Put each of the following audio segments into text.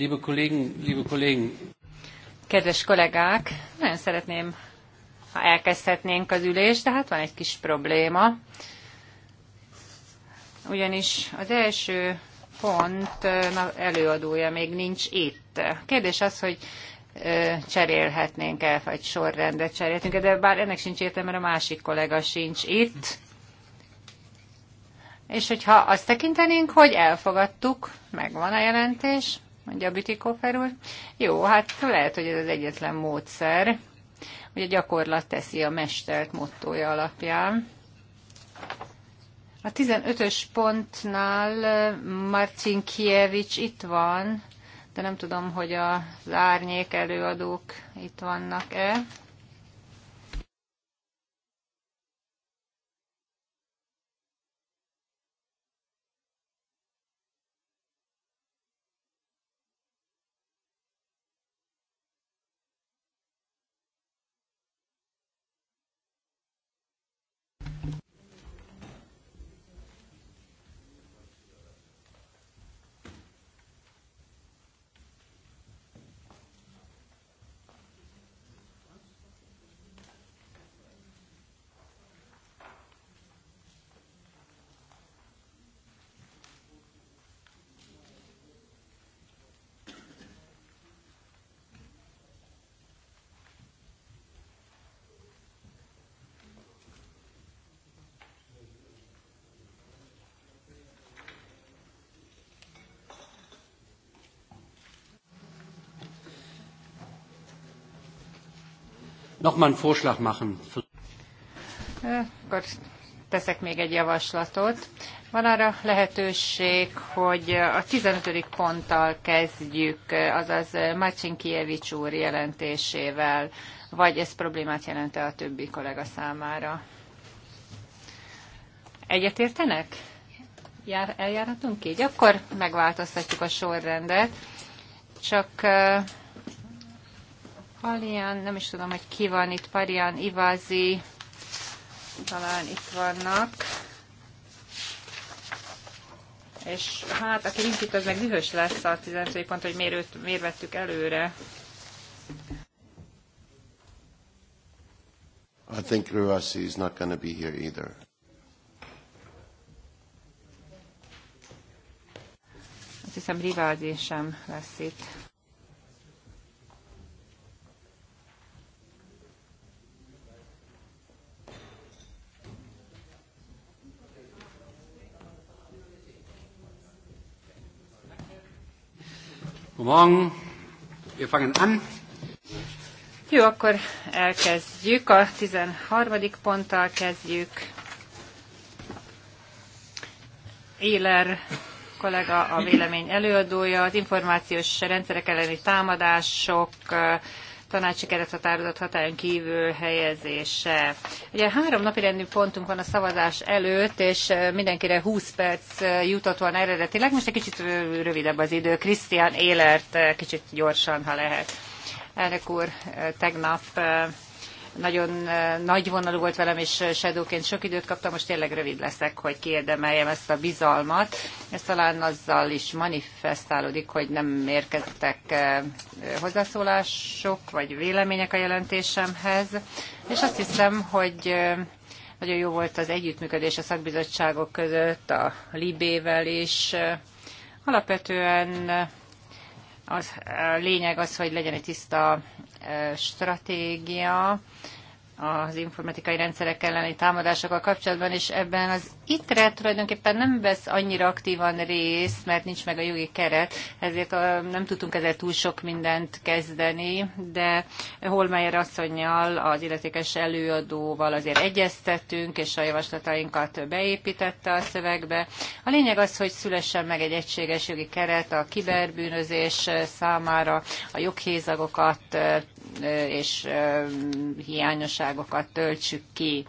Liebe Kollegen, liebe Kollegen. Kedves kollégák, nagyon szeretném, ha elkezdhetnénk az ülést, de hát van egy kis probléma. Ugyanis az első pont előadója még nincs itt. Kérdés az, hogy cserélhetnénk el, vagy sorrendet cserélhetünk, de bár ennek sincs értelme, mert a másik kollega sincs itt. És hogyha azt tekintenénk, hogy elfogadtuk, megvan a jelentés, mondja Bütikofer úr. Jó, hát lehet, hogy ez az egyetlen módszer, hogy a gyakorlat teszi a mestert mottoja alapján. A 15-ös pontnál eh, Marcin Kievics itt van, de nem tudom, hogy az árnyék előadók itt vannak-e. nochmal einen Vorschlag machen. Akkor teszek még egy javaslatot. Van arra lehetőség, hogy a 15. ponttal kezdjük, azaz Macsin Kievics úr jelentésével, vagy ez problémát jelent a többi kollega számára? Egyetértenek? Jár, eljárhatunk így? Akkor megváltoztatjuk a sorrendet. Csak Palian, nem is tudom, hogy ki van itt, Parian, Ivázi, talán itt vannak. És hát, aki nincs itt, az meg dühös lesz a 15. pont, hogy miért, őt, miért vettük előre. I think Ruasi is not going to be here either. Azt hiszem, Rivázi sem lesz itt. Morgen. Wir fangen an. Jó, akkor elkezdjük. A 13. ponttal kezdjük. Éler kollega a vélemény előadója, az információs rendszerek elleni támadások, tanácsi kerethatározat hatályon kívül helyezése. Ugye három rendű pontunk van a szavazás előtt, és mindenkire 20 perc jutott van eredetileg. Most egy kicsit rövidebb az idő. Krisztián Élert kicsit gyorsan, ha lehet. Elnök úr, tegnap nagyon nagy vonalú volt velem, és sedóként sok időt kaptam, most tényleg rövid leszek, hogy kiérdemeljem ezt a bizalmat. Ez talán azzal is manifestálódik, hogy nem érkeztek hozzászólások vagy vélemények a jelentésemhez, és azt hiszem, hogy nagyon jó volt az együttműködés a szakbizottságok között, a Libével is. Alapvetően az, a lényeg az, hogy legyen egy tiszta stratégia az informatikai rendszerek elleni támadásokkal kapcsolatban, és ebben az ITRE tulajdonképpen nem vesz annyira aktívan részt, mert nincs meg a jogi keret, ezért nem tudtunk ezzel túl sok mindent kezdeni, de Holmeyer asszonynal, az illetékes előadóval azért egyeztettünk, és a javaslatainkat beépítette a szövegbe. A lényeg az, hogy szülessen meg egy egységes jogi keret a kiberbűnözés számára, a joghézagokat és hiányosságokat töltsük ki.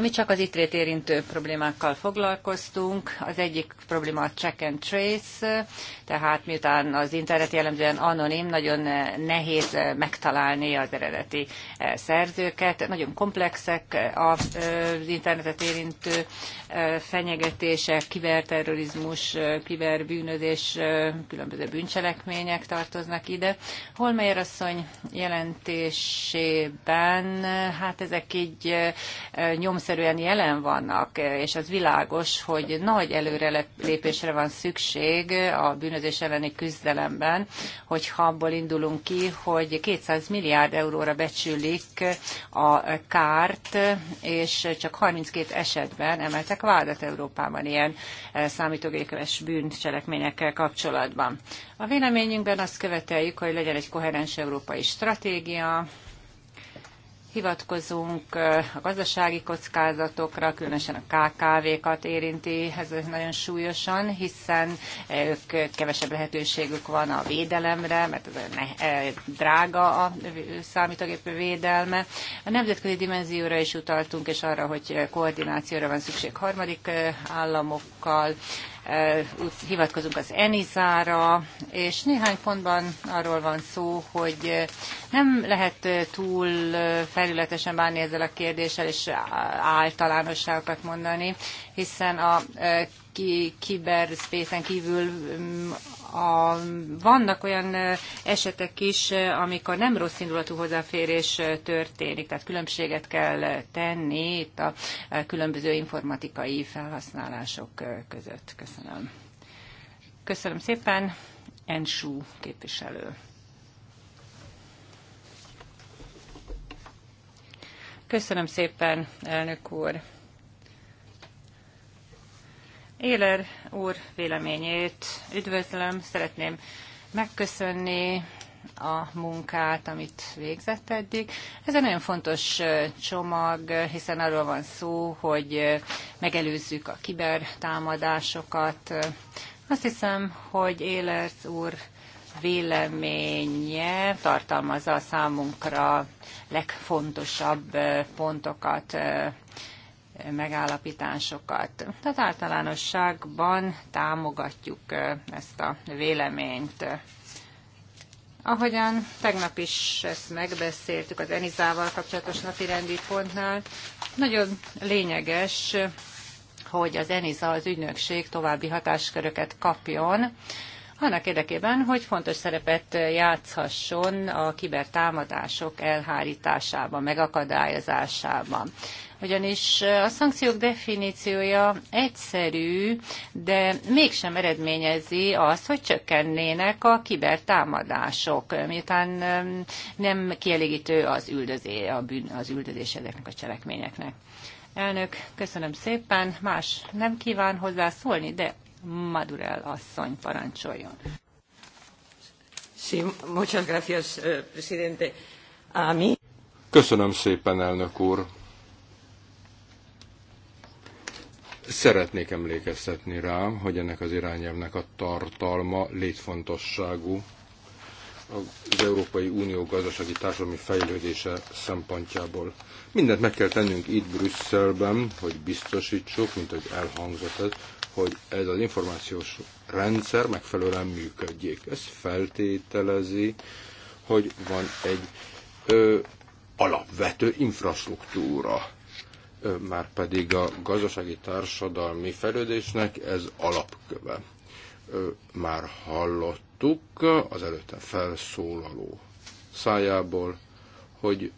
Mi csak az itrét érintő problémákkal foglalkoztunk. Az egyik probléma a check and trace, tehát miután az internet jellemzően anonim, nagyon nehéz megtalálni az eredeti eh, szerzőket. Nagyon komplexek eh, az eh, internetet érintő fenyegetések, kiberterrorizmus, kiberbűnözés, különböző bűncselekmények tartoznak ide. Holmeyer asszony jelentésében, hát ezek így nyomszerűen jelen vannak, és az világos, hogy nagy előrelépésre van szükség a bűnözés elleni küzdelemben, hogyha abból indulunk ki, hogy 200 milliárd euróra becsülik a kárt, és csak 32 esetben emeltek vádat Európában ilyen e, számítógépes bűncselekményekkel kapcsolatban. A véleményünkben azt követeljük, hogy legyen egy koherens európai stratégia, hivatkozunk a gazdasági kockázatokra, különösen a KKV-kat érinti ez nagyon súlyosan, hiszen ők kevesebb lehetőségük van a védelemre, mert ez ne, drága a számítógép védelme. A nemzetközi dimenzióra is utaltunk, és arra, hogy koordinációra van szükség harmadik államokkal, hivatkozunk az Enizára, és néhány pontban arról van szó, hogy nem lehet túl felületesen bánni ezzel a kérdéssel, és általánosságokat mondani, hiszen a kiberszpészen kívül a, vannak olyan esetek is, amikor nem rossz indulatú hozzáférés történik, tehát különbséget kell tenni itt a különböző informatikai felhasználások között. Köszönöm. Köszönöm szépen. Ensú képviselő. Köszönöm szépen, elnök úr. Éler úr véleményét üdvözlöm, szeretném megköszönni a munkát, amit végzett eddig. Ez egy nagyon fontos csomag, hiszen arról van szó, hogy megelőzzük a kibertámadásokat. Azt hiszem, hogy Élert úr véleménye tartalmazza a számunkra legfontosabb pontokat megállapításokat. Tehát általánosságban támogatjuk ezt a véleményt. Ahogyan tegnap is ezt megbeszéltük az Enizával kapcsolatos rendi pontnál, nagyon lényeges, hogy az Eniza az ügynökség további hatásköröket kapjon, annak érdekében, hogy fontos szerepet játszhasson a kibertámadások elhárításában, megakadályozásában ugyanis a szankciók definíciója egyszerű, de mégsem eredményezi azt, hogy csökkennének a kibertámadások, miután um, nem kielégítő az, üldözé, a bűn, az üldözés ezeknek a cselekményeknek. Elnök, köszönöm szépen. Más nem kíván hozzászólni, de Madurell asszony parancsoljon. Sí, muchas gracias, eh, presidente. A mi... Köszönöm szépen, elnök úr. Szeretnék emlékeztetni rá, hogy ennek az irányelvnek a tartalma létfontosságú az Európai Unió gazdasági társadalmi fejlődése szempontjából. Mindent meg kell tennünk itt Brüsszelben, hogy biztosítsuk, mint hogy elhangzott ez, hogy ez az információs rendszer megfelelően működjék. Ez feltételezi, hogy van egy ö, alapvető infrastruktúra már pedig a gazdasági társadalmi fejlődésnek ez alapköve. Már hallottuk az előtte felszólaló szájából, hogy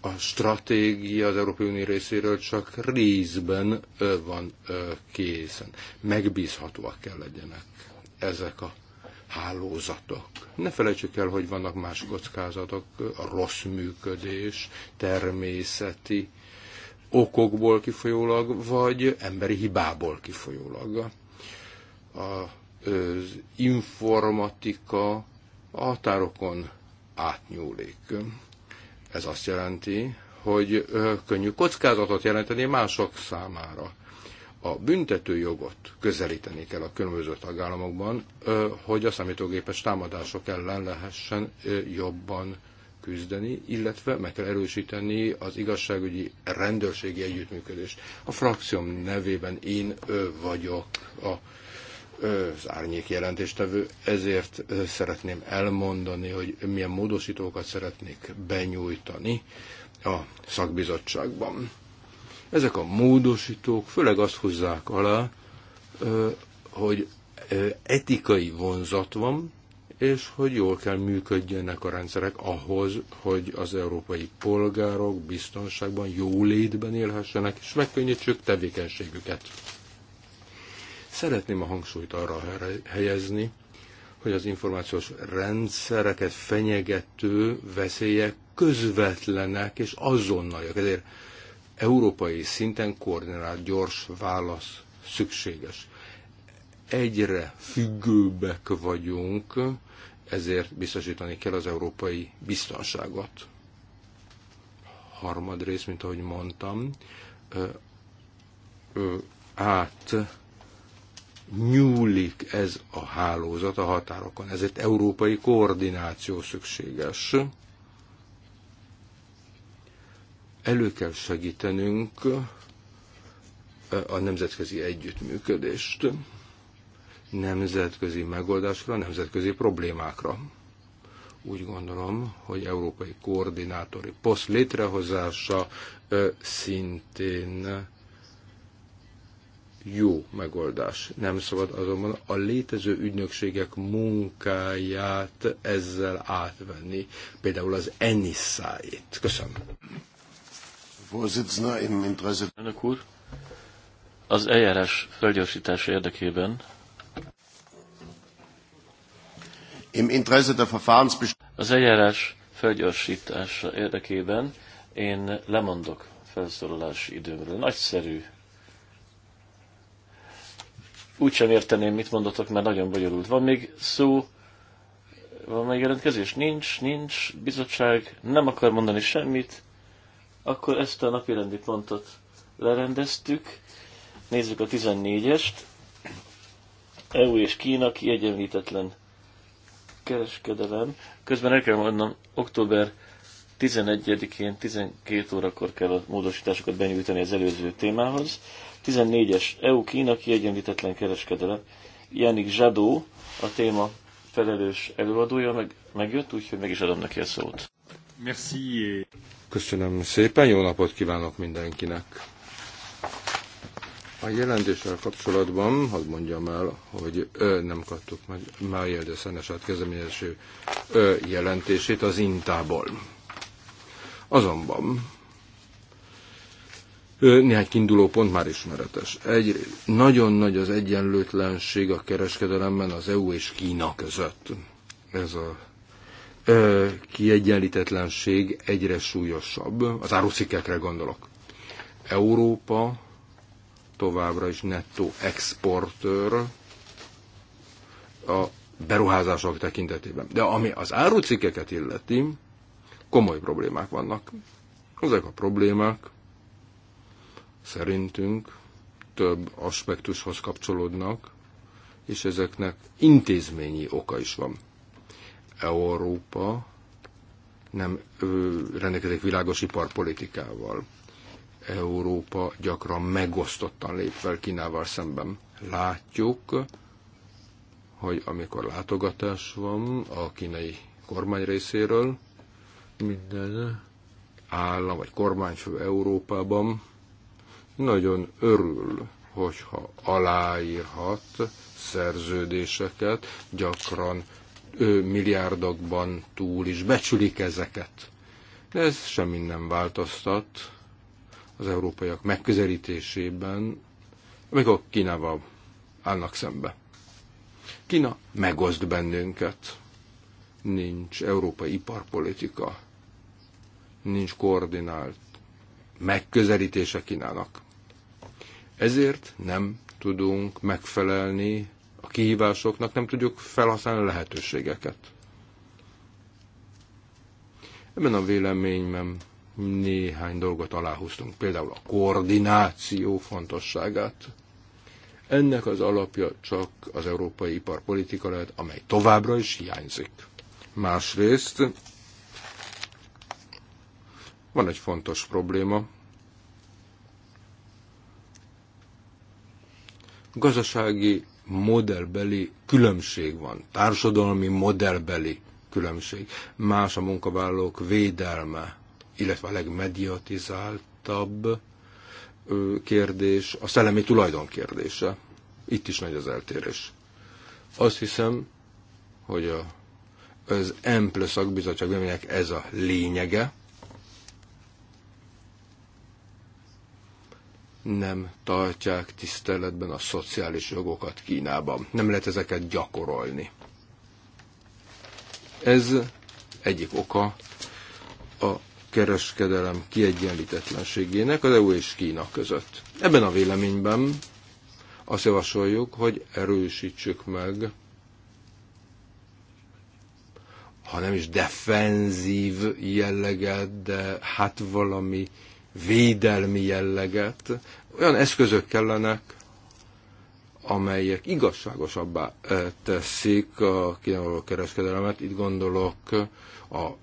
a stratégia az Európai Unió részéről csak részben van készen. Megbízhatóak kell legyenek ezek a hálózatok. Ne felejtsük el, hogy vannak más kockázatok, a rossz működés, természeti okokból kifolyólag, vagy emberi hibából kifolyólag. Az informatika határokon átnyúlik. Ez azt jelenti, hogy könnyű kockázatot jelenteni mások számára. A büntetőjogot közelíteni kell a különböző tagállamokban, hogy a számítógépes támadások ellen lehessen jobban küzdeni, illetve meg kell erősíteni az igazságügyi rendőrségi együttműködést. A frakcióm nevében én ő vagyok a az árnyék jelentéstevő, ezért szeretném elmondani, hogy milyen módosítókat szeretnék benyújtani a szakbizottságban. Ezek a módosítók főleg azt hozzák alá, hogy etikai vonzat van, és hogy jól kell működjenek a rendszerek ahhoz, hogy az európai polgárok biztonságban, jólétben élhessenek, és megkönnyítsük tevékenységüket. Szeretném a hangsúlyt arra helyezni, hogy az információs rendszereket fenyegető veszélyek közvetlenek és azonnaliak. Ezért európai szinten koordinált gyors válasz szükséges. Egyre függőbbek vagyunk ezért biztosítani kell az európai biztonságot. Harmad rész, mint ahogy mondtam, át nyúlik ez a hálózat a határokon. Ezért európai koordináció szükséges. Elő kell segítenünk a nemzetközi együttműködést nemzetközi megoldásra, nemzetközi problémákra. Úgy gondolom, hogy európai koordinátori poszt létrehozása szintén jó megoldás. Nem szabad azonban a létező ügynökségek munkáját ezzel átvenni, például az Enisszáit. Köszönöm. Elnök úr, az eljárás felgyorsítása érdekében Im Interesse der Verfahrensbestimmung. Az eljárás felgyorsítása érdekében én lemondok felszólalási időmről. Nagyszerű. Úgy sem érteném, mit mondotok, mert nagyon bonyolult. Van még szó, van még jelentkezés? Nincs, nincs, bizottság nem akar mondani semmit. Akkor ezt a napi rendi pontot lerendeztük. Nézzük a 14-est. EU e és Kína kiegyenlítetlen kereskedelem. Közben el kell mondanom, október 11-én 12 órakor kell a módosításokat benyújtani az előző témához. 14-es EU-Kína kiegyenlítetlen kereskedelem. Janik Zsadó, a téma felelős előadója meg, megjött, úgyhogy meg is adom neki a szót. Merci. Köszönöm szépen, jó napot kívánok mindenkinek! A jelentéssel kapcsolatban, hadd mondjam el, hogy ö, nem kaptuk meg Májel de Szenesát kezdeményező jelentését az Intából. Azonban ö, néhány kiinduló pont már ismeretes. Egy, nagyon nagy az egyenlőtlenség a kereskedelemben az EU és Kína között. Ez a ö, kiegyenlítetlenség egyre súlyosabb. Az árucikkekre gondolok. Európa továbbra is nettó exportőr a beruházások tekintetében. De ami az árucikkeket illeti, komoly problémák vannak. Ezek a problémák szerintünk több aspektushoz kapcsolódnak, és ezeknek intézményi oka is van. Európa nem rendelkezik világos iparpolitikával. Európa gyakran megosztottan lép fel Kínával szemben. Látjuk, hogy amikor látogatás van a kínai kormány részéről, minden állam vagy kormányfő Európában nagyon örül, hogyha aláírhat szerződéseket, gyakran ő, milliárdokban túl is becsülik ezeket. De ez semmi nem változtat az európaiak megközelítésében, amikor Kínával állnak szembe. Kína megoszt bennünket. Nincs európai iparpolitika, nincs koordinált megközelítése Kínának. Ezért nem tudunk megfelelni a kihívásoknak, nem tudjuk felhasználni a lehetőségeket. Ebben a véleményben néhány dolgot aláhúztunk, például a koordináció fontosságát. Ennek az alapja csak az európai iparpolitika lehet, amely továbbra is hiányzik. Másrészt van egy fontos probléma. Gazdasági modellbeli különbség van, társadalmi modellbeli különbség. Más a munkavállalók védelme, illetve a legmediatizáltabb kérdés a szellemi tulajdon kérdése. Itt is nagy az eltérés. Azt hiszem, hogy a, az plusz szakbizottság vélemények ez a lényege. Nem tartják tiszteletben a szociális jogokat Kínában. Nem lehet ezeket gyakorolni. Ez egyik oka a kereskedelem kiegyenlítetlenségének az EU és Kína között. Ebben a véleményben azt javasoljuk, hogy erősítsük meg, ha nem is defenzív jelleget, de hát valami védelmi jelleget, olyan eszközök kellenek, amelyek igazságosabbá eh, teszik a kínáló kereskedelmet. Itt gondolok a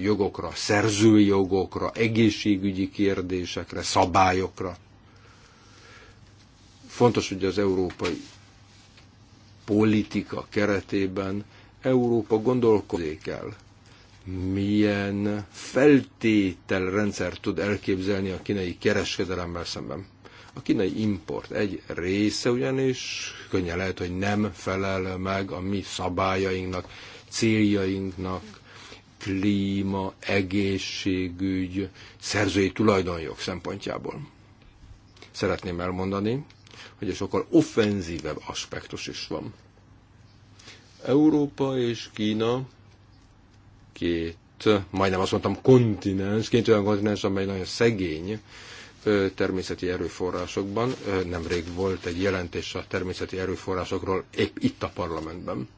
jogokra, szerzői jogokra, egészségügyi kérdésekre, szabályokra. Fontos, hogy az európai politika keretében Európa gondolkodik el, milyen feltételrendszer tud elképzelni a kínai kereskedelemmel szemben. A kínai import egy része ugyanis könnyen lehet, hogy nem felel meg a mi szabályainknak, céljainknak, klíma, egészségügy, szerzői tulajdonjog szempontjából. Szeretném elmondani, hogy egy sokkal offenzívebb aspektus is van. Európa és Kína két, majdnem azt mondtam kontinens, két olyan kontinens, amely nagyon szegény természeti erőforrásokban. Nemrég volt egy jelentés a természeti erőforrásokról épp itt a parlamentben.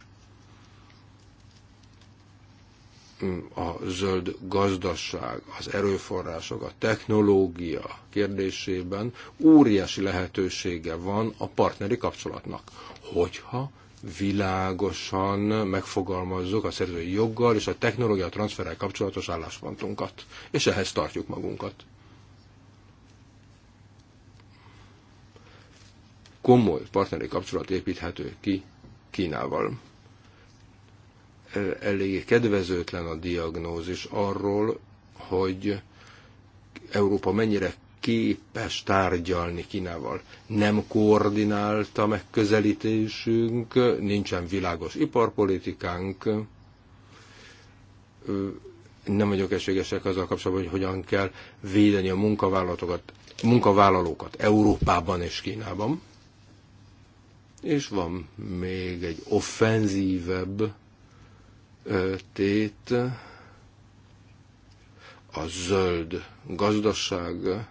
a zöld gazdaság, az erőforrások, a technológia kérdésében óriási lehetősége van a partneri kapcsolatnak, hogyha világosan megfogalmazzuk a szerzői joggal és a technológia transferrel kapcsolatos álláspontunkat, és ehhez tartjuk magunkat. Komoly partneri kapcsolat építhető ki Kínával eléggé kedvezőtlen a diagnózis arról, hogy Európa mennyire képes tárgyalni Kínával. Nem koordinált a megközelítésünk, nincsen világos iparpolitikánk, nem vagyok esélyesek azzal kapcsolatban, hogy hogyan kell védeni a munkavállalókat, munkavállalókat Európában és Kínában. És van még egy offenzívebb tét a zöld gazdaság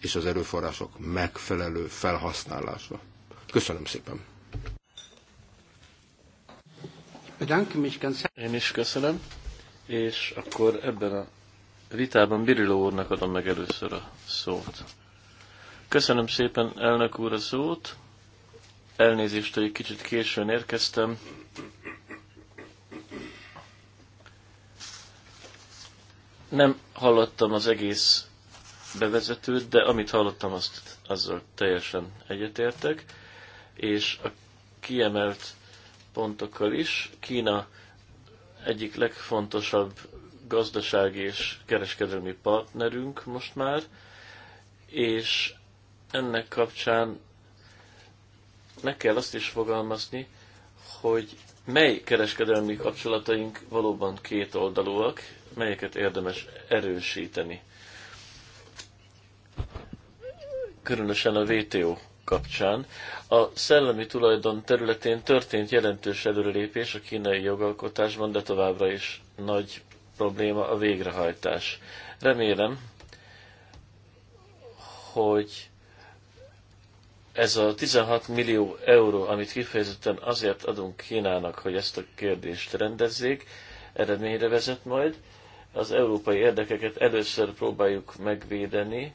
és az erőforrások megfelelő felhasználása. Köszönöm szépen! Én is köszönöm, és akkor ebben a vitában Biriló úrnak adom meg először a szót. Köszönöm szépen elnök úr a szót, elnézést, hogy egy kicsit későn érkeztem, Nem hallottam az egész bevezetőt, de amit hallottam, azt, azzal teljesen egyetértek, és a kiemelt pontokkal is. Kína egyik legfontosabb gazdasági és kereskedelmi partnerünk most már, és ennek kapcsán meg kell azt is fogalmazni, hogy mely kereskedelmi kapcsolataink valóban kétoldalúak, melyeket érdemes erősíteni. Különösen a WTO kapcsán. A szellemi tulajdon területén történt jelentős előrelépés a kínai jogalkotásban, de továbbra is nagy probléma a végrehajtás. Remélem, hogy ez a 16 millió euró, amit kifejezetten azért adunk Kínának, hogy ezt a kérdést rendezzék, eredményre vezet majd, az európai érdekeket először próbáljuk megvédeni.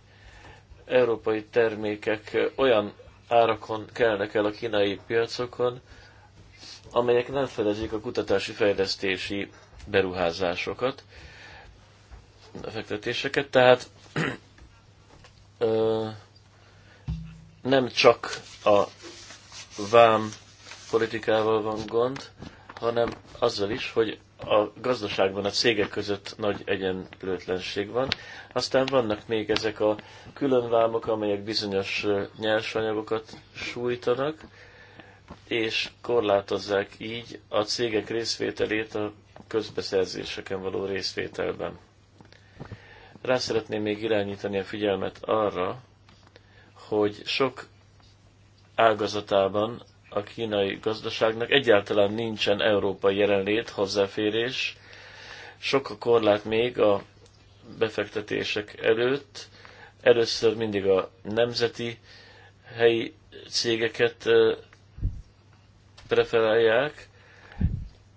Európai termékek olyan árakon kelnek el a kínai piacokon, amelyek nem fedezik a kutatási fejlesztési beruházásokat, befektetéseket, tehát ö, nem csak a vám politikával van gond, hanem azzal is, hogy a gazdaságban a cégek között nagy egyenlőtlenség van. Aztán vannak még ezek a különvámok, amelyek bizonyos nyersanyagokat sújtanak, és korlátozzák így a cégek részvételét a közbeszerzéseken való részvételben. Rá szeretném még irányítani a figyelmet arra, hogy sok ágazatában a kínai gazdaságnak egyáltalán nincsen európai jelenlét, hozzáférés. Sok a korlát még a befektetések előtt. Először mindig a nemzeti helyi cégeket preferálják,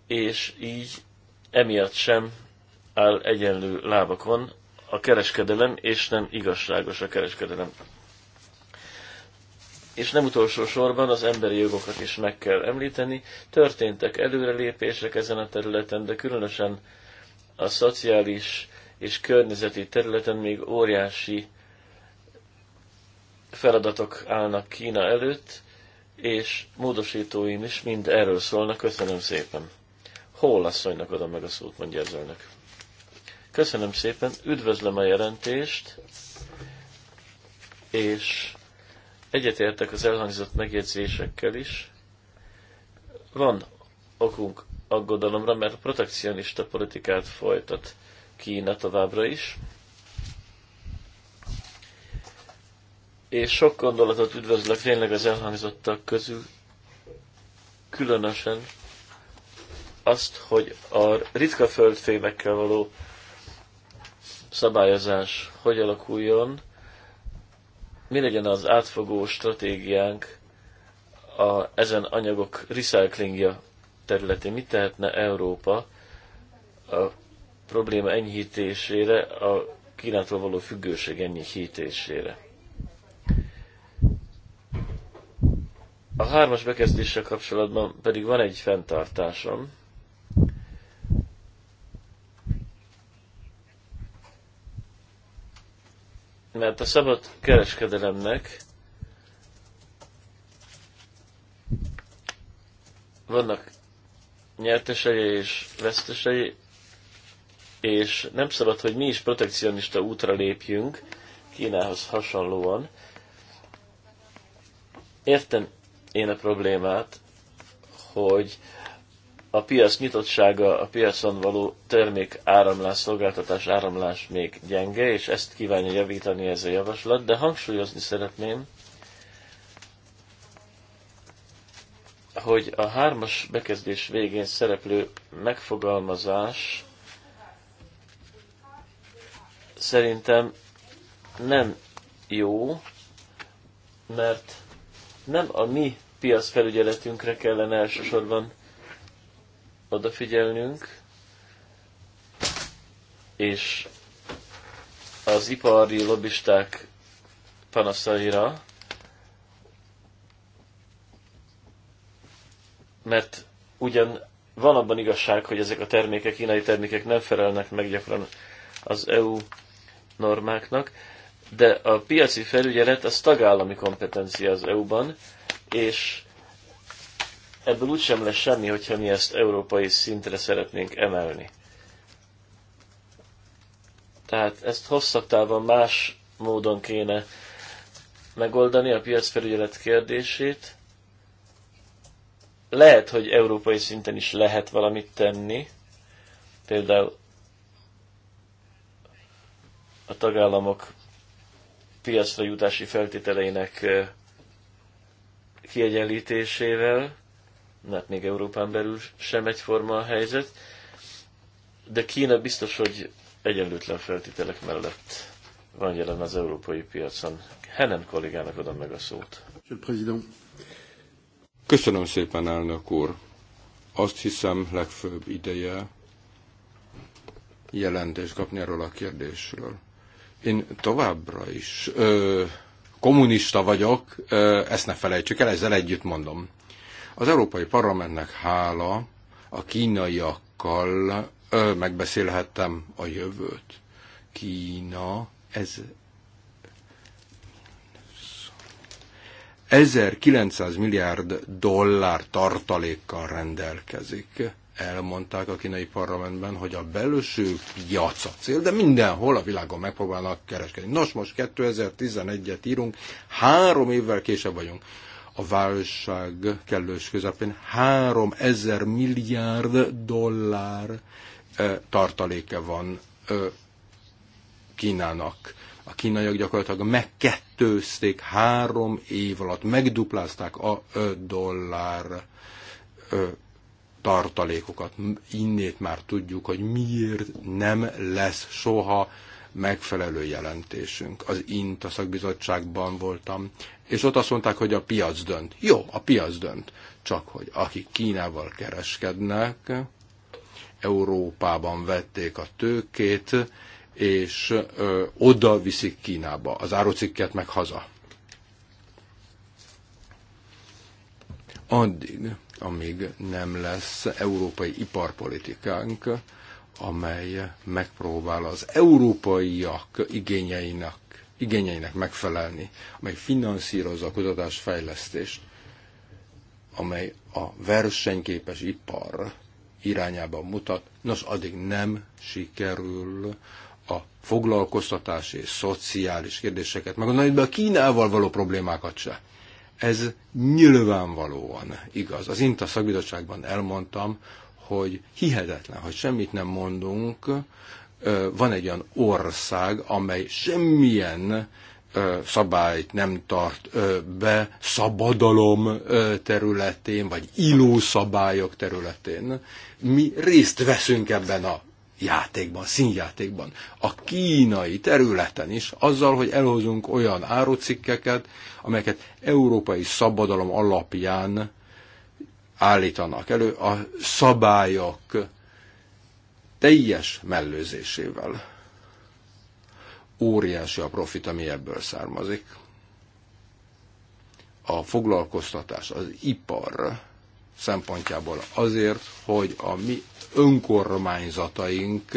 és így emiatt sem áll egyenlő lábakon a kereskedelem, és nem igazságos a kereskedelem és nem utolsó sorban az emberi jogokat is meg kell említeni. Történtek előrelépések ezen a területen, de különösen a szociális és környezeti területen még óriási feladatok állnak Kína előtt, és módosítóim is mind erről szólnak. Köszönöm szépen. Hol asszonynak adom meg a szót, mondja az elnök. Köszönöm szépen, üdvözlöm a jelentést, és Egyetértek az elhangzott megjegyzésekkel is. Van okunk aggodalomra, mert a protekcionista politikát folytat Kína továbbra is. És sok gondolatot üdvözlök tényleg az elhangzottak közül, különösen azt, hogy a ritka földfémekkel való szabályozás hogy alakuljon, mi legyen az átfogó stratégiánk a, ezen anyagok recyclingja területén? Mit tehetne Európa a probléma enyhítésére, a Kínától való függőség enyhítésére? A hármas bekezdéssel kapcsolatban pedig van egy fenntartásom, mert a szabad kereskedelemnek vannak nyertesei és vesztesei, és nem szabad, hogy mi is protekcionista útra lépjünk, Kínához hasonlóan. Értem én a problémát, hogy a piac nyitottsága, a piacon való termék áramlás, szolgáltatás áramlás még gyenge, és ezt kívánja javítani ez a javaslat, de hangsúlyozni szeretném, hogy a hármas bekezdés végén szereplő megfogalmazás szerintem nem jó, mert nem a mi piacfelügyeletünkre kellene elsősorban odafigyelnünk, és az ipari lobbisták panaszaira, mert ugyan van abban igazság, hogy ezek a termékek, kínai termékek nem felelnek meg gyakran az EU normáknak, de a piaci felügyelet az tagállami kompetencia az EU-ban, és ebből úgysem lesz semmi, hogyha mi ezt európai szintre szeretnénk emelni. Tehát ezt hosszabb távon más módon kéne megoldani a piacfelügyelet kérdését. Lehet, hogy európai szinten is lehet valamit tenni, például a tagállamok piacra jutási feltételeinek kiegyenlítésével, mert még Európán belül sem egyforma a helyzet, de Kína biztos, hogy egyenlőtlen feltételek mellett van jelen az európai piacon. Helen kollégának adom meg a szót. Köszönöm szépen, elnök úr. Azt hiszem, legfőbb ideje jelentést kapni erről a kérdésről. Én továbbra is ö, kommunista vagyok, ö, ezt ne felejtsük el, ezzel együtt mondom. Az Európai Parlamentnek hála a kínaiakkal ö, megbeszélhettem a jövőt. Kína, ez 1900 milliárd dollár tartalékkal rendelkezik. Elmondták a kínai parlamentben, hogy a belső piac a cél, de mindenhol a világon megpróbálnak kereskedni. Nos, most 2011-et írunk, három évvel később vagyunk a válság kellős közepén 3000 milliárd dollár tartaléke van Kínának. A kínaiak gyakorlatilag megkettőzték három év alatt, megduplázták a dollár tartalékokat. Innét már tudjuk, hogy miért nem lesz soha megfelelő jelentésünk. Az INTA szakbizottságban voltam, és ott azt mondták, hogy a piac dönt. Jó, a piac dönt. Csak hogy akik Kínával kereskednek, Európában vették a tőkét, és ö, oda viszik Kínába, az árucikket meg haza. Addig, amíg nem lesz európai iparpolitikánk, amely megpróbál az európaiak igényeinek igényeinek megfelelni, amely finanszírozza a kutatásfejlesztést, amely a versenyképes ipar irányába mutat, nos, addig nem sikerül a foglalkoztatási és szociális kérdéseket megoldani, de a Kínával való problémákat se. Ez nyilvánvalóan igaz. Az INTA szakbizottságban elmondtam, hogy hihetetlen, hogy semmit nem mondunk van egy olyan ország, amely semmilyen szabályt nem tart be szabadalom területén, vagy illó szabályok területén. Mi részt veszünk ebben a játékban, színjátékban. A kínai területen is, azzal, hogy elhozunk olyan árucikkeket, amelyeket európai szabadalom alapján állítanak elő, a szabályok teljes mellőzésével. Óriási a profit, ami ebből származik. A foglalkoztatás, az ipar szempontjából azért, hogy a mi önkormányzataink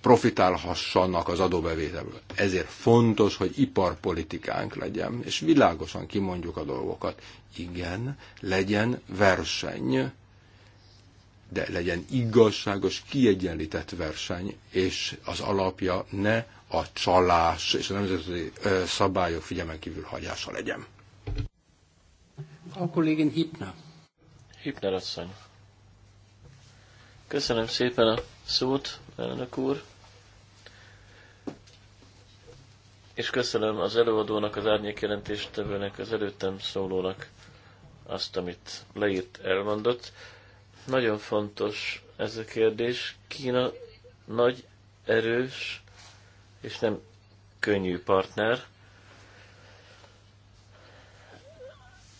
profitálhassanak az adóbevételből. Ezért fontos, hogy iparpolitikánk legyen, és világosan kimondjuk a dolgokat. Igen, legyen verseny de legyen igazságos, kiegyenlített verseny, és az alapja ne a csalás és a nemzetközi szabályok figyelmen kívül hagyása legyen. A kollégén Hipna. Hipner asszony. Köszönöm szépen a szót, elnök úr. És köszönöm az előadónak, az jelentéstevőnek, az előttem szólónak azt, amit leírt, elmondott. Nagyon fontos ez a kérdés. Kína nagy, erős és nem könnyű partner.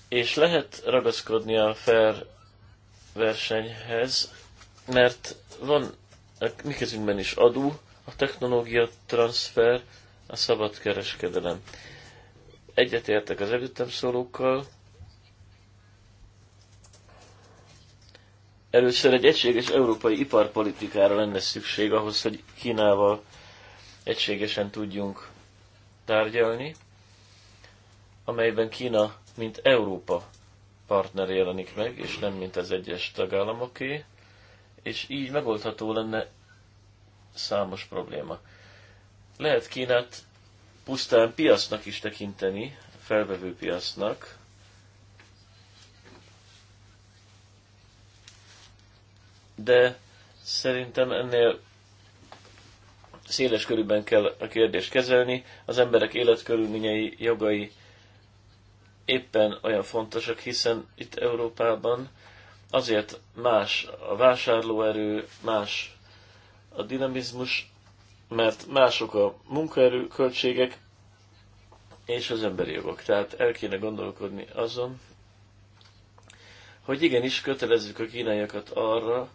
És lehet ragaszkodni a fair versenyhez, mert van a mi kezünkben is adó, a technológia transfer, a szabad kereskedelem. Egyetértek az előttem szólókkal, Először egy egységes európai iparpolitikára lenne szükség ahhoz, hogy Kínával egységesen tudjunk tárgyalni, amelyben Kína, mint Európa partner jelenik meg, és nem mint az egyes tagállamoké, és így megoldható lenne számos probléma. Lehet Kínát pusztán piacnak is tekinteni, felvevő piacnak, de szerintem ennél széles körülben kell a kérdést kezelni. Az emberek életkörülményei, jogai éppen olyan fontosak, hiszen itt Európában azért más a vásárlóerő, más a dinamizmus, mert mások a munkaerő költségek és az emberi jogok. Tehát el kéne gondolkodni azon, hogy igenis kötelezzük a kínaiakat arra,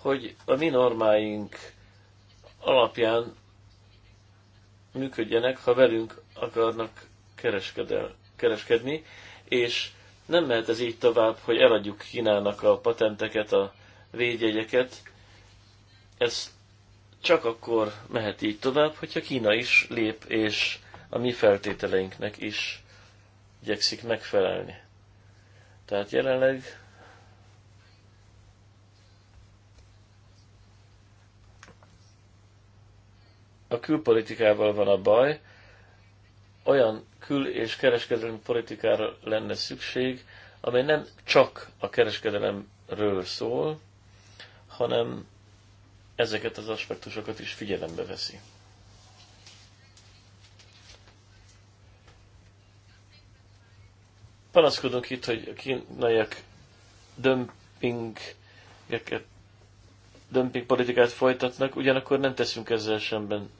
hogy a mi normáink alapján működjenek, ha velünk akarnak kereskedni, és nem mehet ez így tovább, hogy eladjuk Kínának a patenteket, a védjegyeket. Ez csak akkor mehet így tovább, hogyha Kína is lép, és a mi feltételeinknek is igyekszik megfelelni. Tehát jelenleg a külpolitikával van a baj, olyan kül- és kereskedelmi politikára lenne szükség, amely nem csak a kereskedelemről szól, hanem ezeket az aspektusokat is figyelembe veszi. Panaszkodunk itt, hogy a kínaiak dömpingeket, dömping politikát folytatnak, ugyanakkor nem teszünk ezzel semben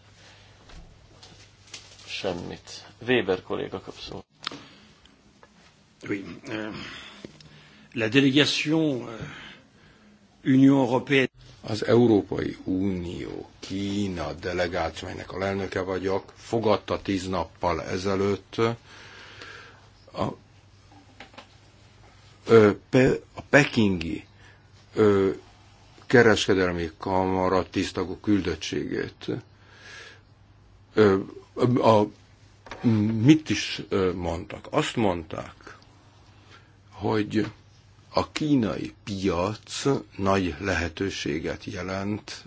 semmit. Weber kolléga kap szó. Oui. Euh, la délégation euh, Union Européenne. Az Európai Unió Kína delegációjának a lelnöke vagyok, fogadta tíz nappal ezelőtt a, a pekingi kereskedelmi kamara tisztagú küldöttségét a, mit is mondtak? Azt mondták, hogy a kínai piac nagy lehetőséget jelent,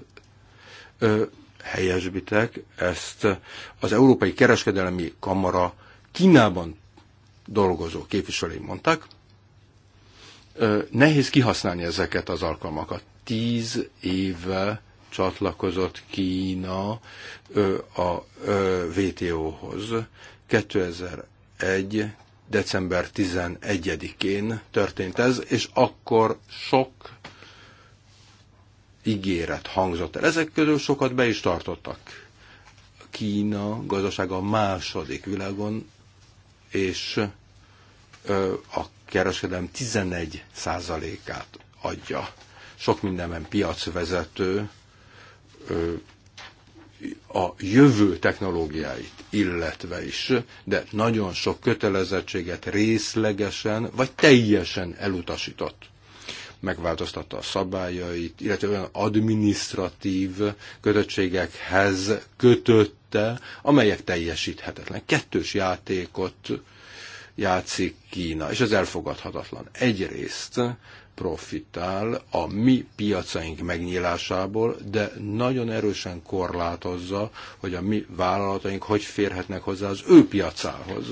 helyesbitek, ezt az Európai Kereskedelmi Kamara Kínában dolgozó képviselői mondták, nehéz kihasználni ezeket az alkalmakat. Tíz éve csatlakozott Kína a WTO-hoz. 2001. december 11-én történt ez, és akkor sok ígéret hangzott el. Ezek közül sokat be is tartottak. Kína gazdasága a második világon, és a kereskedelem 11 százalékát adja. Sok mindenben piacvezető, a jövő technológiáit illetve is, de nagyon sok kötelezettséget részlegesen vagy teljesen elutasított. Megváltoztatta a szabályait, illetve olyan administratív kötöttségekhez kötötte, amelyek teljesíthetetlen. Kettős játékot játszik Kína, és ez elfogadhatatlan. Egyrészt profitál a mi piacaink megnyilásából, de nagyon erősen korlátozza, hogy a mi vállalataink hogy férhetnek hozzá az ő piacához,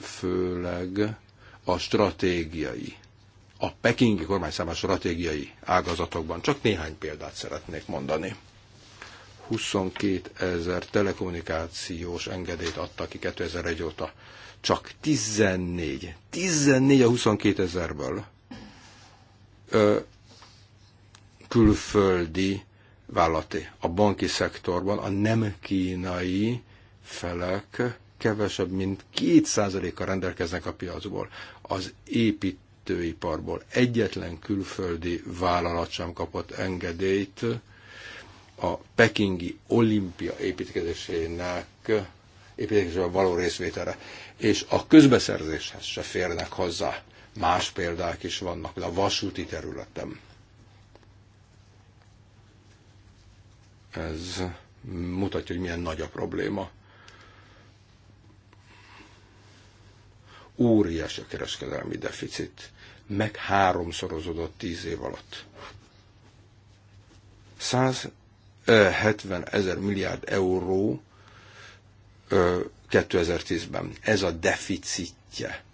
főleg a stratégiai, a pekingi kormány számára stratégiai ágazatokban. Csak néhány példát szeretnék mondani. 22 ezer telekommunikációs engedélyt adtak ki 2001 óta. Csak 14. 14 a 22 ezerből külföldi vállalaté. A banki szektorban a nem kínai felek kevesebb, mint 2%-a rendelkeznek a piacból. Az építőiparból egyetlen külföldi vállalat sem kapott engedélyt a pekingi olimpia építkezésének építkezésben való részvételre, és a közbeszerzéshez se férnek hozzá. Más példák is vannak, a vasúti területen. Ez mutatja, hogy milyen nagy a probléma. Óriás a kereskedelmi deficit. Meg háromszorozódott tíz év alatt. 170 ezer milliárd euró 2010-ben. Ez a deficitje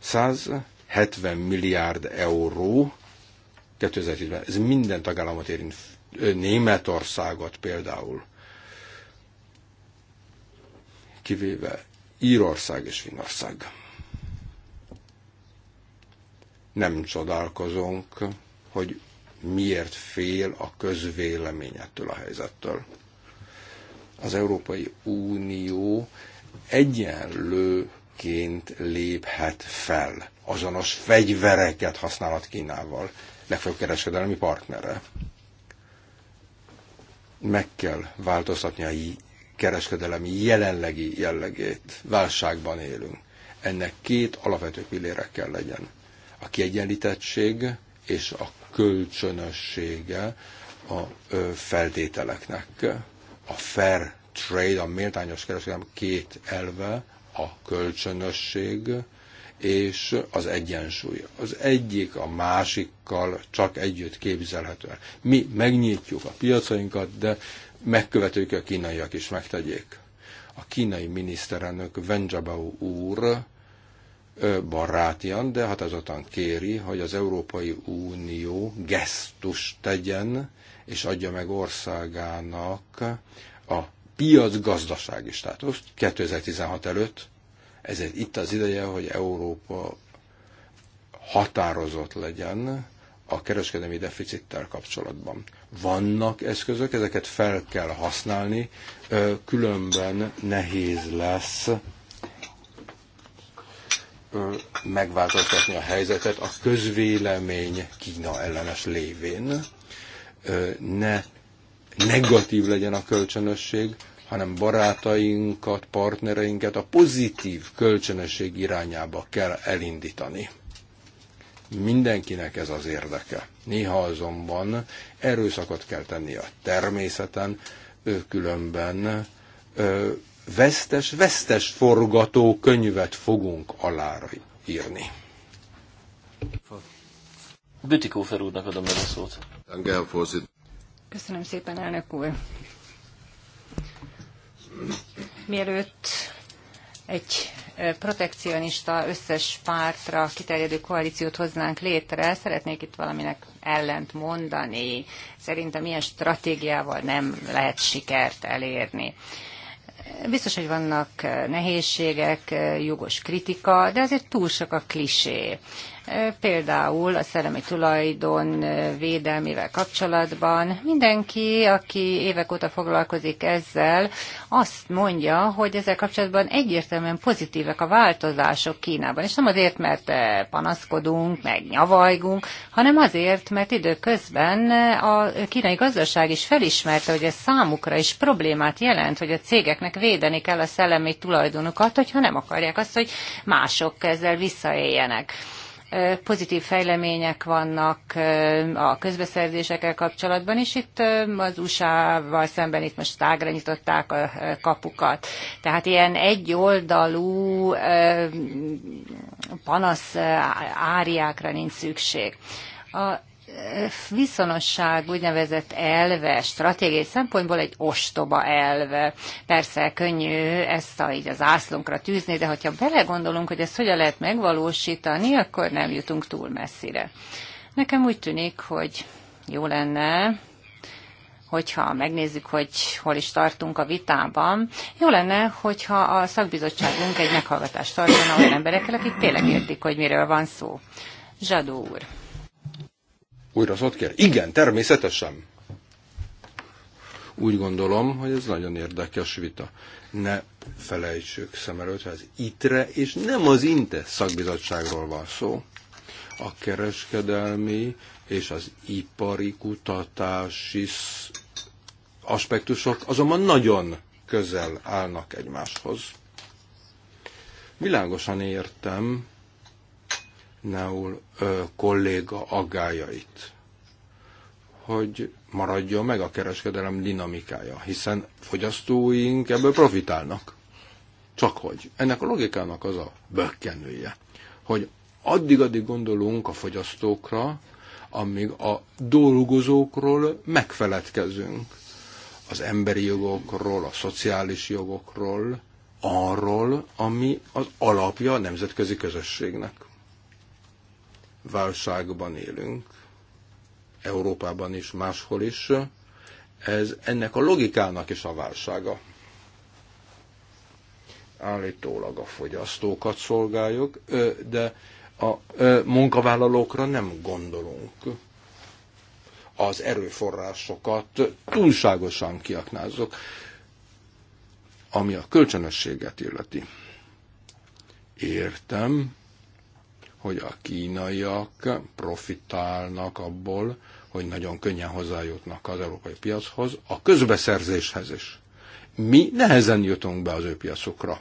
170 milliárd euró 2010-ben. Ez minden tagállamot érint, Németországot például, kivéve Írország és Finnország. Nem csodálkozunk, hogy miért fél a közvélemény ettől a helyzettől. Az Európai Unió egyenlő országként léphet fel azonos fegyvereket használat Kínával, legfőbb kereskedelmi partnere. Meg kell változtatni a kereskedelemi jelenlegi jellegét. Válságban élünk. Ennek két alapvető pillére kell legyen. A kiegyenlítettség és a kölcsönössége a feltételeknek. A fair trade, a méltányos kereskedelem két elve a kölcsönösség és az egyensúly. Az egyik a másikkal csak együtt képzelhető. Mi megnyitjuk a piacainkat, de megkövetők a kínaiak is megtegyék. A kínai miniszterelnök Venjabao úr barátian, de határozottan kéri, hogy az Európai Unió gesztus tegyen, és adja meg országának a piacgazdasági státuszt 2016 előtt, ezért itt az ideje, hogy Európa határozott legyen a kereskedelmi deficittel kapcsolatban. Vannak eszközök, ezeket fel kell használni, különben nehéz lesz megváltoztatni a helyzetet a közvélemény Kína ellenes lévén. Ne negatív legyen a kölcsönösség, hanem barátainkat, partnereinket a pozitív kölcsönösség irányába kell elindítani. Mindenkinek ez az érdeke. Néha azonban erőszakot kell tenni a természeten, ő különben vesztes-vesztes forgató könyvet fogunk alára írni. Bütikófer úrnak adom meg a szót. Köszönöm szépen, elnök úr. Mielőtt egy protekcionista összes pártra kiterjedő koalíciót hoznánk létre, szeretnék itt valaminek ellent mondani. Szerintem ilyen stratégiával nem lehet sikert elérni. Biztos, hogy vannak nehézségek, jogos kritika, de azért túl sok a klisé például a szellemi tulajdon eh, védelmével kapcsolatban. Mindenki, aki évek óta foglalkozik ezzel, azt mondja, hogy ezzel kapcsolatban egyértelműen pozitívek a változások Kínában. És nem azért, mert eh, panaszkodunk, meg nyavajgunk, hanem azért, mert időközben eh, a kínai gazdaság is felismerte, hogy ez számukra is problémát jelent, hogy a cégeknek védeni kell a szellemi tulajdonukat, hogyha nem akarják azt, hogy mások ezzel visszaéljenek pozitív fejlemények vannak a közbeszerzésekkel kapcsolatban, is itt az USA-val szemben itt most tágra nyitották a kapukat. Tehát ilyen egyoldalú panasz áriákra nincs szükség. A viszonosság úgynevezett elve, stratégiai szempontból egy ostoba elve. Persze könnyű ezt a, így az ászlónkra tűzni, de hogyha belegondolunk, hogy ezt hogyan lehet megvalósítani, akkor nem jutunk túl messzire. Nekem úgy tűnik, hogy jó lenne, hogyha megnézzük, hogy hol is tartunk a vitában, jó lenne, hogyha a szakbizottságunk egy meghallgatást tartana olyan emberekkel, akik tényleg értik, hogy miről van szó. Zsadó úr. Újra ott kér? Igen, természetesen. Úgy gondolom, hogy ez nagyon érdekes vita. Ne felejtsük szem előtt, hogy az ITRE és nem az INTE szakbizottságról van szó. A kereskedelmi és az ipari kutatási aspektusok azonban nagyon közel állnak egymáshoz. Világosan értem, Naul kolléga aggájait, hogy maradjon meg a kereskedelem dinamikája, hiszen fogyasztóink ebből profitálnak. Csak hogy ennek a logikának az a bökkenője, hogy addig-addig gondolunk a fogyasztókra, amíg a dolgozókról megfeledkezünk. Az emberi jogokról, a szociális jogokról, arról, ami az alapja a nemzetközi közösségnek válságban élünk, Európában is, máshol is, ez ennek a logikának is a válsága. Állítólag a fogyasztókat szolgáljuk, de a munkavállalókra nem gondolunk. Az erőforrásokat túlságosan kiaknázzuk, ami a kölcsönösséget illeti. Értem, hogy a kínaiak profitálnak abból, hogy nagyon könnyen hozzájutnak az európai piachoz, a közbeszerzéshez is. Mi nehezen jutunk be az ő piacokra.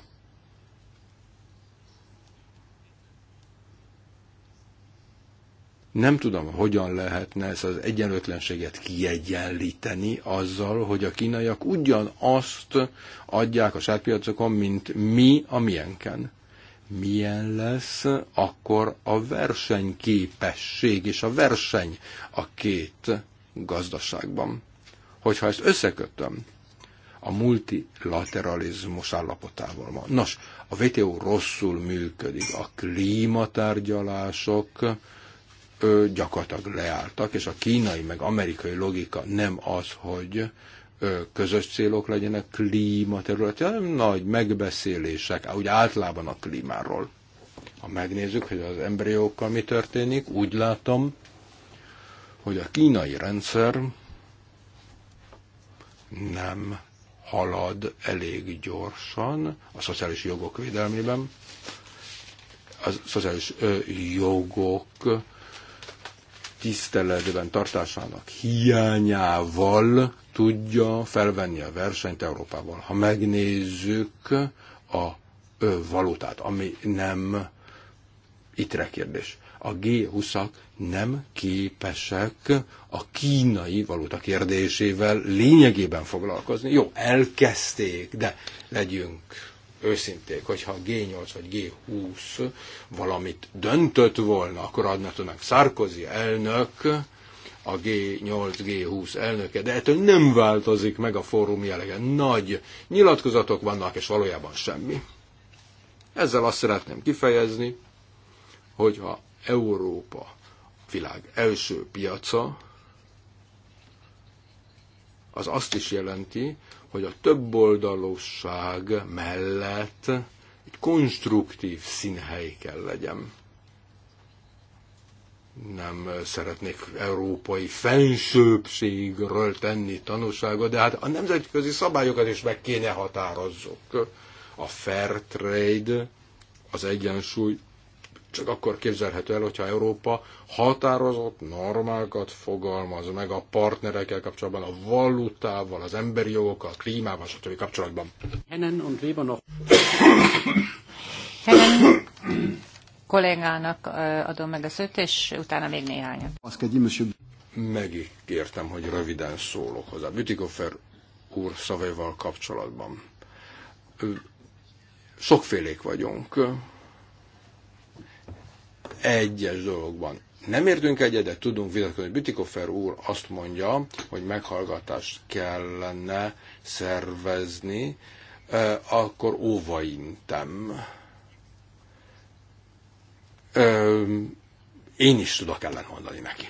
Nem tudom, hogyan lehetne ezt az egyenlőtlenséget kiegyenlíteni azzal, hogy a kínaiak ugyanazt adják a sárpiacokon, mint mi a miénken milyen lesz akkor a versenyképesség és a verseny a két gazdaságban. Hogyha ezt összekötöm a multilateralizmus állapotával ma. Nos, a WTO rosszul működik, a klímatárgyalások ö, gyakorlatilag leálltak, és a kínai meg amerikai logika nem az, hogy közös célok legyenek klíma területi, hanem nagy megbeszélések, úgy általában a klímáról. Ha megnézzük, hogy az embriókkal mi történik, úgy látom, hogy a kínai rendszer nem halad elég gyorsan a szociális jogok védelmében. A szociális jogok tiszteletben tartásának hiányával tudja felvenni a versenyt Európával. Ha megnézzük a valutát, ami nem ittre kérdés. A G20-ak nem képesek a kínai valuta kérdésével lényegében foglalkozni. Jó, elkezdték, de legyünk őszinték, hogyha G8 vagy G20 valamit döntött volna, akkor adna tudnánk Sarkozy elnök, a G8-G20 elnöke, de ettől nem változik meg a fórum jellege. Nagy nyilatkozatok vannak, és valójában semmi. Ezzel azt szeretném kifejezni, hogyha Európa világ első piaca, az azt is jelenti, hogy a többoldalosság mellett egy konstruktív színhely kell legyen. Nem szeretnék európai fensőbségről tenni tanúságot, de hát a nemzetközi szabályokat is meg kéne határozzuk. A fair trade, az egyensúly csak akkor képzelhető el, hogyha Európa határozott normákat fogalmaz meg a partnerekkel kapcsolatban, a valutával, az emberi jogokkal, a klímával, stb. kapcsolatban. Hennen und Weber noch. Hennen kollégának adom meg a szőt, és utána még néhányat. Megígértem, hogy röviden szólok hozzá. Bütikofer úr szavaival kapcsolatban. Sokfélék vagyunk egyes dologban. Nem értünk egyet, de tudunk vitatkozni. Bütikofer úr azt mondja, hogy meghallgatást kellene szervezni, akkor óvaintem. Én is tudok ellen mondani neki.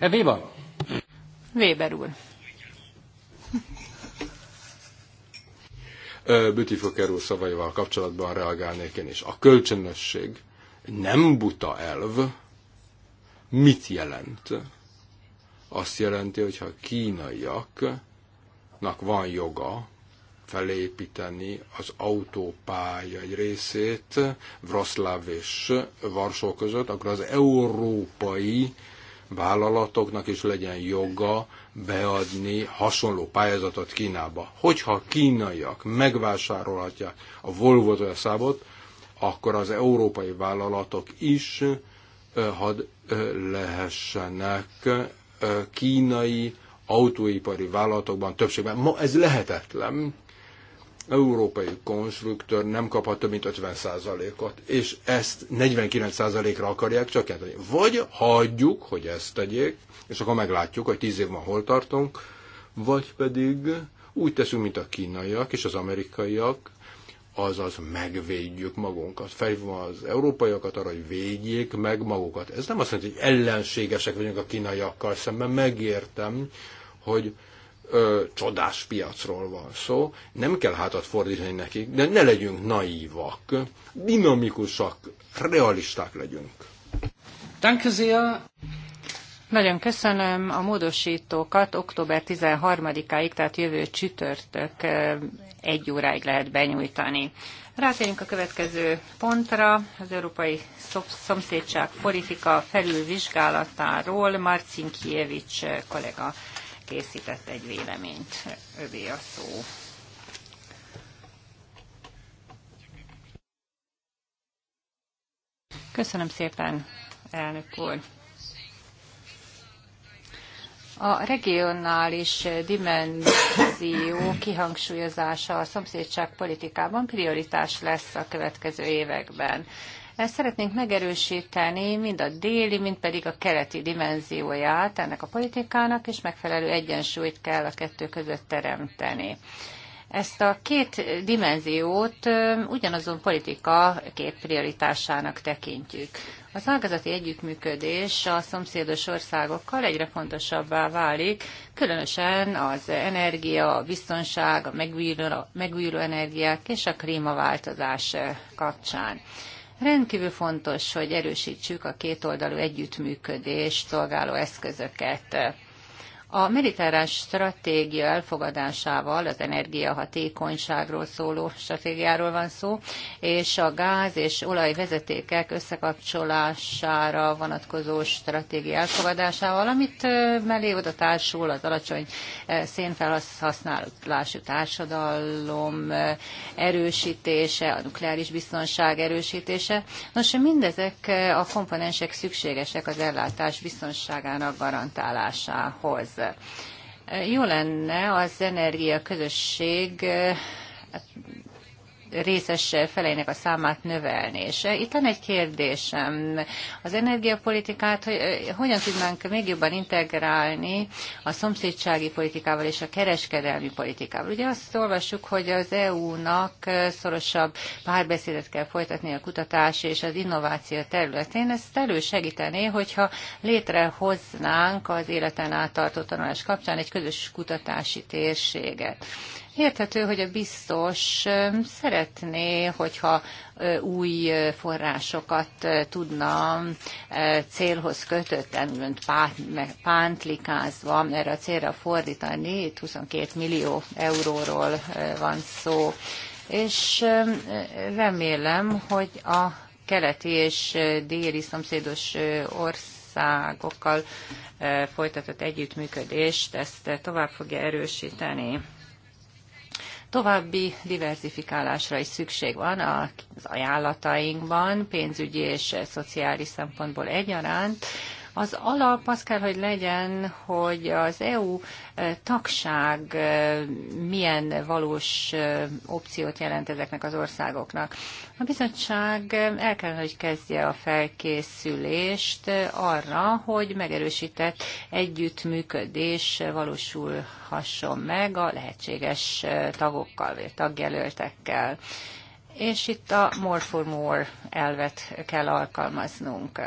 Weber. Weber úr. Bütifoker úr szavaival kapcsolatban reagálnék én is. A kölcsönösség nem buta elv mit jelent? Azt jelenti, hogyha a kínaiaknak van joga felépíteni az autópálya egy részét Vroszláv és Varsó között, akkor az európai vállalatoknak is legyen joga beadni hasonló pályázatot Kínába. Hogyha a kínaiak megvásárolhatják a Volvo-t, a Szábot, akkor az európai vállalatok is had lehessenek kínai autóipari vállalatokban többségben. Ma ez lehetetlen. Európai konstruktőr nem kaphat több mint 50%-ot, és ezt 49%-ra akarják csökkenteni. Vagy hagyjuk, hogy ezt tegyék, és akkor meglátjuk, hogy 10 év van hol tartunk, vagy pedig úgy teszünk, mint a kínaiak és az amerikaiak, azaz megvédjük magunkat. Felhívom az európaiakat arra, hogy védjék meg magukat. Ez nem azt jelenti, hogy ellenségesek vagyunk a kínaiakkal szemben, megértem, hogy ö, csodás piacról van szó, nem kell hátat fordítani nekik, de ne legyünk naívak, dinamikusak, realisták legyünk. Danke sehr. Nagyon köszönöm a módosítókat. Október 13-áig, tehát jövő csütörtök egy óráig lehet benyújtani. Rátérünk a következő pontra, az Európai Szomszédság politika felülvizsgálatáról Marcin Kievics kollega készített egy véleményt. Övé a szó. Köszönöm szépen, elnök úr. A regionális dimenzió kihangsúlyozása a szomszédság politikában prioritás lesz a következő években. Ezt szeretnénk megerősíteni mind a déli, mind pedig a keleti dimenzióját ennek a politikának, és megfelelő egyensúlyt kell a kettő között teremteni ezt a két dimenziót ugyanazon politika két prioritásának tekintjük. Az ágazati együttműködés a szomszédos országokkal egyre fontosabbá válik, különösen az energia, a biztonság, a megújuló, megújuló energiák és a klímaváltozás kapcsán. Rendkívül fontos, hogy erősítsük a kétoldalú együttműködés szolgáló eszközöket a mediterrán stratégia elfogadásával az energiahatékonyságról szóló stratégiáról van szó, és a gáz és olajvezetékek összekapcsolására vonatkozó stratégia elfogadásával, amit mellé oda társul az alacsony szénfelhasználású társadalom erősítése, a nukleáris biztonság erősítése. Nos, mindezek a komponensek szükségesek az ellátás biztonságának garantálásához. Jó lenne az energia közösség eh, hát részes feleinek a számát növelni. És eh, itt van egy kérdésem. Az energiapolitikát hogy, eh, hogyan tudnánk még jobban integrálni a szomszédsági politikával és a kereskedelmi politikával? Ugye azt olvassuk, hogy az EU-nak eh, szorosabb párbeszédet kell folytatni a kutatás és az innováció területén. Ezt elősegítené, hogyha létrehoznánk az életen át tartó tanulás kapcsán egy közös kutatási térséget. Érthető, hogy a biztos szeretné, hogyha új forrásokat tudna célhoz kötötten, pántlikázva erre a célra fordítani. Itt 22 millió euróról van szó. És remélem, hogy a keleti és déli szomszédos országokkal folytatott együttműködést ezt tovább fogja erősíteni. További diversifikálásra is szükség van az ajánlatainkban, pénzügyi és szociális szempontból egyaránt, az alap az kell, hogy legyen, hogy az EU eh, tagság eh, milyen valós eh, opciót jelent ezeknek az országoknak. A bizottság el kell, hogy kezdje a felkészülést arra, hogy megerősített együttműködés valósulhasson meg a lehetséges tagokkal, vagy tagjelöltekkel és itt a more for more elvet kell alkalmaznunk.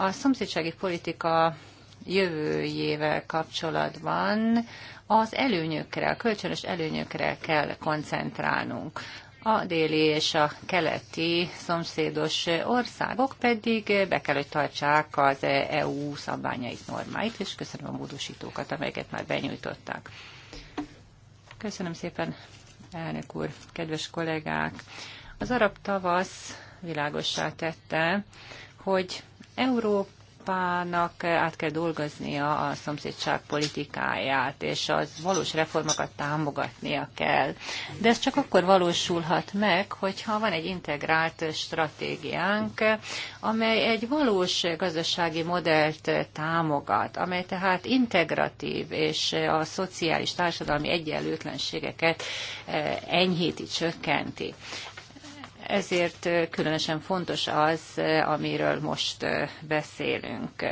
A szomszédsági politika jövőjével kapcsolatban az előnyökre, a kölcsönös előnyökre kell koncentrálnunk. A déli és a keleti szomszédos országok pedig be kell, hogy tartsák az EU szabványait, normáit, és köszönöm a módosítókat, amelyeket már benyújtották. Köszönöm szépen, elnök úr, kedves kollégák! Az arab tavasz világossá tette, hogy Európának át kell dolgoznia a szomszédság politikáját, és az valós reformokat támogatnia kell. De ez csak akkor valósulhat meg, hogyha van egy integrált stratégiánk, amely egy valós gazdasági modellt támogat, amely tehát integratív és a szociális társadalmi egyenlőtlenségeket eh, enyhíti, csökkenti ezért különösen fontos az, amiről most beszélünk.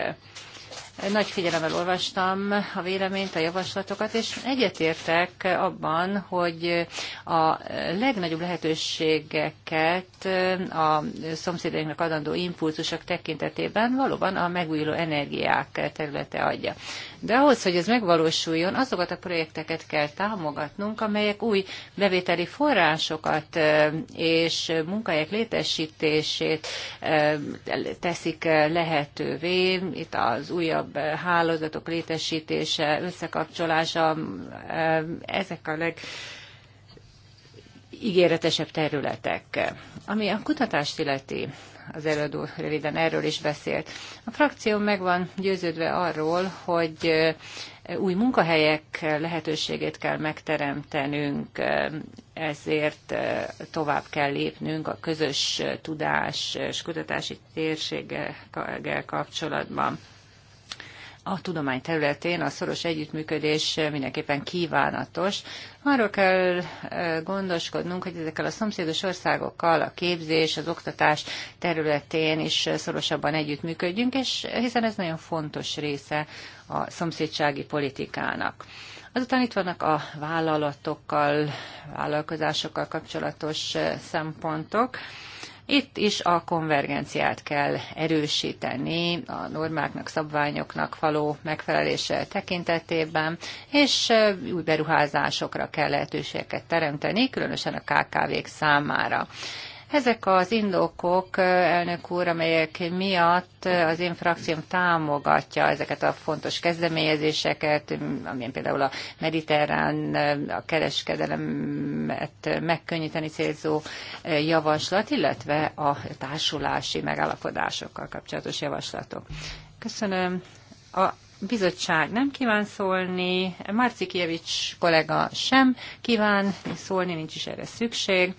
Nagy figyelemmel olvastam a véleményt, a javaslatokat, és egyetértek abban, hogy a legnagyobb lehetőségeket a szomszédainknak adandó impulzusok tekintetében valóban a megújuló energiák területe adja. De ahhoz, hogy ez megvalósuljon, azokat a projekteket kell támogatnunk, amelyek új bevételi forrásokat és munkahelyek létesítését teszik lehetővé. Itt az újabb jobb eh, hálózatok létesítése, összekapcsolása, eh, ezek a leg ígéretesebb területek. Ami a kutatást illeti, az előadó röviden erről is beszélt. A frakció meg van győződve arról, hogy eh, új munkahelyek lehetőségét kell megteremtenünk, ezért tovább kell lépnünk a közös tudás és kutatási térséggel kapcsolatban a tudomány területén a szoros együttműködés mindenképpen kívánatos. Arról kell gondoskodnunk, hogy ezekkel a szomszédos országokkal a képzés, az oktatás területén is szorosabban együttműködjünk, és hiszen ez nagyon fontos része a szomszédsági politikának. Azután itt vannak a vállalatokkal, vállalkozásokkal kapcsolatos szempontok. Itt is a konvergenciát kell erősíteni a normáknak, szabványoknak való megfelelése tekintetében, és új beruházásokra kell lehetőségeket teremteni, különösen a KKV-k számára. Ezek az indokok, elnök úr, amelyek miatt az én frakcióm támogatja ezeket a fontos kezdeményezéseket, amilyen például a mediterrán, a kereskedelemet megkönnyíteni célzó javaslat, illetve a társulási megállapodásokkal kapcsolatos javaslatok. Köszönöm. A bizottság nem kíván szólni, Kievics kollega sem kíván szólni, nincs is erre szükség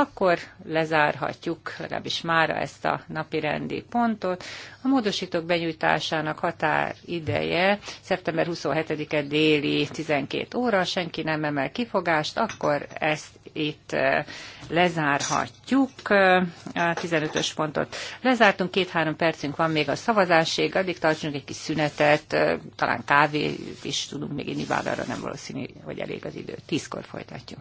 akkor lezárhatjuk legalábbis mára ezt a napi rendi pontot. A módosítók benyújtásának határideje szeptember 27-e déli 12 óra, senki nem emel kifogást, akkor ezt itt eh, lezárhatjuk. Eh, a 15-ös pontot lezártunk, két-három percünk van még a szavazásig, addig tartsunk egy kis szünetet, eh, talán kávét is tudunk még inni, bár arra nem valószínű, hogy elég az idő. Tízkor folytatjuk.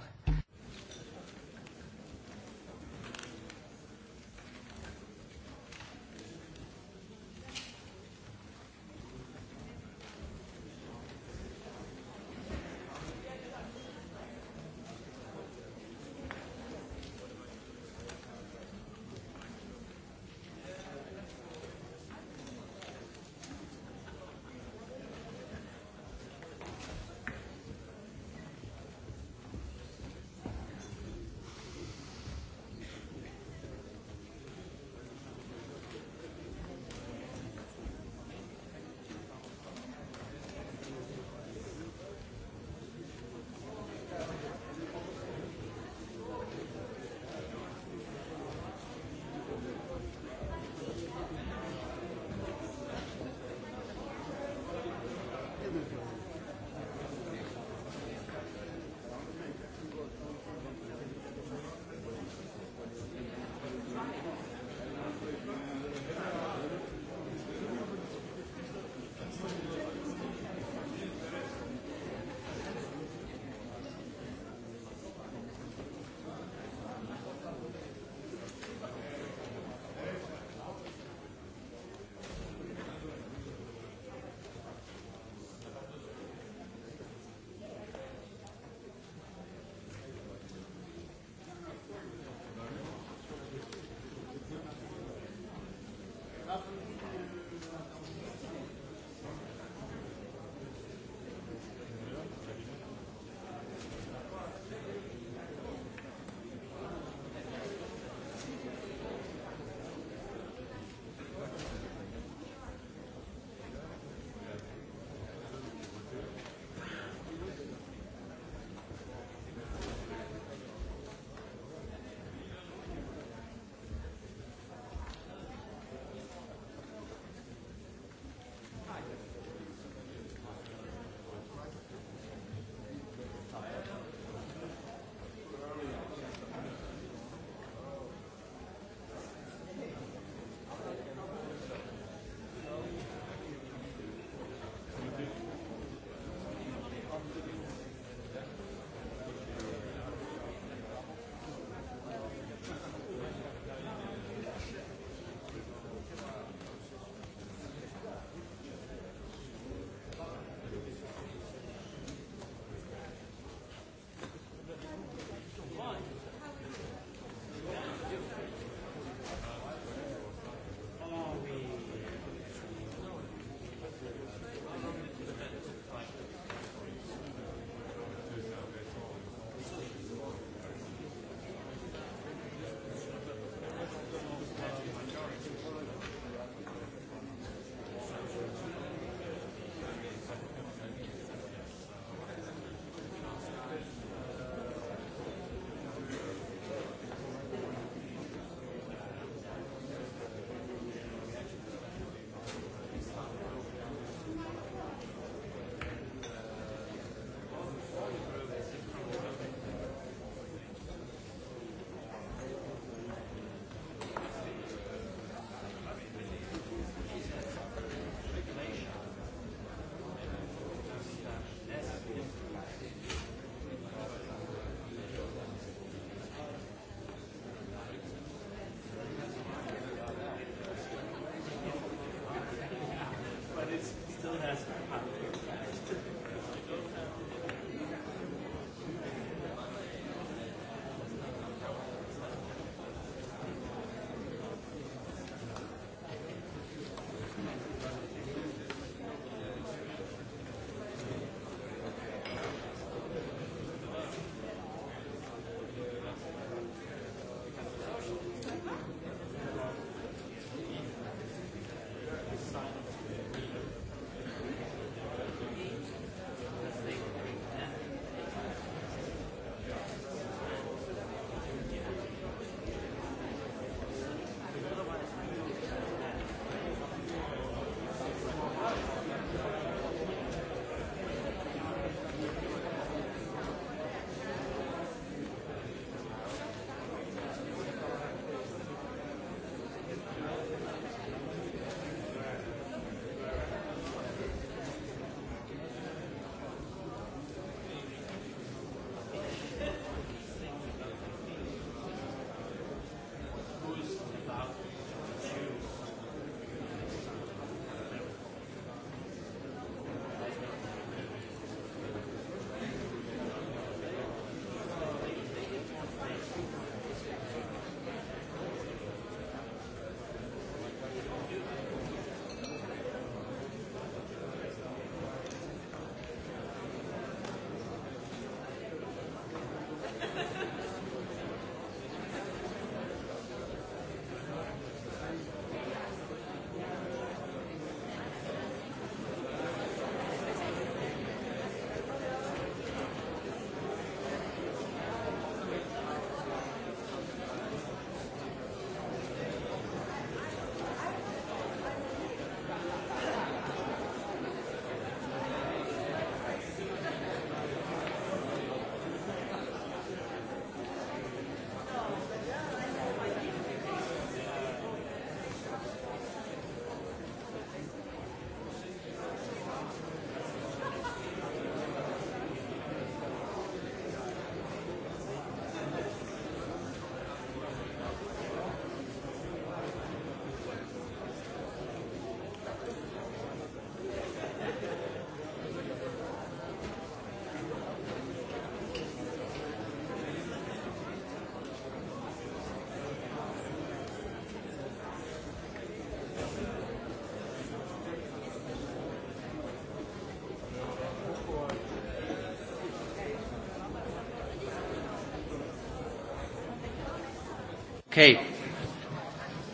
Okay.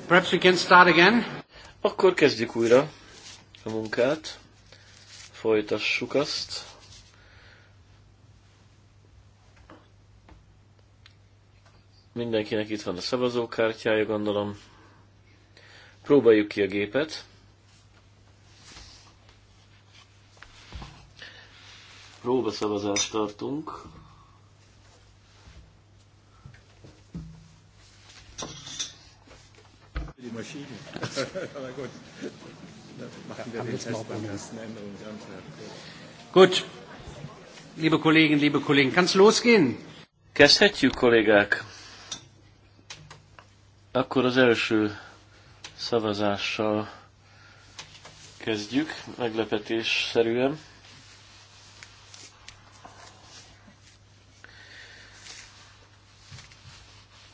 Perhaps we can start again. Akkor kezdjük újra a munkát. Folytassuk azt. Mindenkinek itt van a szavazókártyája, gondolom. Próbáljuk ki a gépet. Próbaszavazást tartunk Gut. Liebe Kolleginnen, liebe Kollegen, kann's losgehen? Kezdhetjük, kollégák. Akkor az első szavazással kezdjük, meglepetésszerűen.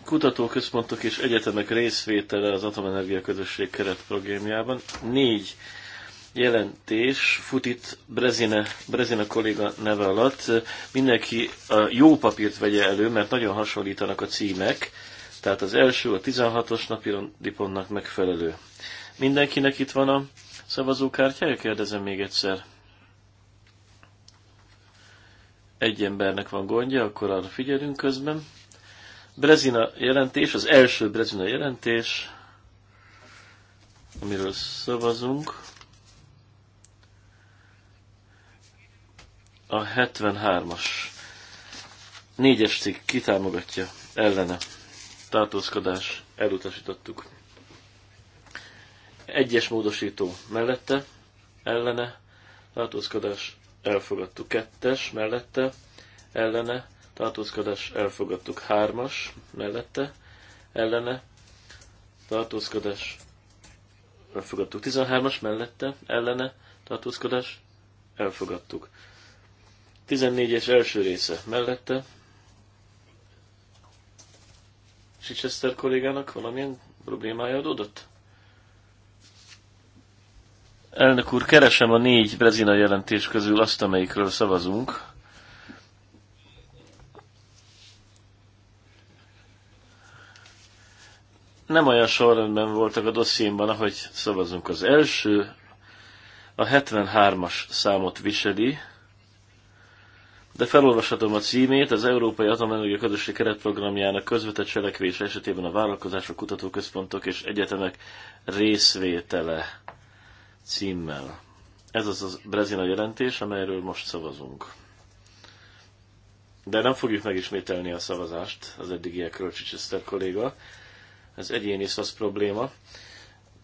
kutatóközpontok és egyetemek részvétele az Atomenergia Közösség keretprogramjában. Négy jelentés fut itt Brezina, Brezina kolléga neve alatt. Mindenki a jó papírt vegye elő, mert nagyon hasonlítanak a címek. Tehát az első a 16-os napi pontnak megfelelő. Mindenkinek itt van a szavazókártyája? Kérdezem még egyszer. Egy embernek van gondja, akkor arra figyelünk közben. Brezina jelentés, az első Brezina jelentés, amiről szavazunk. a 73-as négyes cikk kitámogatja ellene. Tartózkodás, elutasítottuk. Egyes módosító mellette, ellene, tartózkodás, elfogadtuk. Kettes mellette, ellene, tartózkodás, elfogadtuk. Hármas mellette, ellene, tartózkodás, elfogadtuk. 13-as mellette, ellene, tartózkodás, elfogadtuk. 14-es első része mellette. Chichester kollégának valamilyen problémája adódott? Elnök úr, keresem a négy Brezina jelentés közül azt, amelyikről szavazunk. Nem olyan sorrendben voltak a dossziémban, ahogy szavazunk. Az első a 73-as számot viseli, de felolvashatom a címét, az Európai Atomenergia Közösség keretprogramjának közvetett cselekvése esetében a vállalkozások, kutatóközpontok és egyetemek részvétele címmel. Ez az a Brezina jelentés, amelyről most szavazunk. De nem fogjuk megismételni a szavazást, az eddigiekről Csicseszter kolléga. Ez egyéni szasz probléma.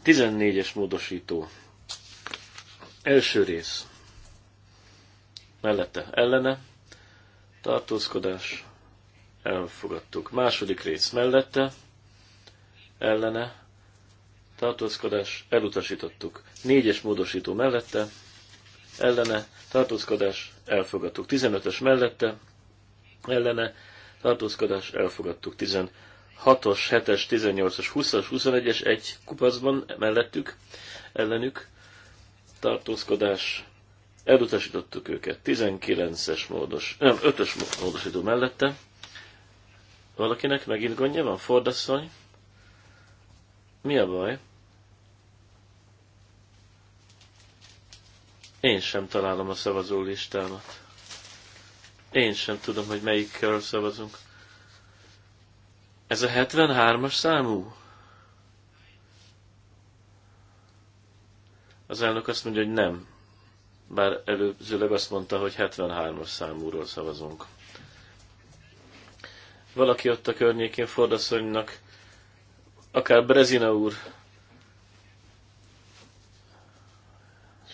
14-es módosító. Első rész. Mellette ellene tartózkodás, elfogadtuk. Második rész mellette, ellene, tartózkodás, elutasítottuk. Négyes módosító mellette, ellene, tartózkodás, elfogadtuk. Tizenötös mellette, ellene, tartózkodás, elfogadtuk. Tizen 6 os 7-es, 18-as, 20-as, 21-es, egy kupacban mellettük, ellenük, tartózkodás, Elutasítottuk őket. 19-es módos, nem, 5-ös módosító mellette. Valakinek megint gondja van? Fordasszony? Mi a baj? Én sem találom a szavazó listámat. Én sem tudom, hogy melyikkel szavazunk. Ez a 73-as számú? Az elnök azt mondja, hogy nem. Bár előzőleg azt mondta, hogy 73-as számúról szavazunk. Valaki ott a környékén fordasszonynak, akár Brezina úr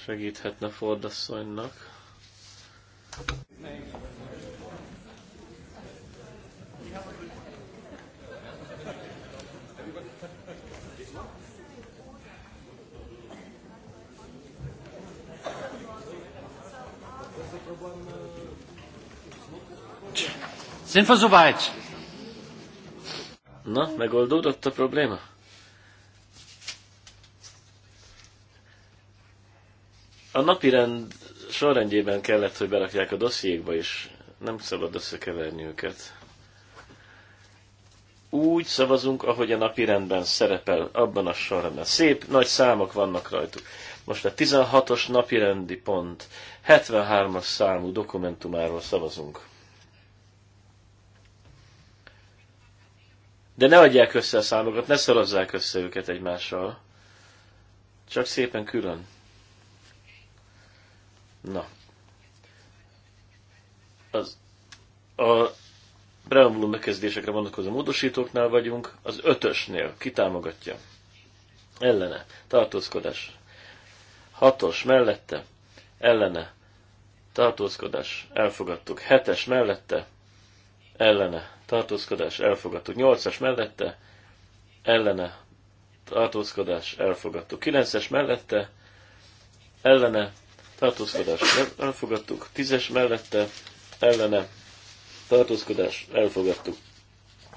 segíthetne fordasszonynak. Thank you. Sind wir soweit? Na, megoldódott a probléma? A napi rend sorrendjében kellett, hogy berakják a dossziékba, és nem szabad összekeverni őket. Úgy szavazunk, ahogy a napi rendben szerepel, abban a sorrendben. Szép, nagy számok vannak rajtuk. Most a 16-os napirendi pont 73-as számú dokumentumáról szavazunk. De ne adják össze a számokat, ne szorozzák össze őket egymással. Csak szépen külön. Na. Az, a preambulum bekezdésekre vonatkozó módosítóknál vagyunk, az ötösnél kitámogatja. Ellene. Tartózkodás. Hatos mellette. Ellene. Tartózkodás. Elfogadtuk. Hetes mellette. Ellene tartózkodás elfogadtuk. 8-as mellette ellene tartózkodás elfogadtuk. 9-es mellette ellene tartózkodás elfogadtuk. 10-es mellette ellene tartózkodás elfogadtuk.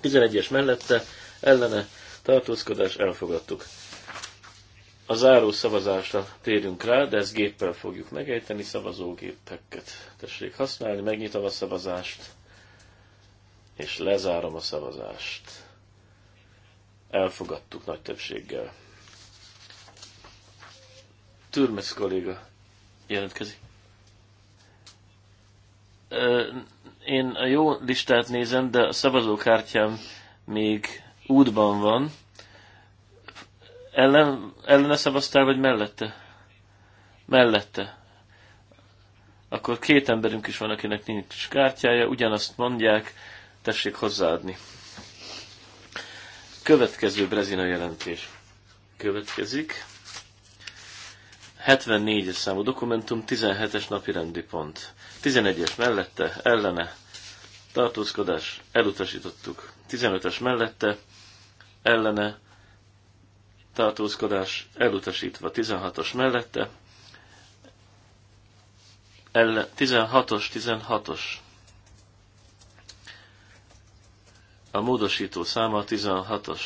11-es mellette ellene tartózkodás elfogadtuk. A záró szavazásra térünk rá, de ezt géppel fogjuk megejteni, szavazógépeket tessék használni, megnyitom a szavazást és lezárom a szavazást. Elfogadtuk nagy többséggel. Türmes kolléga jelentkezik. Én a jó listát nézem, de a szavazókártyám még útban van. Ellen, ellene szavaztál, vagy mellette? Mellette. Akkor két emberünk is van, akinek nincs kártyája, ugyanazt mondják, Tessék hozzáadni. Következő Brezina jelentés következik. 74-es számú dokumentum, 17-es napi rendi pont. 11-es mellette, ellene, tartózkodás, elutasítottuk. 15-es mellette, ellene, tartózkodás, elutasítva. 16-os mellette, 16-os, 16-os A módosító száma 16-os.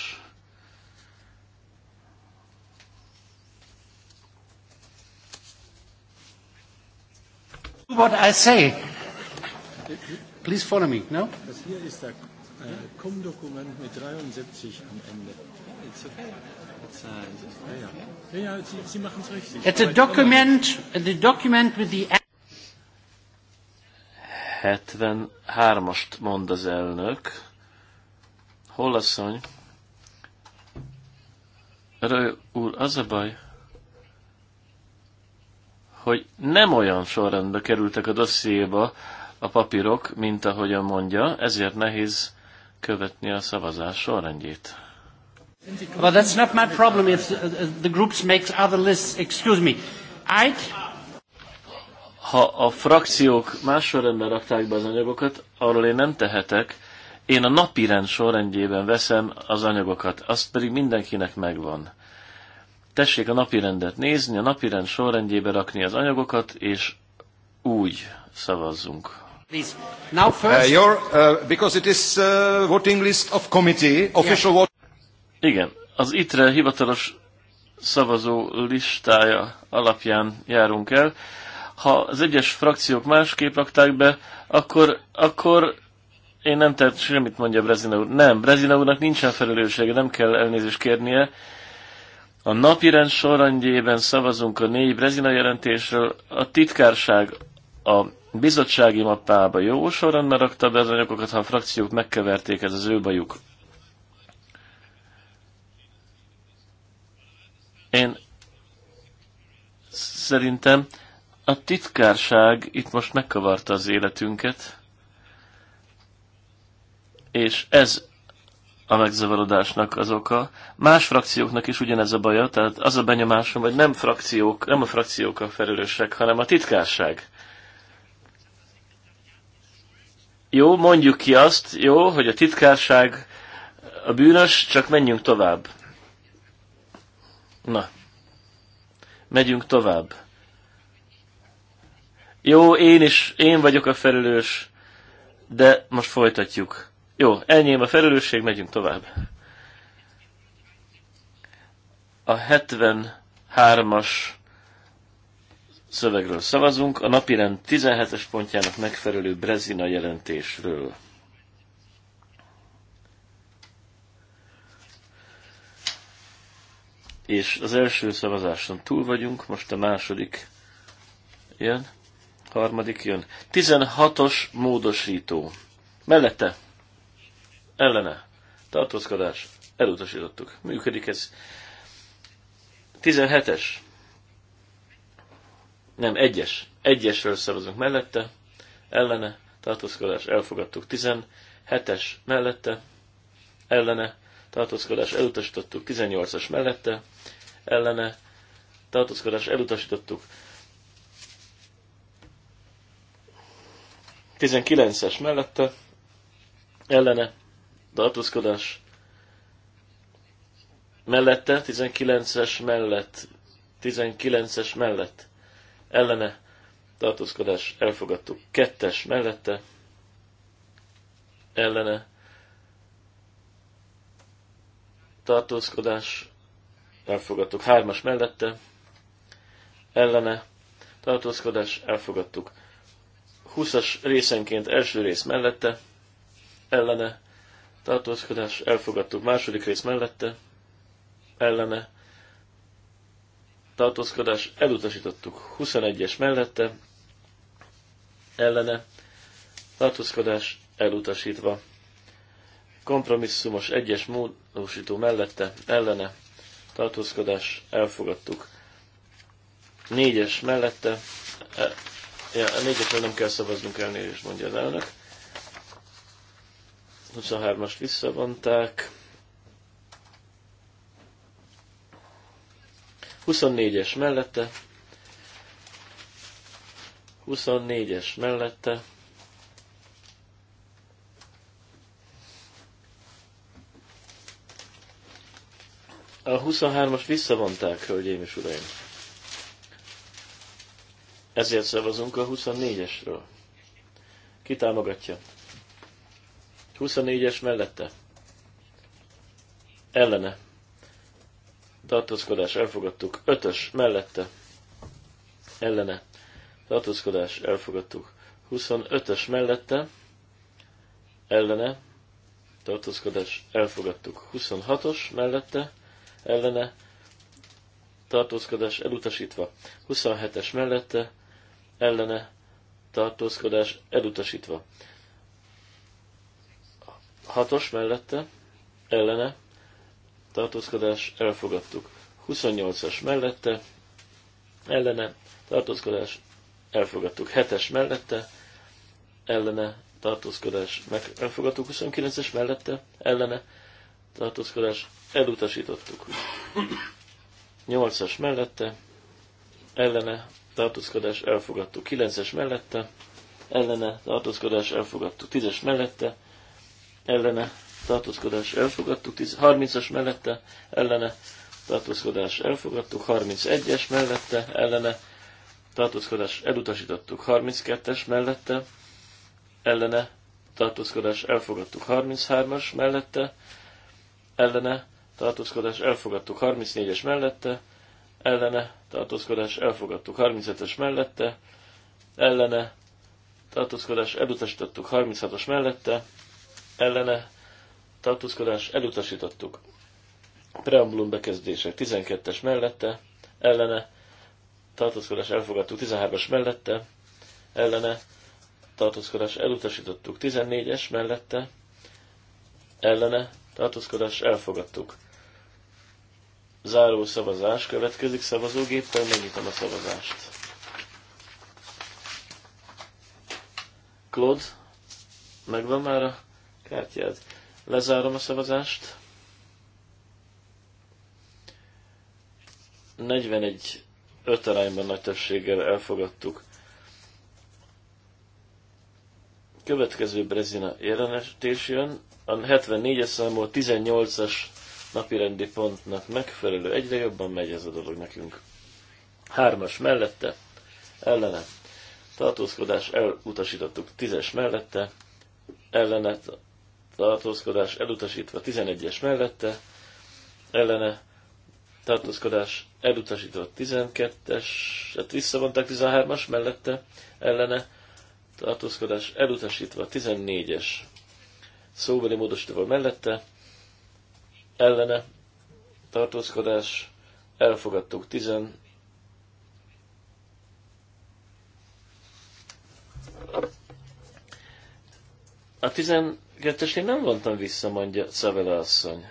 What I say. Please follow me, no? Das hier ist der CUM-Dokument äh, mit 73 am Ende. It's okay. It's, uh, it's ja, ja. ja, Sie, Sie machen es richtig. It's a document, the document with the... 73-ast mond az elnök. Hollasszony, Röj úr, az a baj, hogy nem olyan sorrendbe kerültek a dossziéba a papírok, mint ahogyan mondja, ezért nehéz követni a szavazás sorrendjét. Well, that's not my problem if uh, uh, the groups make other lists. Excuse me. I... Ha a frakciók más sorrendben rakták be az anyagokat, arról én nem tehetek, én a napi rend sorrendjében veszem az anyagokat, azt pedig mindenkinek megvan. Tessék a napi rendet nézni, a napi rend sorrendjébe rakni az anyagokat, és úgy szavazzunk. Now uh, first. Uh, your, uh, because it is uh, voting list of committee, official yeah. Igen, az ITRE hivatalos szavazó listája alapján járunk el. Ha az egyes frakciók másképp rakták be, akkor, akkor én nem tett semmit, mondja Brezina úr. Nem, Brezina úrnak nincsen felelőssége, nem kell elnézést kérnie. A rend sorrendjében szavazunk a négy Brezina jelentésről. A titkárság a bizottsági mappába jó sorrendben rakta be az anyagokat, ha a frakciók megkeverték, ez az ő bajuk. Én szerintem a titkárság itt most megkavarta az életünket és ez a megzavarodásnak az oka. Más frakcióknak is ugyanez a baja, tehát az a benyomásom, hogy nem, frakciók, nem a frakciók a felelősek, hanem a titkárság. Jó, mondjuk ki azt, jó, hogy a titkárság a bűnös, csak menjünk tovább. Na, megyünk tovább. Jó, én is, én vagyok a felelős, de most folytatjuk. Jó, enyém a felelősség, megyünk tovább. A 73-as szövegről szavazunk, a napirend 17-es pontjának megfelelő Brezina jelentésről. És az első szavazáson túl vagyunk, most a második jön, harmadik jön. 16-os módosító. Mellette ellene, tartózkodás, elutasítottuk. Működik ez. 17-es, nem, 1-es, 1-esről szavazunk mellette, ellene, tartózkodás, elfogadtuk. 17-es mellette, ellene, tartózkodás, elutasítottuk. 18-as mellette, ellene, tartózkodás, elutasítottuk. 19-es mellette, ellene tartózkodás mellette, 19-es mellett, 19-es mellett, ellene, tartózkodás elfogadtuk, kettes mellette, ellene, tartózkodás elfogadtuk, hármas mellette, ellene, tartózkodás elfogadtuk, 20-as részenként első rész mellette, ellene, tartózkodás, elfogadtuk második rész mellette, ellene, tartózkodás, elutasítottuk 21-es mellette, ellene, tartózkodás, elutasítva, kompromisszumos egyes módosító mellette, ellene, tartózkodás, elfogadtuk. Négyes mellette, e, ja, a négyesről nem kell szavaznunk elnézést, mondja az elnök. 23-ast visszavonták. 24-es mellette. 24-es mellette. A 23-as visszavonták, hölgyeim és uraim. Ezért szavazunk a 24-esről. Ki támogatja? 24-es mellette. Ellene. Tartózkodás elfogadtuk. 5-ös mellette. Ellene. Tartózkodás elfogadtuk. 25-ös mellette. Ellene. Tartózkodás elfogadtuk. 26-os mellette. Ellene. Tartózkodás elutasítva. 27-es mellette. Ellene. Tartózkodás elutasítva. Hatos mellette, ellene, tartózkodás, elfogadtuk. 28-as mellette, ellene, tartózkodás, elfogadtuk. 7-es mellette, ellene, tartózkodás, meg elfogadtuk. 29-es mellette, ellene, tartózkodás, elutasítottuk. 8-as mellette, ellene, tartózkodás, elfogadtuk. 9-es mellette, ellene, tartózkodás, elfogadtuk. 10-es mellette, ellene tartózkodás elfogadtuk, 30-as mellette ellene tartózkodás elfogadtuk, 31-es mellette ellene tartózkodás elutasítottuk, 32-es mellette ellene tartózkodás elfogadtuk, 33-as mellette ellene tartózkodás elfogadtuk, 34-es mellette ellene tartózkodás elfogadtuk, 35 es mellette ellene tartózkodás elutasítottuk, 36-os mellette ellene tartózkodás elutasítottuk. Preambulum bekezdése 12-es mellette, ellene tartózkodás elfogadtuk 13-as mellette, ellene tartózkodás elutasítottuk 14-es mellette, ellene tartózkodás elfogadtuk. Záró szavazás következik szavazógéppel, megnyitom a szavazást. Claude, megvan már a kártyád. Lezárom a szavazást. 41 5 arányban nagy többséggel elfogadtuk. Következő Brezina jelenetés jön. A 74-es számú 18-as napirendi pontnak megfelelő. Egyre jobban megy ez a dolog nekünk. Hármas mellette, ellene. Tartózkodás elutasítottuk. 10-es mellette, ellene tartózkodás elutasítva 11-es mellette, ellene tartózkodás elutasítva 12-es, hát visszavonták 13-as mellette, ellene tartózkodás elutasítva 14-es szóbeli módosítóval mellette, ellene tartózkodás elfogadtuk 10 a Kettes, én nem voltam vissza, mondja Szavela asszony.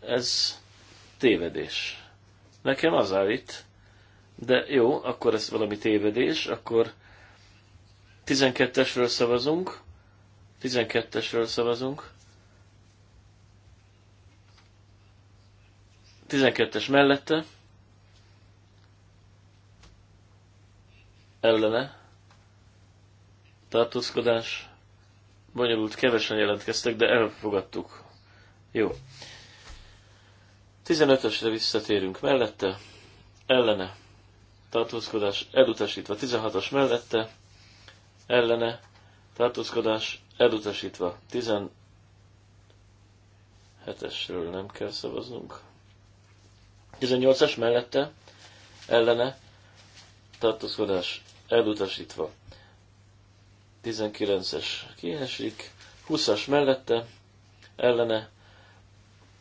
Ez tévedés. Nekem az állít. De jó, akkor ez valami tévedés, akkor 12-esről szavazunk. 12-esről szavazunk. 12-es mellette. Ellene. Tartózkodás bonyolult, kevesen jelentkeztek, de elfogadtuk. Jó. 15-ösre visszatérünk mellette, ellene, tartózkodás elutasítva, 16-as mellette, ellene, tartózkodás elutasítva, 17-esről nem kell szavaznunk. 18-as mellette, ellene, tartózkodás elutasítva, 19-es kiesik, 20-as mellette, ellene,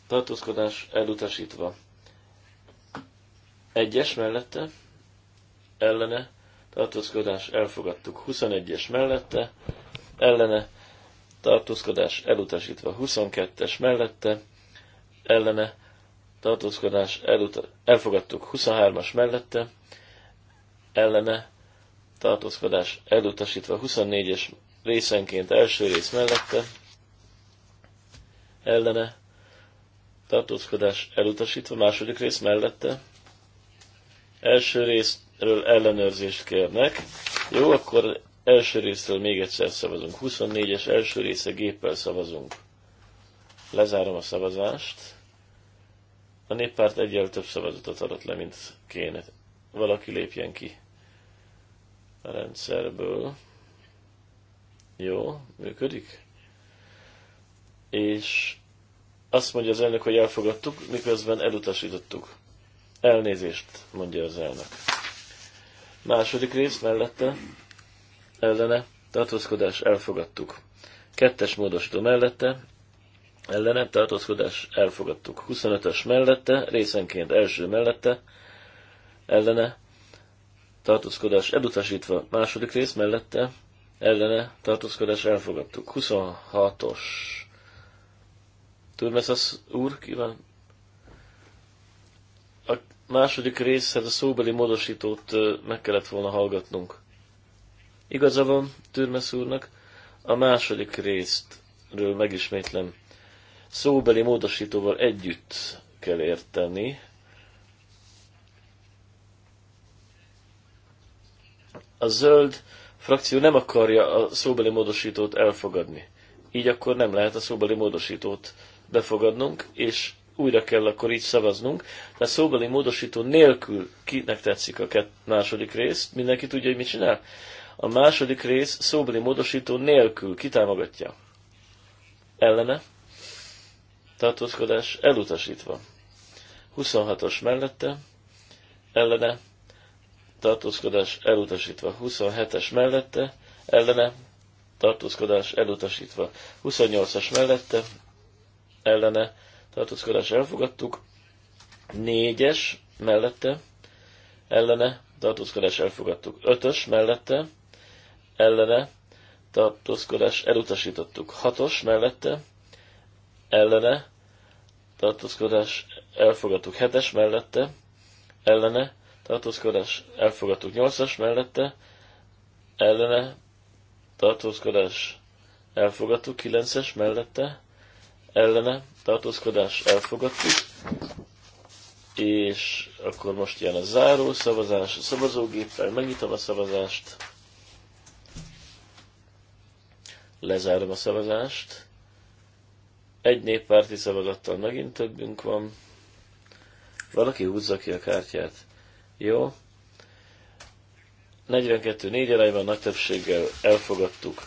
tartózkodás elutasítva. 21-es mellette, ellene, tartózkodás elfogadtuk. 21-es mellette, ellene, tartózkodás elutasítva. 22-es mellette, ellene, tartózkodás eluta- elfogadtuk. 23-as mellette, ellene, tartózkodás elutasítva 24-es részenként első rész mellette, ellene, tartózkodás elutasítva második rész mellette, első részről ellenőrzést kérnek. Jó, akkor első részről még egyszer szavazunk. 24-es első része géppel szavazunk. Lezárom a szavazást. A néppárt egyel több szavazatot adott le, mint kéne. Valaki lépjen ki a rendszerből. Jó, működik. És azt mondja az elnök, hogy elfogadtuk, miközben elutasítottuk. Elnézést, mondja az elnök. Második rész mellette, ellene, tartózkodás, elfogadtuk. Kettes módosító mellette, ellene, tartózkodás, elfogadtuk. 25-ös mellette, részenként első mellette, ellene, tartózkodás elutasítva. Második rész mellette ellene tartózkodás elfogadtuk. 26-os. Turmes az úr kíván? A második részhez a szóbeli módosítót meg kellett volna hallgatnunk. Igaza van Türmes úrnak, a második résztről megismétlem. Szóbeli módosítóval együtt kell érteni, a zöld frakció nem akarja a szóbeli módosítót elfogadni. Így akkor nem lehet a szóbeli módosítót befogadnunk, és újra kell akkor így szavaznunk. Tehát szóbeli módosító nélkül kinek tetszik a kett, második rész, mindenki tudja, hogy mit csinál. A második rész szóbeli módosító nélkül kitámogatja. Ellene. Tartózkodás elutasítva. 26-os mellette. Ellene tartózkodás elutasítva 27-es mellette, ellene tartózkodás elutasítva 28-as mellette, ellene tartózkodás elfogadtuk, 4-es mellette, ellene tartózkodás elfogadtuk, 5-ös mellette, ellene tartózkodás elutasítottuk, 6-os mellette, ellene tartózkodás elfogadtuk, 7-es mellette, ellene tartózkodás elfogadtuk. 8-as mellette ellene tartózkodás elfogadtuk. 9-es mellette ellene tartózkodás elfogadtuk. És akkor most jön a záró szavazás a szavazógéppel. Megnyitom a szavazást. Lezárom a szavazást. Egy néppárti szavazattal megint többünk van. Valaki húzza ki a kártyát. Jó. 42 négy arányban nagy többséggel elfogadtuk.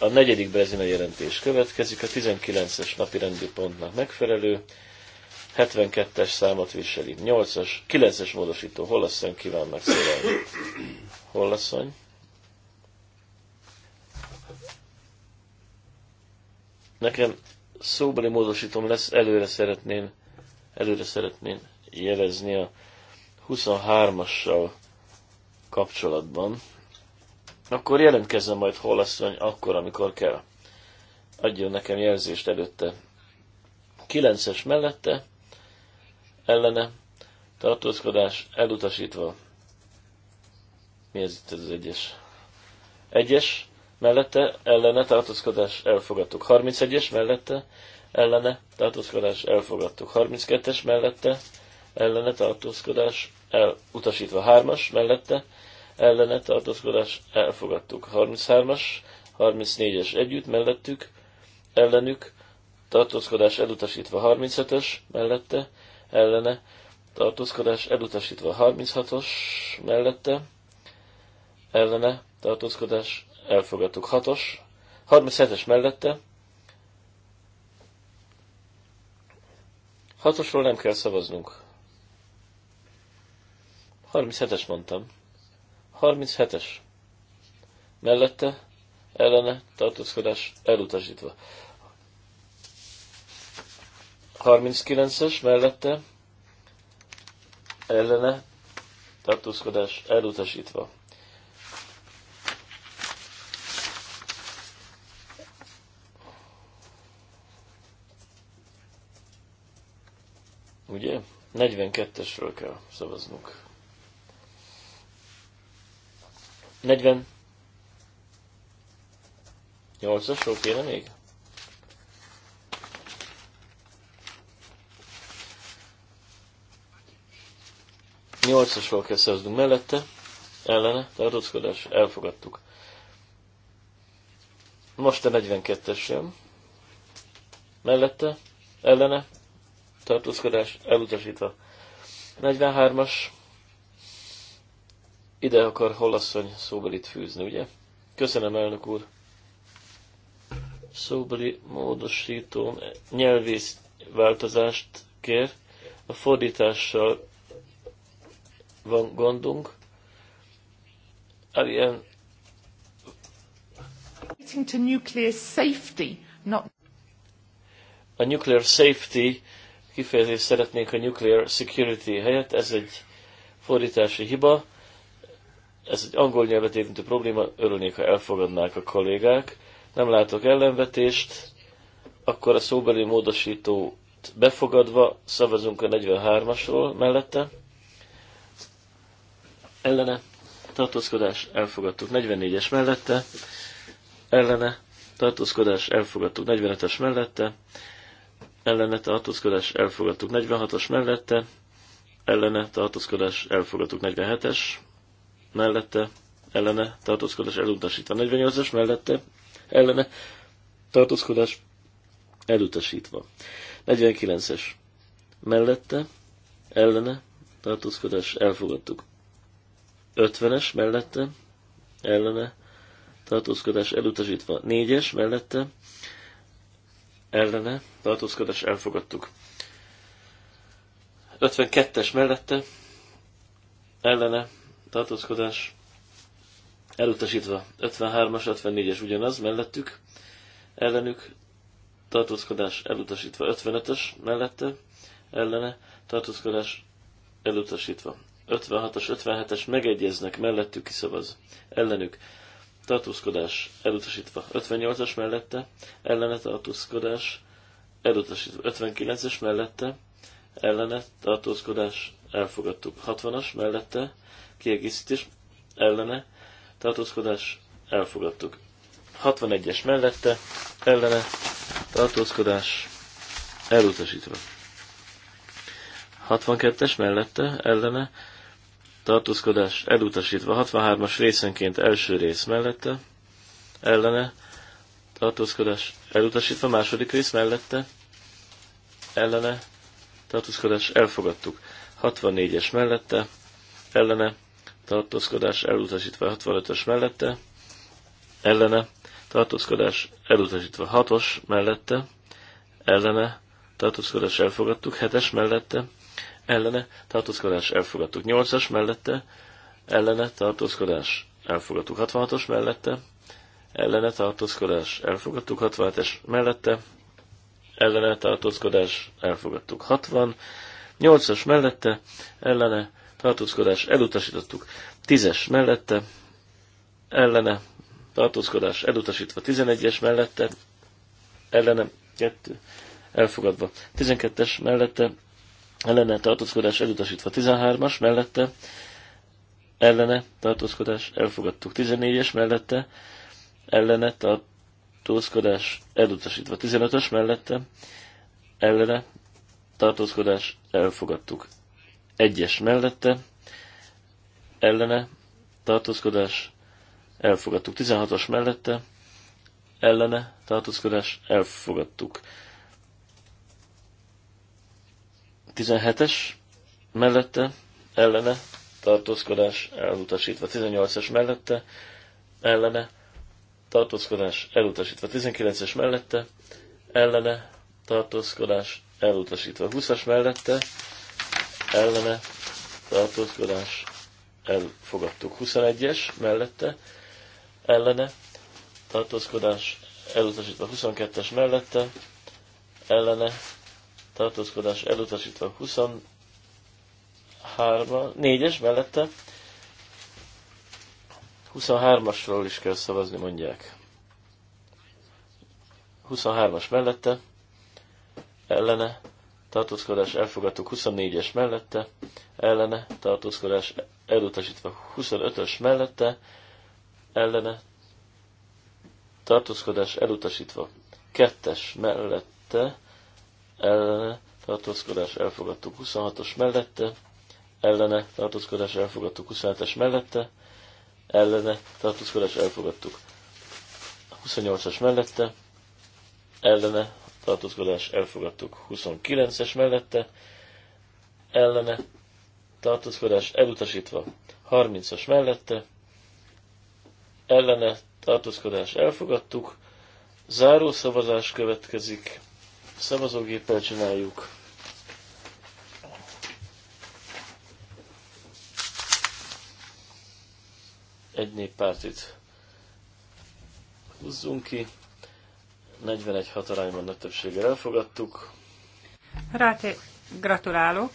A negyedik Brezina jelentés következik, a 19-es napi rendi pontnak megfelelő. 72-es számot viseli. 8-as, 9-es módosító. asszony kíván megszólalni. asszony? Nekem szóbeli módosítom lesz, előre szeretném, előre szeretném jelezni a 23-assal kapcsolatban, akkor jelentkezzen majd holasszony akkor, amikor kell. Adjon nekem jelzést előtte. 9-es mellette, ellene, tartózkodás elutasítva. Mi ez itt az egyes? Egyes, mellette, ellene, tartózkodás elfogadtuk. 31-es mellette, ellene, tartózkodás elfogadtuk. 32-es mellette, ellene, tartózkodás elutasítva 3-as mellette, ellene tartózkodás elfogadtuk. 33-as, 34-es együtt mellettük, ellenük, tartózkodás elutasítva 35-ös mellette, ellene, tartózkodás elutasítva 36-os mellette, ellene, tartózkodás elfogadtuk 6-os, 37-es mellette, 6-osról nem kell szavaznunk. 37-es mondtam. 37-es. Mellette, ellene, tartózkodás elutasítva. 39-es mellette, ellene, tartózkodás elutasítva. Ugye? 42-esről kell szavaznunk. 40 8-asról as kéne még? Nyolcasról kell szerzünk mellette, ellene, tartózkodás, elfogadtuk. Most a 42-es jön. Mellette, ellene, tartózkodás, elutasítva. 43-as ide akar Hollasszony szóbelit fűzni, ugye? Köszönöm, elnök úr. Szóbeli módosítón nyelvész változást kér. A fordítással van gondunk. Alien to nuclear safety, not... A nuclear safety kifejezést szeretnénk a nuclear security helyett, ez egy fordítási hiba ez egy angol nyelvet érintő probléma, örülnék, ha elfogadnák a kollégák. Nem látok ellenvetést, akkor a szóbeli módosítót befogadva szavazunk a 43-asról mellette. Ellene tartózkodás elfogadtuk 44-es mellette. Ellene tartózkodás elfogadtuk 45-es mellette. Ellene tartózkodás elfogadtuk 46-os mellette. Ellene tartózkodás elfogadtuk 47-es mellette ellene tartózkodás elutasítva. 48-as mellette ellene tartózkodás elutasítva. 49-es mellette ellene tartózkodás elfogadtuk. 50-es mellette ellene tartózkodás elutasítva. 4-es mellette ellene tartózkodás elfogadtuk. 52-es mellette ellene tartózkodás elutasítva. 53-as, 54-es ugyanaz, mellettük, ellenük, tartózkodás elutasítva. 55-ös mellette, ellene, tartózkodás elutasítva. 56-as, 57-es megegyeznek, mellettük kiszavaz, ellenük, tartózkodás elutasítva. 58-as mellette, ellene tartózkodás elutasítva. 59-es mellette, ellene tartózkodás elfogadtuk. 60-as mellette, kiegészítés ellene tartózkodás elfogadtuk. 61-es mellette ellene tartózkodás elutasítva. 62-es mellette ellene tartózkodás elutasítva. 63-as részenként első rész mellette ellene tartózkodás elutasítva. Második rész mellette ellene tartózkodás elfogadtuk. 64-es mellette ellene tartózkodás elutasítva 65-ös mellette, ellene, tartózkodás elutasítva 6-os mellette, ellene, tartózkodás elfogadtuk 7-es mellette, ellene, tartózkodás elfogadtuk 8-as mellette, ellene, tartózkodás elfogadtuk 66-os mellette, ellene tartózkodás elfogadtuk 67-es mellette, ellene tartózkodás elfogadtuk 60, 8-as mellette, ellene tartózkodás elutasítottuk. Tízes mellette, ellene, tartózkodás elutasítva. Tizenegyes mellette, ellene, kettő, elfogadva. Tizenkettes mellette, ellene, tartózkodás elutasítva. Tizenhármas mellette, ellene, tartózkodás elfogadtuk. Tizennégyes mellette, ellene, tartózkodás elutasítva. Tizenötös mellette, ellene, tartózkodás elfogadtuk egyes mellette, ellene, tartózkodás, elfogadtuk. 16-os mellette, ellene, tartózkodás, elfogadtuk. 17-es mellette, ellene, tartózkodás, elutasítva. 18-es mellette, ellene, tartózkodás, elutasítva. 19-es mellette, ellene, tartózkodás, elutasítva. 20-as mellette, ellene tartózkodás elfogadtuk. 21-es mellette ellene tartózkodás elutasítva. 22-es mellette ellene tartózkodás elutasítva. 23-as, 4-es mellette 23-asról is kell szavazni, mondják. 23-as mellette ellene tartózkodás elfogadtuk 24-es mellette, ellene tartózkodás elutasítva 25-ös mellette, ellene tartózkodás elutasítva 2-es mellette, ellene tartózkodás elfogadtuk 26-os mellette, ellene tartózkodás elfogadtuk 27-es mellette, ellene tartózkodás elfogadtuk 28-as mellette, ellene tartózkodás elfogadtuk 29-es mellette, ellene tartózkodás elutasítva 30-as mellette, ellene tartózkodás elfogadtuk, záró szavazás következik, szavazógéppel csináljuk. Egy néppártit húzzunk ki. 41 hat arányban nagy többséggel elfogadtuk. Ráté, gratulálok!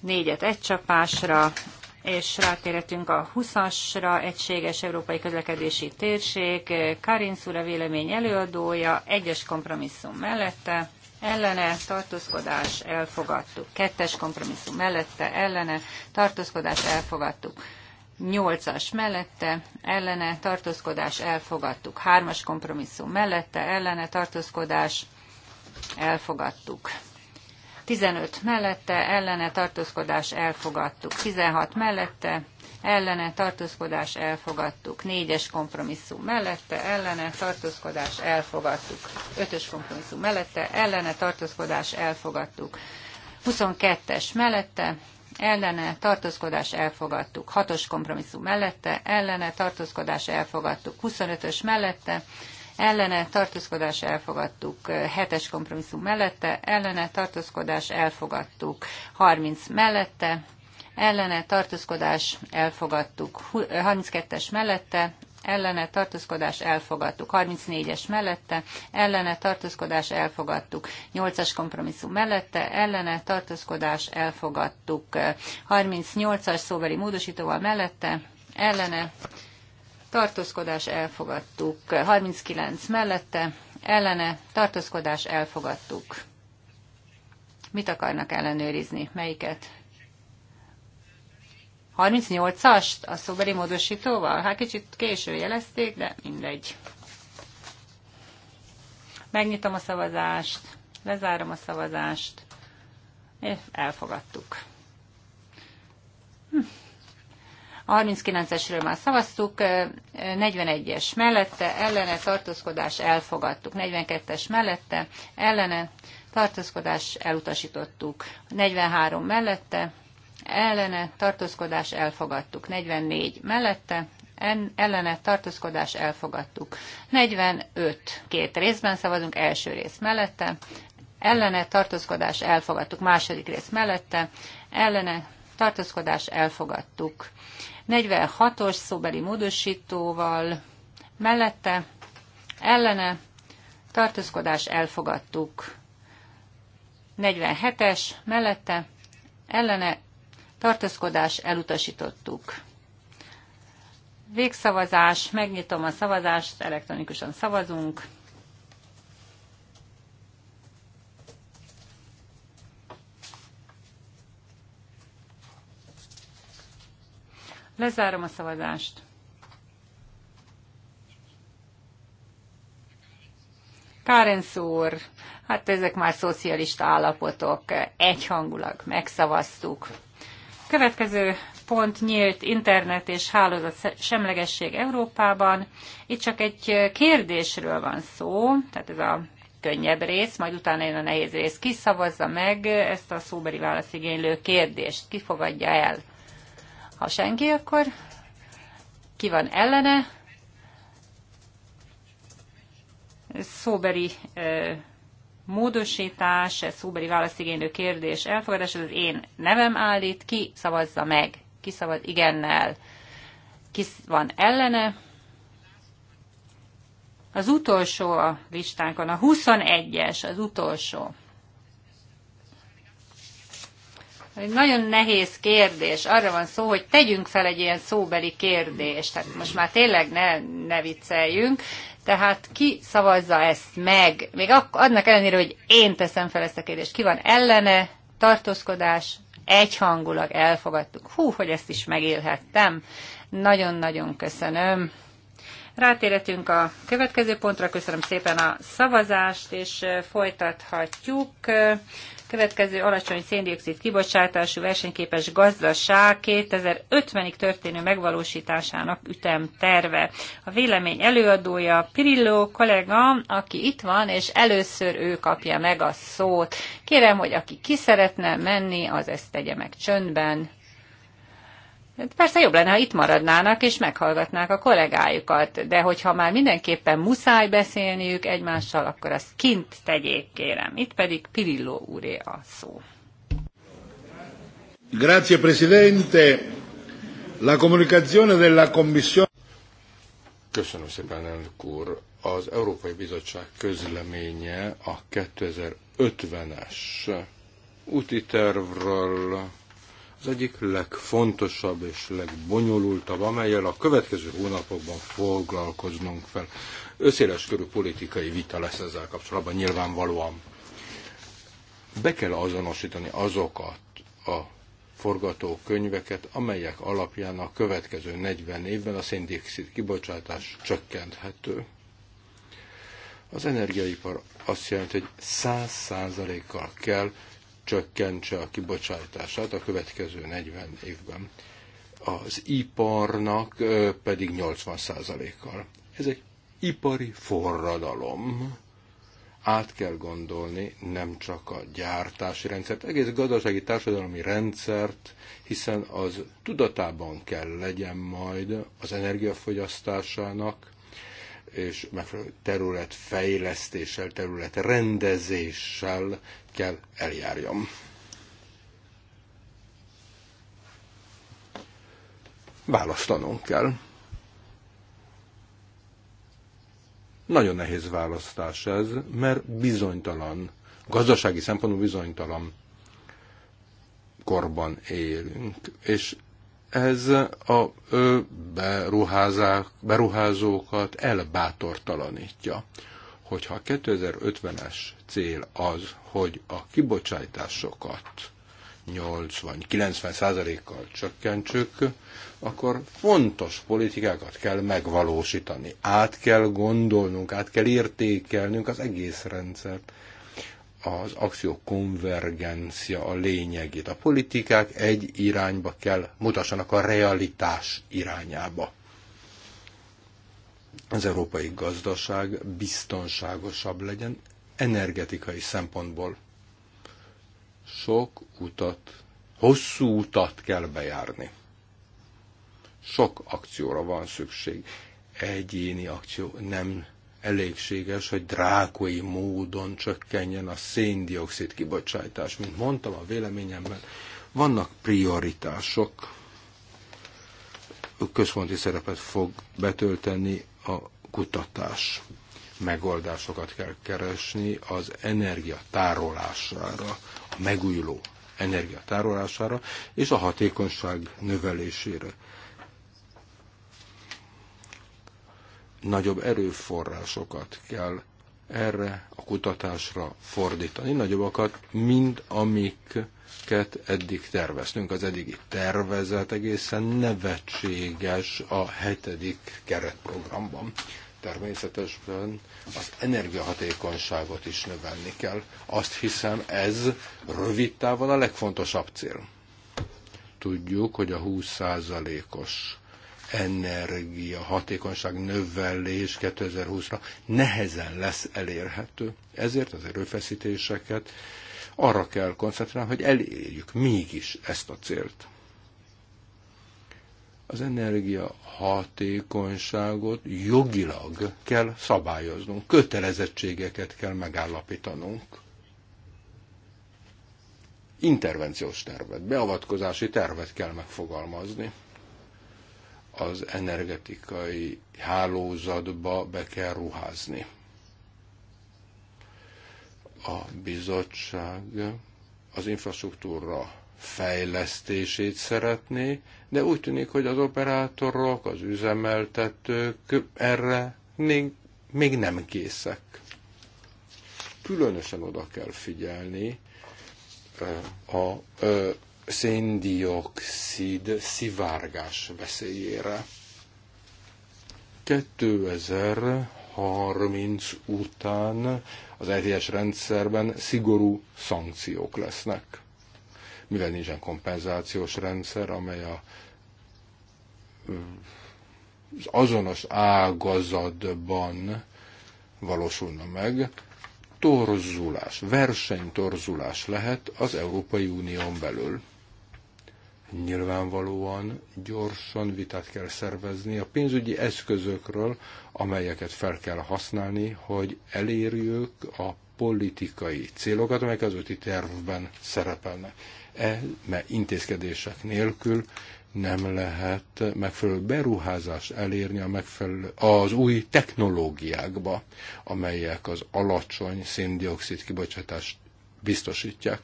Négyet egy csapásra, és rátérhetünk a 20-asra, Egységes Európai Közlekedési Térség, Karin Szura vélemény előadója, egyes kompromisszum mellette, ellene, tartózkodás, elfogadtuk. Kettes kompromisszum mellette, ellene, tartózkodás, elfogadtuk. Nyolcas mellette ellene tartózkodás elfogadtuk. Hármas kompromisszum mellette ellene tartózkodás elfogadtuk. 15 mellette ellene tartózkodás elfogadtuk. 16 mellette ellene tartózkodás elfogadtuk. 4-es kompromisszum mellette ellene tartózkodás elfogadtuk. 5-ös kompromisszum mellette ellene tartózkodás elfogadtuk. 22-es mellette ellene tartózkodás elfogadtuk. Hatos kompromisszum mellette, ellene tartózkodás elfogadtuk. 25-ös mellette, ellene tartózkodás elfogadtuk. 7-es kompromisszum mellette, ellene tartózkodás elfogadtuk. 30 mellette, ellene tartózkodás elfogadtuk. 32-es mellette, ellene tartózkodás elfogadtuk. 34-es mellette ellene tartózkodás elfogadtuk. 8-as kompromisszum mellette ellene tartózkodás elfogadtuk. 38-as szóbeli módosítóval mellette ellene tartózkodás elfogadtuk. 39 mellette ellene tartózkodás elfogadtuk. Mit akarnak ellenőrizni? Melyiket? 38-ast a szóbeli módosítóval? Hát kicsit késő jelezték, de mindegy. Megnyitom a szavazást, lezárom a szavazást, és elfogadtuk. Hm. A 39-esről már szavaztuk, 41-es mellette, ellene, tartózkodás, elfogadtuk. 42-es mellette, ellene, tartózkodás, elutasítottuk. 43 mellette, ellene tartózkodás elfogadtuk. 44 mellette ellene tartózkodás elfogadtuk. 45 két részben szavazunk, első rész mellette, ellene tartózkodás elfogadtuk, második rész mellette, ellene tartózkodás elfogadtuk. 46-os szóbeli módosítóval mellette, ellene tartózkodás elfogadtuk. 47-es mellette, ellene tartózkodás elutasítottuk. Végszavazás, megnyitom a szavazást, elektronikusan szavazunk. Lezárom a szavazást. Karen úr, hát ezek már szocialista állapotok, egyhangulag megszavaztuk. Következő pont nyílt internet és hálózat semlegesség Európában. Itt csak egy kérdésről van szó, tehát ez a könnyebb rész, majd utána jön a nehéz rész. Ki szavazza meg ezt a szóbeli válaszigénylő kérdést? Ki fogadja el? Ha senki, akkor ki van ellene? Szóberi módosítás, ez szóbeli válaszigénylő kérdés elfogadás, ez az én nevem állít, ki szavazza meg, ki szavaz igennel, ki van ellene. Az utolsó a listánkon, a 21-es, az utolsó. Nagyon nehéz kérdés. Arra van szó, hogy tegyünk fel egy ilyen szóbeli kérdést. Tehát most már tényleg ne, ne vicceljünk. Tehát ki szavazza ezt meg? Még annak ellenére, hogy én teszem fel ezt a kérdést. Ki van ellene? Tartózkodás? Egyhangulag elfogadtuk. Hú, hogy ezt is megélhettem. Nagyon-nagyon köszönöm. Rátérhetünk a következő pontra. Köszönöm szépen a szavazást, és folytathatjuk következő alacsony széndiokszid kibocsátású versenyképes gazdaság 2050-ig történő megvalósításának ütemterve. A vélemény előadója Pirillo kollega, aki itt van, és először ő kapja meg a szót. Kérem, hogy aki ki szeretne menni, az ezt tegye meg csöndben. Hát persze jobb lenne, ha itt maradnának és meghallgatnák a kollégájukat, de hogyha már mindenképpen muszáj beszélniük egymással, akkor azt kint tegyék, kérem. Itt pedig Pirillo úré a szó. Grazie Presidente. La comunicazione della Commissione. Köszönöm szépen, elnök úr. Az Európai Bizottság közleménye a 2050-es úti tervről az egyik legfontosabb és legbonyolultabb, amelyel a következő hónapokban foglalkoznunk fel. Összéles körű politikai vita lesz ezzel kapcsolatban nyilvánvalóan. Be kell azonosítani azokat a forgatókönyveket, amelyek alapján a következő 40 évben a széndiokszid kibocsátás csökkenthető. Az energiaipar azt jelenti, hogy 100%-kal kell csökkentse a kibocsátását a következő 40 évben. Az iparnak pedig 80%-kal. Ez egy ipari forradalom. Át kell gondolni nem csak a gyártási rendszert, egész gazdasági társadalmi rendszert, hiszen az tudatában kell legyen majd az energiafogyasztásának, és megfelelő terület fejlesztéssel, terület rendezéssel kell eljárjam. Választanunk kell. Nagyon nehéz választás ez, mert bizonytalan, gazdasági szempontból bizonytalan korban élünk, és ez a beruházák, beruházókat elbátortalanítja hogyha a 2050-es cél az, hogy a kibocsátásokat 80-90%-kal csökkentsük, akkor fontos politikákat kell megvalósítani. Át kell gondolnunk, át kell értékelnünk az egész rendszert. Az akció konvergencia a lényegét. A politikák egy irányba kell mutassanak a realitás irányába az európai gazdaság biztonságosabb legyen energetikai szempontból. Sok utat, hosszú utat kell bejárni. Sok akcióra van szükség. Egyéni akció nem elégséges, hogy drákoi módon csökkenjen a széndiokszid kibocsátás. Mint mondtam a véleményemben, vannak prioritások, központi szerepet fog betölteni a kutatás. Megoldásokat kell keresni az energia tárolására, a megújuló energia tárolására és a hatékonyság növelésére. Nagyobb erőforrásokat kell erre a kutatásra fordítani nagyobbakat, mint amiket eddig terveztünk. Az eddigi tervezet egészen nevetséges a hetedik keretprogramban. Természetesen az energiahatékonyságot is növelni kell. Azt hiszem ez rövid távon a legfontosabb cél. Tudjuk, hogy a 20%-os energia hatékonyság növelés 2020-ra nehezen lesz elérhető. Ezért az erőfeszítéseket arra kell koncentrálni, hogy elérjük mégis ezt a célt. Az energia hatékonyságot jogilag kell szabályoznunk, kötelezettségeket kell megállapítanunk intervenciós tervet, beavatkozási tervet kell megfogalmazni az energetikai hálózatba be kell ruházni. A bizottság az infrastruktúra fejlesztését szeretné, de úgy tűnik, hogy az operátorok, az üzemeltetők erre még, még nem készek. Különösen oda kell figyelni a széndiokszid szivárgás veszélyére. 2030 után az ETS rendszerben szigorú szankciók lesznek. Mivel nincsen kompenzációs rendszer, amely a, az azonos ágazatban valósulna meg, torzulás, versenytorzulás lehet az Európai Unión belül Nyilvánvalóan gyorsan vitát kell szervezni a pénzügyi eszközökről, amelyeket fel kell használni, hogy elérjük a politikai célokat, amelyek az öti tervben szerepelnek. E, mert intézkedések nélkül nem lehet megfelelő beruházás elérni a megfelelő, az új technológiákba, amelyek az alacsony széndiokszid kibocsátást biztosítják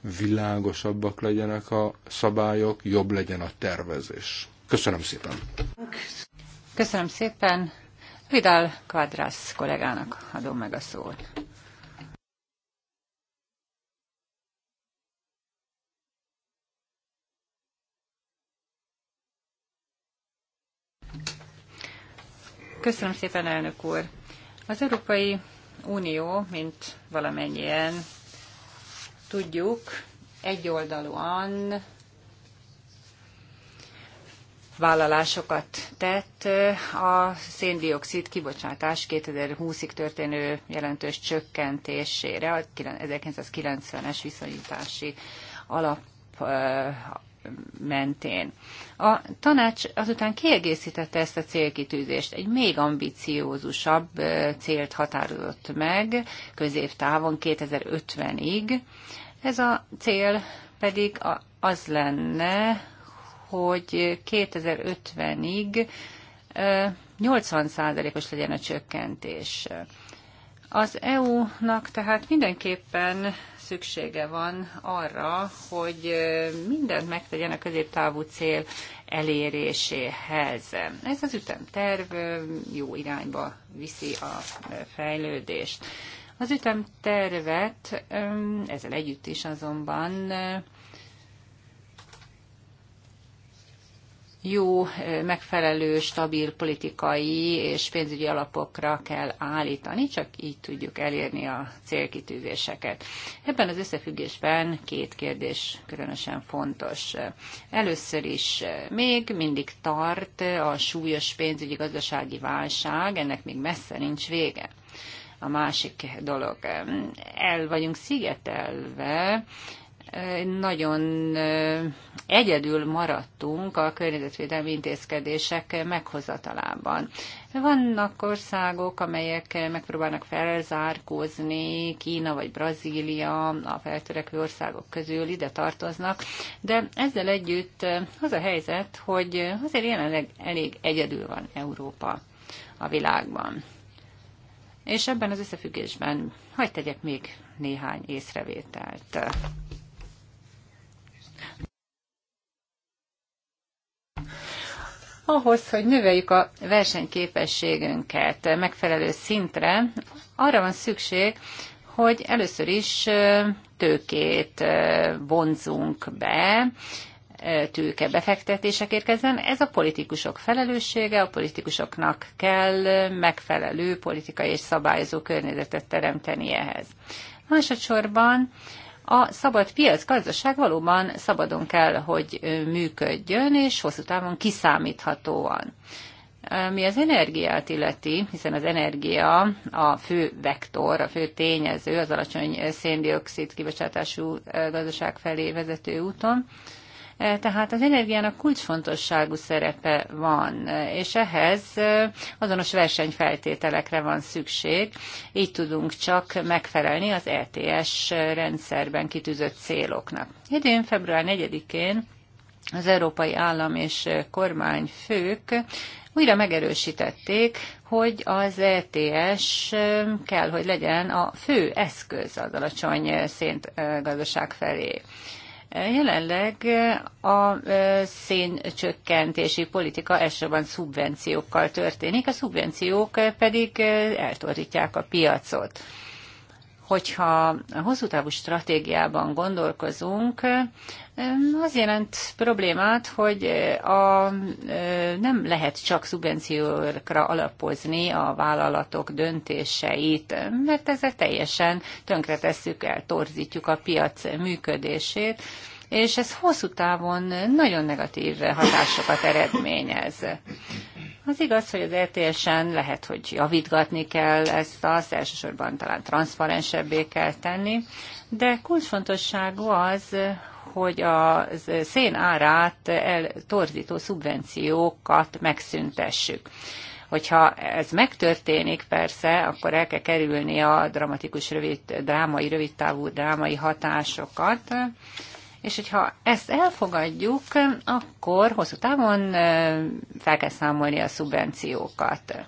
világosabbak legyenek a szabályok, jobb legyen a tervezés. Köszönöm szépen! Köszönöm szépen! Vidal Quadras kollégának adom meg a szót. Köszönöm szépen, elnök úr! Az Európai Unió, mint valamennyien tudjuk, egyoldalúan vállalásokat tett a széndiokszid kibocsátás 2020-ig történő jelentős csökkentésére, a 1990-es viszonyítási alap mentén. A tanács azután kiegészítette ezt a célkitűzést, egy még ambiciózusabb célt határozott meg középtávon 2050-ig, ez a cél pedig az lenne, hogy 2050-ig 80%-os legyen a csökkentés. Az EU-nak tehát mindenképpen szüksége van arra, hogy mindent megtegyen a középtávú cél eléréséhez. Ez az ütemterv jó irányba viszi a fejlődést. Az tervet ezzel együtt is azonban jó, megfelelő, stabil politikai és pénzügyi alapokra kell állítani, csak így tudjuk elérni a célkitűzéseket. Ebben az összefüggésben két kérdés különösen fontos. Először is még mindig tart a súlyos pénzügyi gazdasági válság, ennek még messze nincs vége a másik dolog. El vagyunk szigetelve, nagyon egyedül maradtunk a környezetvédelmi intézkedések meghozatalában. Vannak országok, amelyek megpróbálnak felzárkózni, Kína vagy Brazília a feltörekvő országok közül ide tartoznak, de ezzel együtt az a helyzet, hogy azért jelenleg elég egyedül van Európa a világban. És ebben az összefüggésben hagyd tegyek még néhány észrevételt. ahhoz, hogy növeljük a versenyképességünket megfelelő szintre, arra van szükség, hogy először is tőkét vonzunk be, tőke befektetések érkezzen. Ez a politikusok felelőssége, a politikusoknak kell megfelelő politikai és szabályozó környezetet teremteni ehhez. Másodszorban a szabad piac gazdaság valóban szabadon kell, hogy működjön, és hosszú távon kiszámíthatóan. Mi az energiát illeti, hiszen az energia a fő vektor, a fő tényező az alacsony széndiokszid kibocsátású gazdaság felé vezető úton, E, tehát az energiának kulcsfontosságú szerepe van, e, és ehhez e, azonos versenyfeltételekre van szükség, így tudunk csak megfelelni az ETS rendszerben kitűzött céloknak. Idén február 4-én az európai állam és kormányfők újra megerősítették, hogy az ETS kell, hogy legyen a fő eszköz az alacsony gazdaság felé. Jelenleg a széncsökkentési politika elsősorban szubvenciókkal történik, a szubvenciók pedig eltorítják a piacot. Hogyha a hosszú távú stratégiában gondolkozunk, az jelent problémát, hogy a, nem lehet csak szubvenciókra alapozni a vállalatok döntéseit, mert ezzel teljesen tönkretesszük el, torzítjuk a piac működését, és ez hosszú távon nagyon negatív hatásokat eredményez. Az igaz, hogy az rts en lehet, hogy javítgatni kell ezt azt, elsősorban talán transzparensebbé kell tenni, de kulcsfontosságú az, hogy a szén árát eltorzító szubvenciókat megszüntessük. Hogyha ez megtörténik, persze, akkor el kell kerülni a dramatikus, rövid, drámai, rövidtávú drámai hatásokat, és hogyha ezt elfogadjuk, akkor hosszú távon fel kell számolni a szubvenciókat.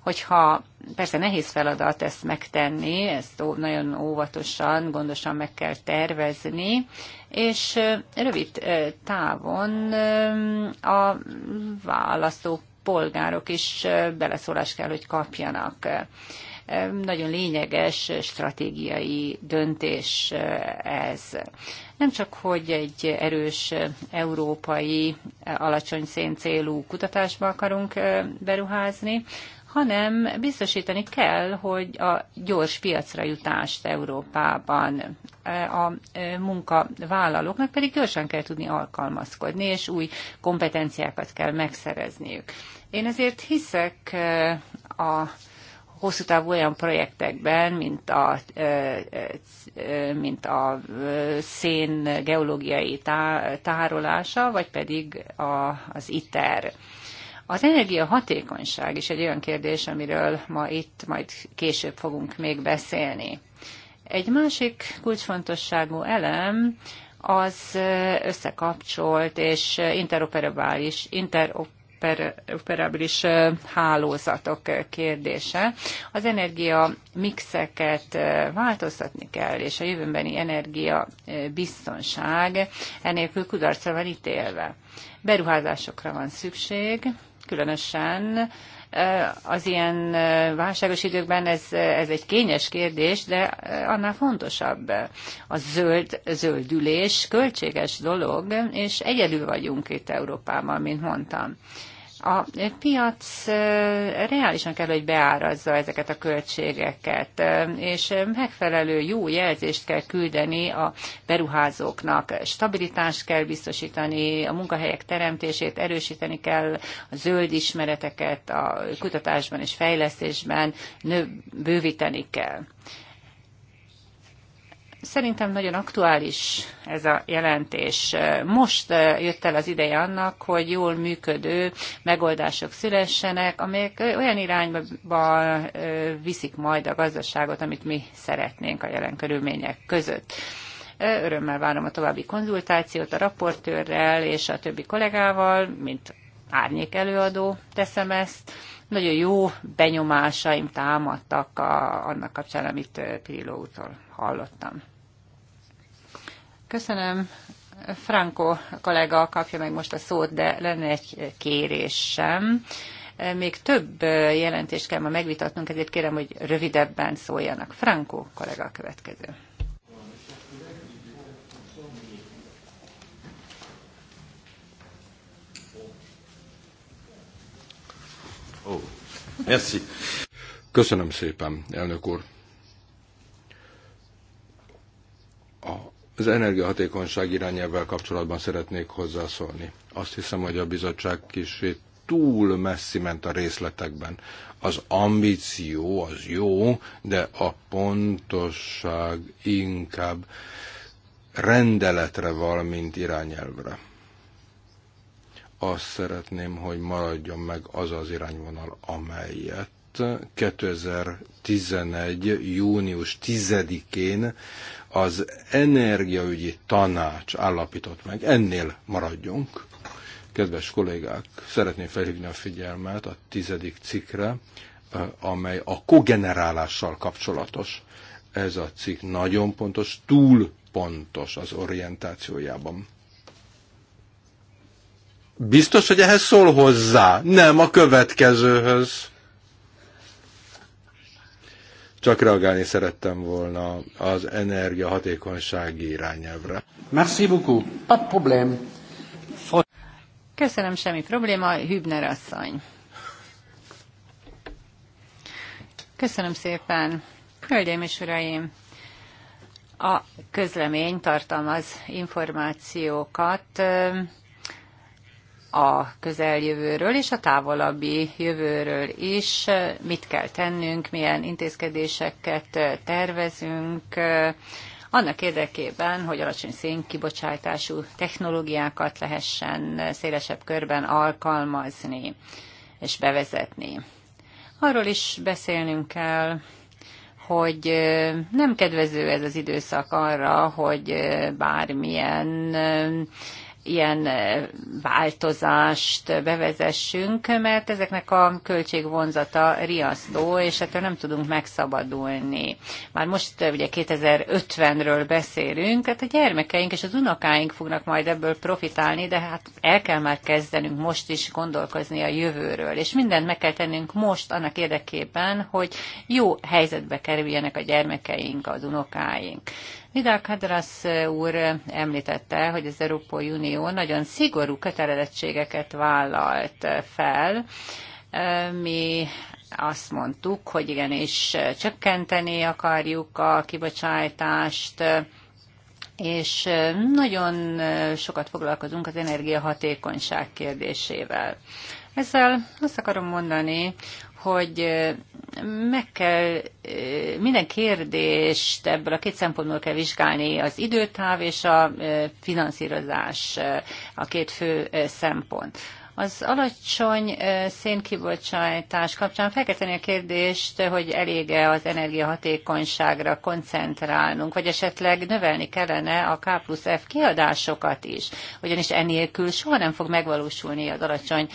Hogyha persze nehéz feladat ezt megtenni, ezt nagyon óvatosan, gondosan meg kell tervezni, és rövid távon a választó polgárok is beleszólást kell, hogy kapjanak. Nagyon lényeges stratégiai döntés ez nem csak hogy egy erős európai alacsony széncélú kutatásba akarunk beruházni, hanem biztosítani kell, hogy a gyors piacra jutást Európában a munkavállalóknak pedig gyorsan kell tudni alkalmazkodni, és új kompetenciákat kell megszerezniük. Én ezért hiszek a hosszú távú olyan projektekben, mint a, mint a szén geológiai tárolása, vagy pedig a, az ITER. Az energia hatékonyság is egy olyan kérdés, amiről ma itt majd később fogunk még beszélni. Egy másik kulcsfontosságú elem az összekapcsolt és interoperabilis, interop interoperabilis hálózatok kérdése. Az energia mixeket változtatni kell, és a jövőbeni energia biztonság enélkül kudarcra van ítélve. Beruházásokra van szükség, különösen az ilyen válságos időkben ez, ez egy kényes kérdés, de annál fontosabb. A zöld, zöldülés költséges dolog, és egyedül vagyunk itt Európában, mint mondtam. A piac reálisan kell, hogy beárazza ezeket a költségeket, és megfelelő jó jelzést kell küldeni a beruházóknak. Stabilitást kell biztosítani, a munkahelyek teremtését erősíteni kell, a zöld ismereteket a kutatásban és fejlesztésben nő, bővíteni kell. Szerintem nagyon aktuális ez a jelentés. Most eh, jött el az ideje annak, hogy jól működő megoldások szülessenek, amelyek eh, olyan irányba eh, viszik majd a gazdaságot, amit mi szeretnénk a jelen körülmények között. Örömmel várom a további konzultációt a raportőrrel és a többi kollégával, mint árnyék előadó teszem ezt. Nagyon jó benyomásaim támadtak a, annak kapcsán, amit Pirilló hallottam. Köszönöm. Franco kollega kapja meg most a szót, de lenne egy kérésem. Még több jelentést kell ma megvitatnunk, ezért kérem, hogy rövidebben szóljanak. Franco kollega a következő. Oh. Merci. Köszönöm szépen, elnök úr. az energiahatékonyság irányával kapcsolatban szeretnék hozzászólni. Azt hiszem, hogy a bizottság kicsi túl messzi ment a részletekben. Az ambíció az jó, de a pontosság inkább rendeletre val, mint irányelvre. Azt szeretném, hogy maradjon meg az az irányvonal, amelyet 2011. június 10-én az energiaügyi tanács állapított meg. Ennél maradjunk. Kedves kollégák, szeretném felhívni a figyelmet a tizedik cikkre, eh, amely a kogenerálással kapcsolatos. Ez a cikk nagyon pontos, túl pontos az orientációjában. Biztos, hogy ehhez szól hozzá, nem a következőhöz. Csak reagálni szerettem volna az energiahatékonysági irányelvre. Merci beaucoup. Pas problème. Köszönöm, semmi probléma. Hübner asszony. Köszönöm szépen. Hölgyeim és uraim! A közlemény tartalmaz információkat a közeljövőről és a távolabbi jövőről is, mit kell tennünk, milyen intézkedéseket tervezünk, annak érdekében, hogy alacsony szénkibocsátású technológiákat lehessen szélesebb körben alkalmazni és bevezetni. Arról is beszélnünk kell, hogy nem kedvező ez az időszak arra, hogy bármilyen ilyen változást bevezessünk, mert ezeknek a költségvonzata riasztó, és ettől nem tudunk megszabadulni. Már most ugye 2050-ről beszélünk, tehát a gyermekeink és az unokáink fognak majd ebből profitálni, de hát el kell már kezdenünk most is gondolkozni a jövőről, és mindent meg kell tennünk most annak érdekében, hogy jó helyzetbe kerüljenek a gyermekeink, az unokáink. Nidal Kadrasz úr említette, hogy az Európai Unió nagyon szigorú kötelezettségeket vállalt fel, mi azt mondtuk, hogy igenis csökkenteni akarjuk a kibocsátást, és nagyon sokat foglalkozunk az energiahatékonyság kérdésével. Ezzel azt akarom mondani, hogy meg kell, minden kérdést ebből a két szempontból kell vizsgálni, az időtáv és a finanszírozás a két fő szempont. Az alacsony szénkibocsátás kapcsán felketeni a kérdést, hogy elége az energiahatékonyságra koncentrálnunk, vagy esetleg növelni kellene a K plusz F kiadásokat is, ugyanis enélkül soha nem fog megvalósulni az alacsony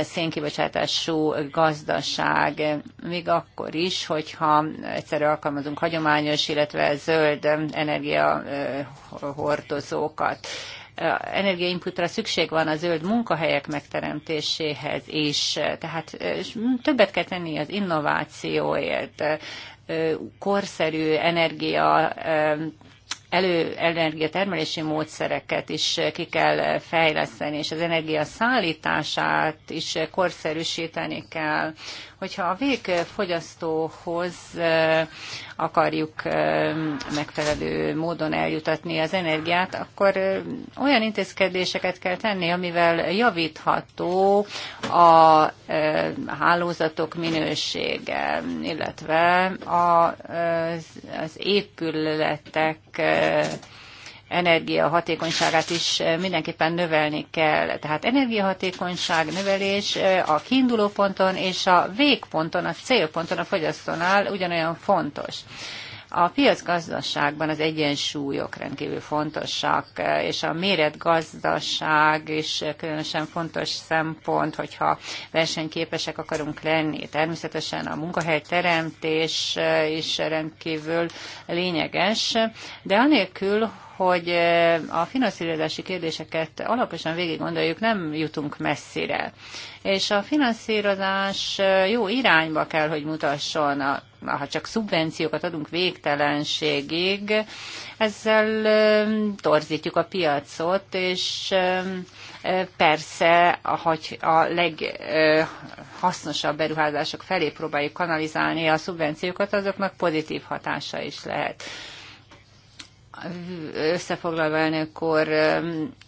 szénkibocsátású gazdaság, még akkor is, hogyha egyszerre alkalmazunk hagyományos, illetve zöld energiahordozókat energiainputra szükség van a zöld munkahelyek megteremtéséhez is, tehát többet kell tenni az innovációért, korszerű energia elő energiatermelési módszereket is ki kell fejleszteni, és az energia szállítását is korszerűsíteni kell. Hogyha a végfogyasztóhoz eh, akarjuk eh, megfelelő módon eljutatni az energiát, akkor eh, olyan intézkedéseket kell tenni, amivel javítható a hálózatok minősége, illetve az épületek energiahatékonyságát is mindenképpen növelni kell. Tehát energiahatékonyság növelés a kiinduló ponton és a végponton, a célponton a fogyasztónál ugyanolyan fontos. A piacgazdaságban az egyensúlyok rendkívül fontosak, és a méretgazdaság is különösen fontos szempont, hogyha versenyképesek akarunk lenni. Természetesen a munkahelyteremtés is rendkívül lényeges, de anélkül, hogy a finanszírozási kérdéseket alaposan végig gondoljuk, nem jutunk messzire. És a finanszírozás jó irányba kell, hogy mutasson, ha csak szubvenciókat adunk végtelenségig, ezzel torzítjuk a piacot, és persze, ahogy a leghasznosabb beruházások felé próbáljuk kanalizálni a szubvenciókat, azoknak pozitív hatása is lehet. Összefoglalva elnök úr,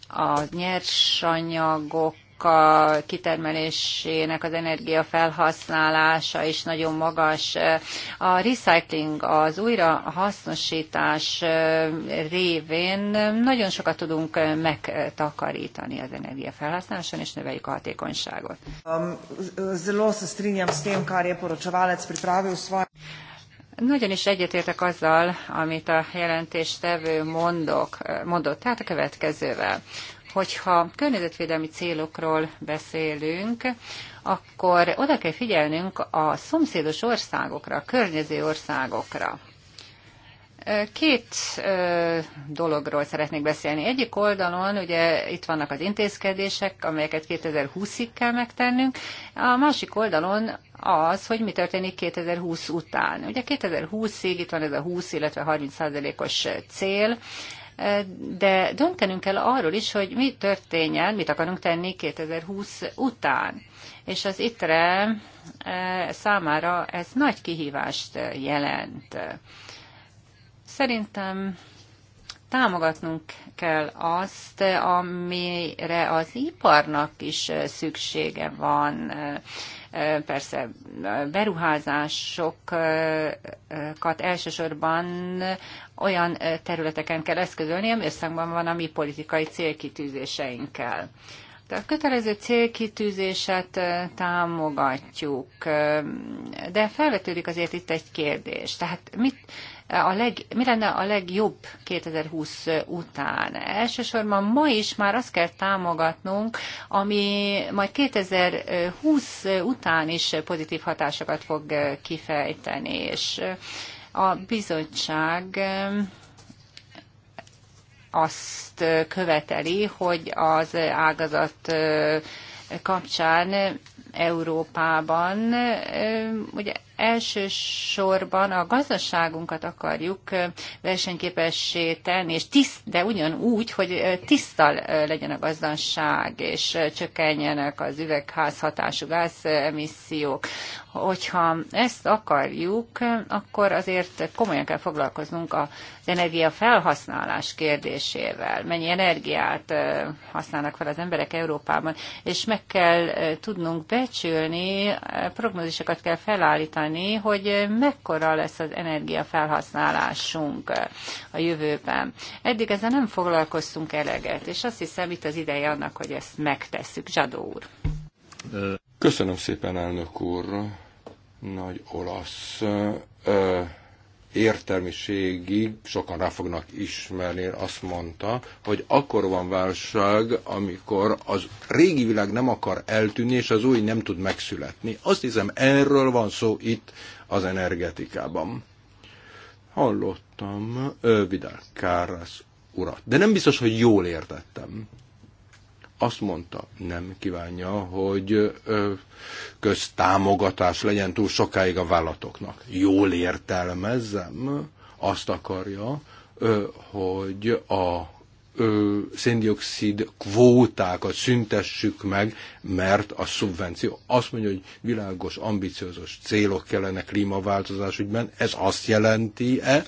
a nyersanyagok a kitermelésének az energiafelhasználása is nagyon magas. A recycling, az újrahasznosítás révén nagyon sokat tudunk megtakarítani az energiafelhasználáson, és növeljük a hatékonyságot. Um, se strinjam s tem, kar je nagyon is egyetértek azzal, amit a jelentéstevő mondok, mondott, tehát a következővel. Hogyha környezetvédelmi célokról beszélünk, akkor oda kell figyelnünk a szomszédos országokra, a környező országokra. Két dologról szeretnék beszélni. Egyik oldalon ugye itt vannak az intézkedések, amelyeket 2020-ig kell megtennünk, a másik oldalon az, hogy mi történik 2020 után. Ugye 2020-ig itt van ez a 20, illetve 30 százalékos cél, de döntenünk kell arról is, hogy mi történjen, mit akarunk tenni 2020 után. És az ITRE számára ez nagy kihívást jelent Szerintem támogatnunk kell azt, amire az iparnak is szüksége van. Persze beruházásokat elsősorban olyan területeken kell eszközölni, ami összhangban van a mi politikai célkitűzéseinkkel. De a kötelező célkitűzéset támogatjuk, de felvetődik azért itt egy kérdés. Tehát mit, a leg, mi lenne a legjobb 2020 után. Elsősorban ma is már azt kell támogatnunk, ami majd 2020 után is pozitív hatásokat fog kifejteni, és a bizottság azt követeli, hogy az ágazat kapcsán Európában ugye elsősorban a gazdaságunkat akarjuk versenyképessé tenni, és tiszt, de ugyanúgy, hogy tiszta legyen a gazdaság, és csökkenjenek az üvegházhatású gázemissziók hogyha ezt akarjuk, akkor azért komolyan kell foglalkoznunk az energia felhasználás kérdésével, mennyi energiát használnak fel az emberek Európában, és meg kell tudnunk becsülni, prognózisokat kell felállítani, hogy mekkora lesz az energia felhasználásunk a jövőben. Eddig ezzel nem foglalkoztunk eleget, és azt hiszem itt az ideje annak, hogy ezt megtesszük. Zsadó úr. Köszönöm szépen, elnök úr nagy olasz ö, értelmiségig sokan rá fognak ismerni, azt mondta, hogy akkor van válság, amikor az régi világ nem akar eltűnni, és az új nem tud megszületni. Azt hiszem, erről van szó itt az energetikában. Hallottam ö, Vidal Kárász urat, de nem biztos, hogy jól értettem azt mondta, nem kívánja, hogy köztámogatás legyen túl sokáig a vállalatoknak. Jól értelmezzem, azt akarja, hogy a széndiokszid kvótákat szüntessük meg, mert a szubvenció. Azt mondja, hogy világos, ambiciózus célok kellene klímaváltozás ügyben. Ez azt jelenti-e,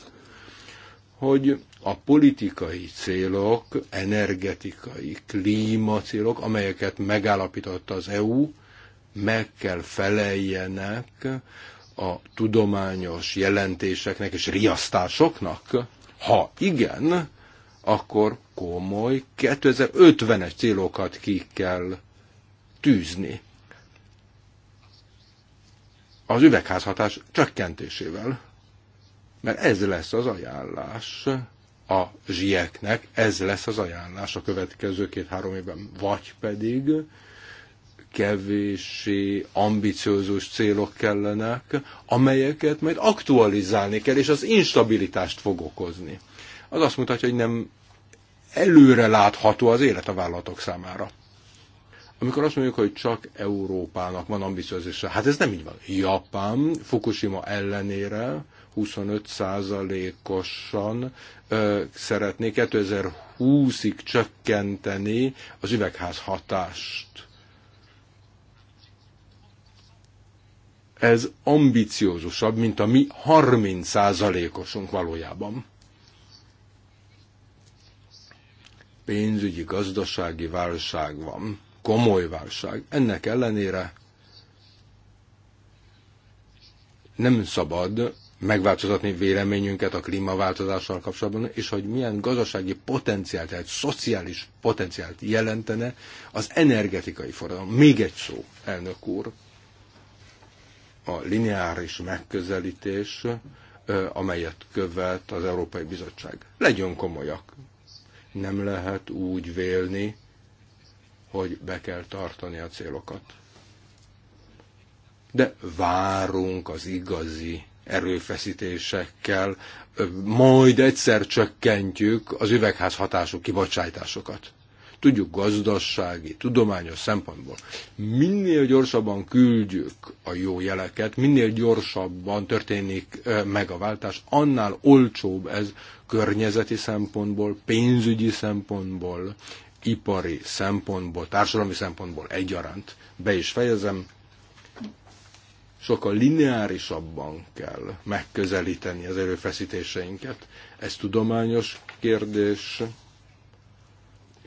hogy a politikai célok, energetikai, klímacélok, amelyeket megállapította az EU, meg kell feleljenek a tudományos jelentéseknek és riasztásoknak? Ha igen, akkor komoly 2050-es célokat ki kell tűzni. Az üvegházhatás csökkentésével. Mert ez lesz az ajánlás a zsieknek, ez lesz az ajánlás a következő két-három évben, vagy pedig kevéssé ambiciózus célok kellenek, amelyeket majd aktualizálni kell, és az instabilitást fog okozni. Az azt mutatja, hogy nem előre látható az élet a vállalatok számára. Amikor azt mondjuk, hogy csak Európának van ambiciózusra, hát ez nem így van. Japán Fukushima ellenére 25%-osan szeretné 2020-ig csökkenteni az üvegház hatást. Ez ambiciózusabb, mint a mi 30%-osunk valójában. Pénzügyi, gazdasági válság van, komoly válság. Ennek ellenére nem szabad megváltoztatni véleményünket a klímaváltozással kapcsolatban, és hogy milyen gazdasági potenciált, tehát szociális potenciált jelentene az energetikai forradalom. Még egy szó, elnök úr, a lineáris megközelítés, amelyet követ az Európai Bizottság. Legyen komolyak. Nem lehet úgy vélni, hogy be kell tartani a célokat. De várunk az igazi erőfeszítésekkel majd egyszer csökkentjük az üvegház hatású kibocsátásokat. Tudjuk gazdasági, tudományos szempontból. Minél gyorsabban küldjük a jó jeleket, minél gyorsabban történik meg a váltás, annál olcsóbb ez környezeti szempontból, pénzügyi szempontból, ipari szempontból, társadalmi szempontból egyaránt. Be is fejezem, sokkal lineárisabban kell megközelíteni az erőfeszítéseinket. Ez tudományos kérdés,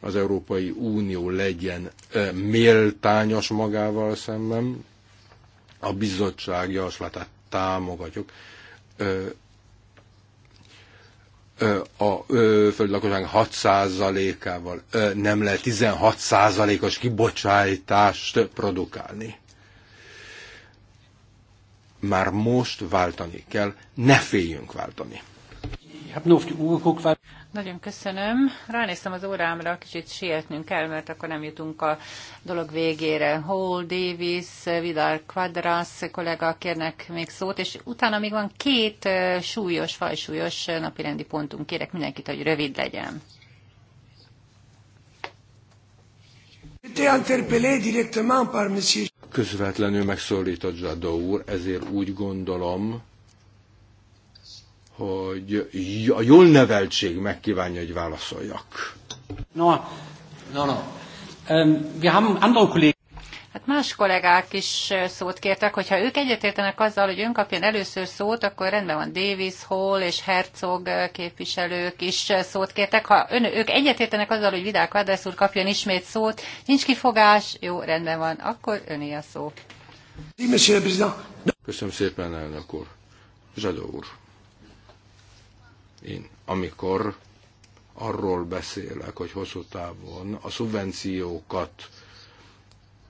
az Európai Unió legyen méltányos magával szemben, a bizottság javaslatát támogatjuk. A föld lakosság 6%-ával nem lehet 16%-os kibocsátást produkálni már most váltani kell, ne féljünk váltani. Nagyon köszönöm. Ránéztem az órámra, kicsit sietnünk kell, mert akkor nem jutunk a dolog végére. Hall, Davis, Vidal Quadras kollega kérnek még szót, és utána még van két súlyos, fajsúlyos napirendi pontunk. Kérek mindenkit, hogy rövid legyen. Közvetlenül megszólított Zsadó úr, ezért úgy gondolom, hogy a jól neveltség megkívánja, hogy válaszoljak. No, no, no. Um, wir haben andere Kollegen. Hát más kollégák is szót kértek, hogyha ők egyetértenek azzal, hogy ön kapjon először szót, akkor rendben van Davis, Hall és Herzog képviselők is szót kértek. Ha ön, ők egyetértenek azzal, hogy Vidák Vadász úr kapjon ismét szót, nincs kifogás, jó, rendben van, akkor öné a szó. Köszönöm szépen, elnök úr. Zsadó úr. Én, amikor arról beszélek, hogy hosszú távon a szubvenciókat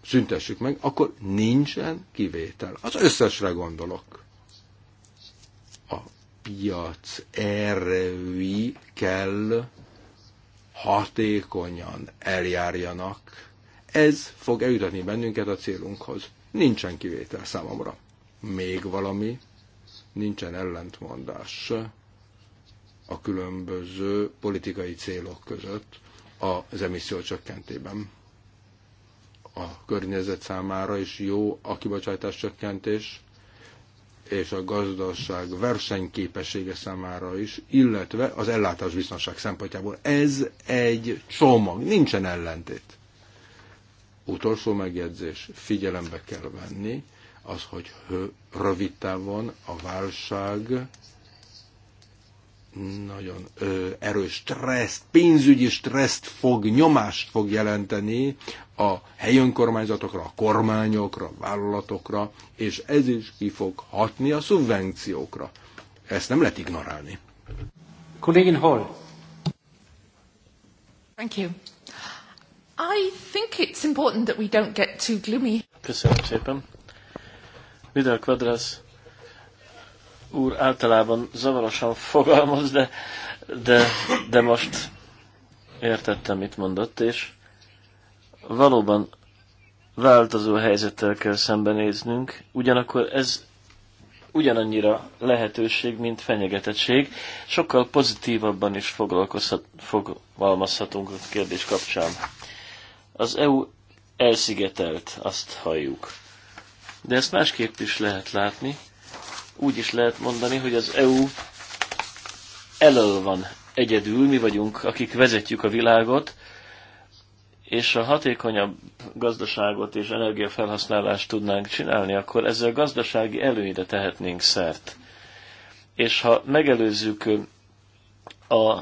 szüntessük meg, akkor nincsen kivétel. Az összesre gondolok. A piac erői kell hatékonyan eljárjanak. Ez fog eljutatni bennünket a célunkhoz. Nincsen kivétel számomra. Még valami, nincsen ellentmondás a különböző politikai célok között az emissziócsökkentében. csökkentében a környezet számára is jó a kibocsátás csökkentés, és a gazdaság versenyképessége számára is, illetve az ellátás biztonság szempontjából. Ez egy csomag, nincsen ellentét. Utolsó megjegyzés, figyelembe kell venni, az, hogy rövid távon a válság nagyon ö, erős stresszt, pénzügyi stresszt fog, nyomást fog jelenteni a helyi önkormányzatokra, a kormányokra, a vállalatokra, és ez is ki fog hatni a szubvenciókra. Ezt nem lehet ignorálni. Kollégin Hall. Thank you. I think it's important that we don't get too gloomy. Köszönöm szépen. Vidal Quadras úr általában zavarosan fogalmaz, de, de, de most értettem, mit mondott, és valóban változó helyzettel kell szembenéznünk, ugyanakkor ez ugyanannyira lehetőség, mint fenyegetettség. Sokkal pozitívabban is fogalmazhatunk a kérdés kapcsán. Az EU elszigetelt, azt halljuk. De ezt másképp is lehet látni úgy is lehet mondani, hogy az EU elől van egyedül, mi vagyunk, akik vezetjük a világot, és a hatékonyabb gazdaságot és energiafelhasználást tudnánk csinálni, akkor ezzel gazdasági előnyre tehetnénk szert. És ha megelőzzük a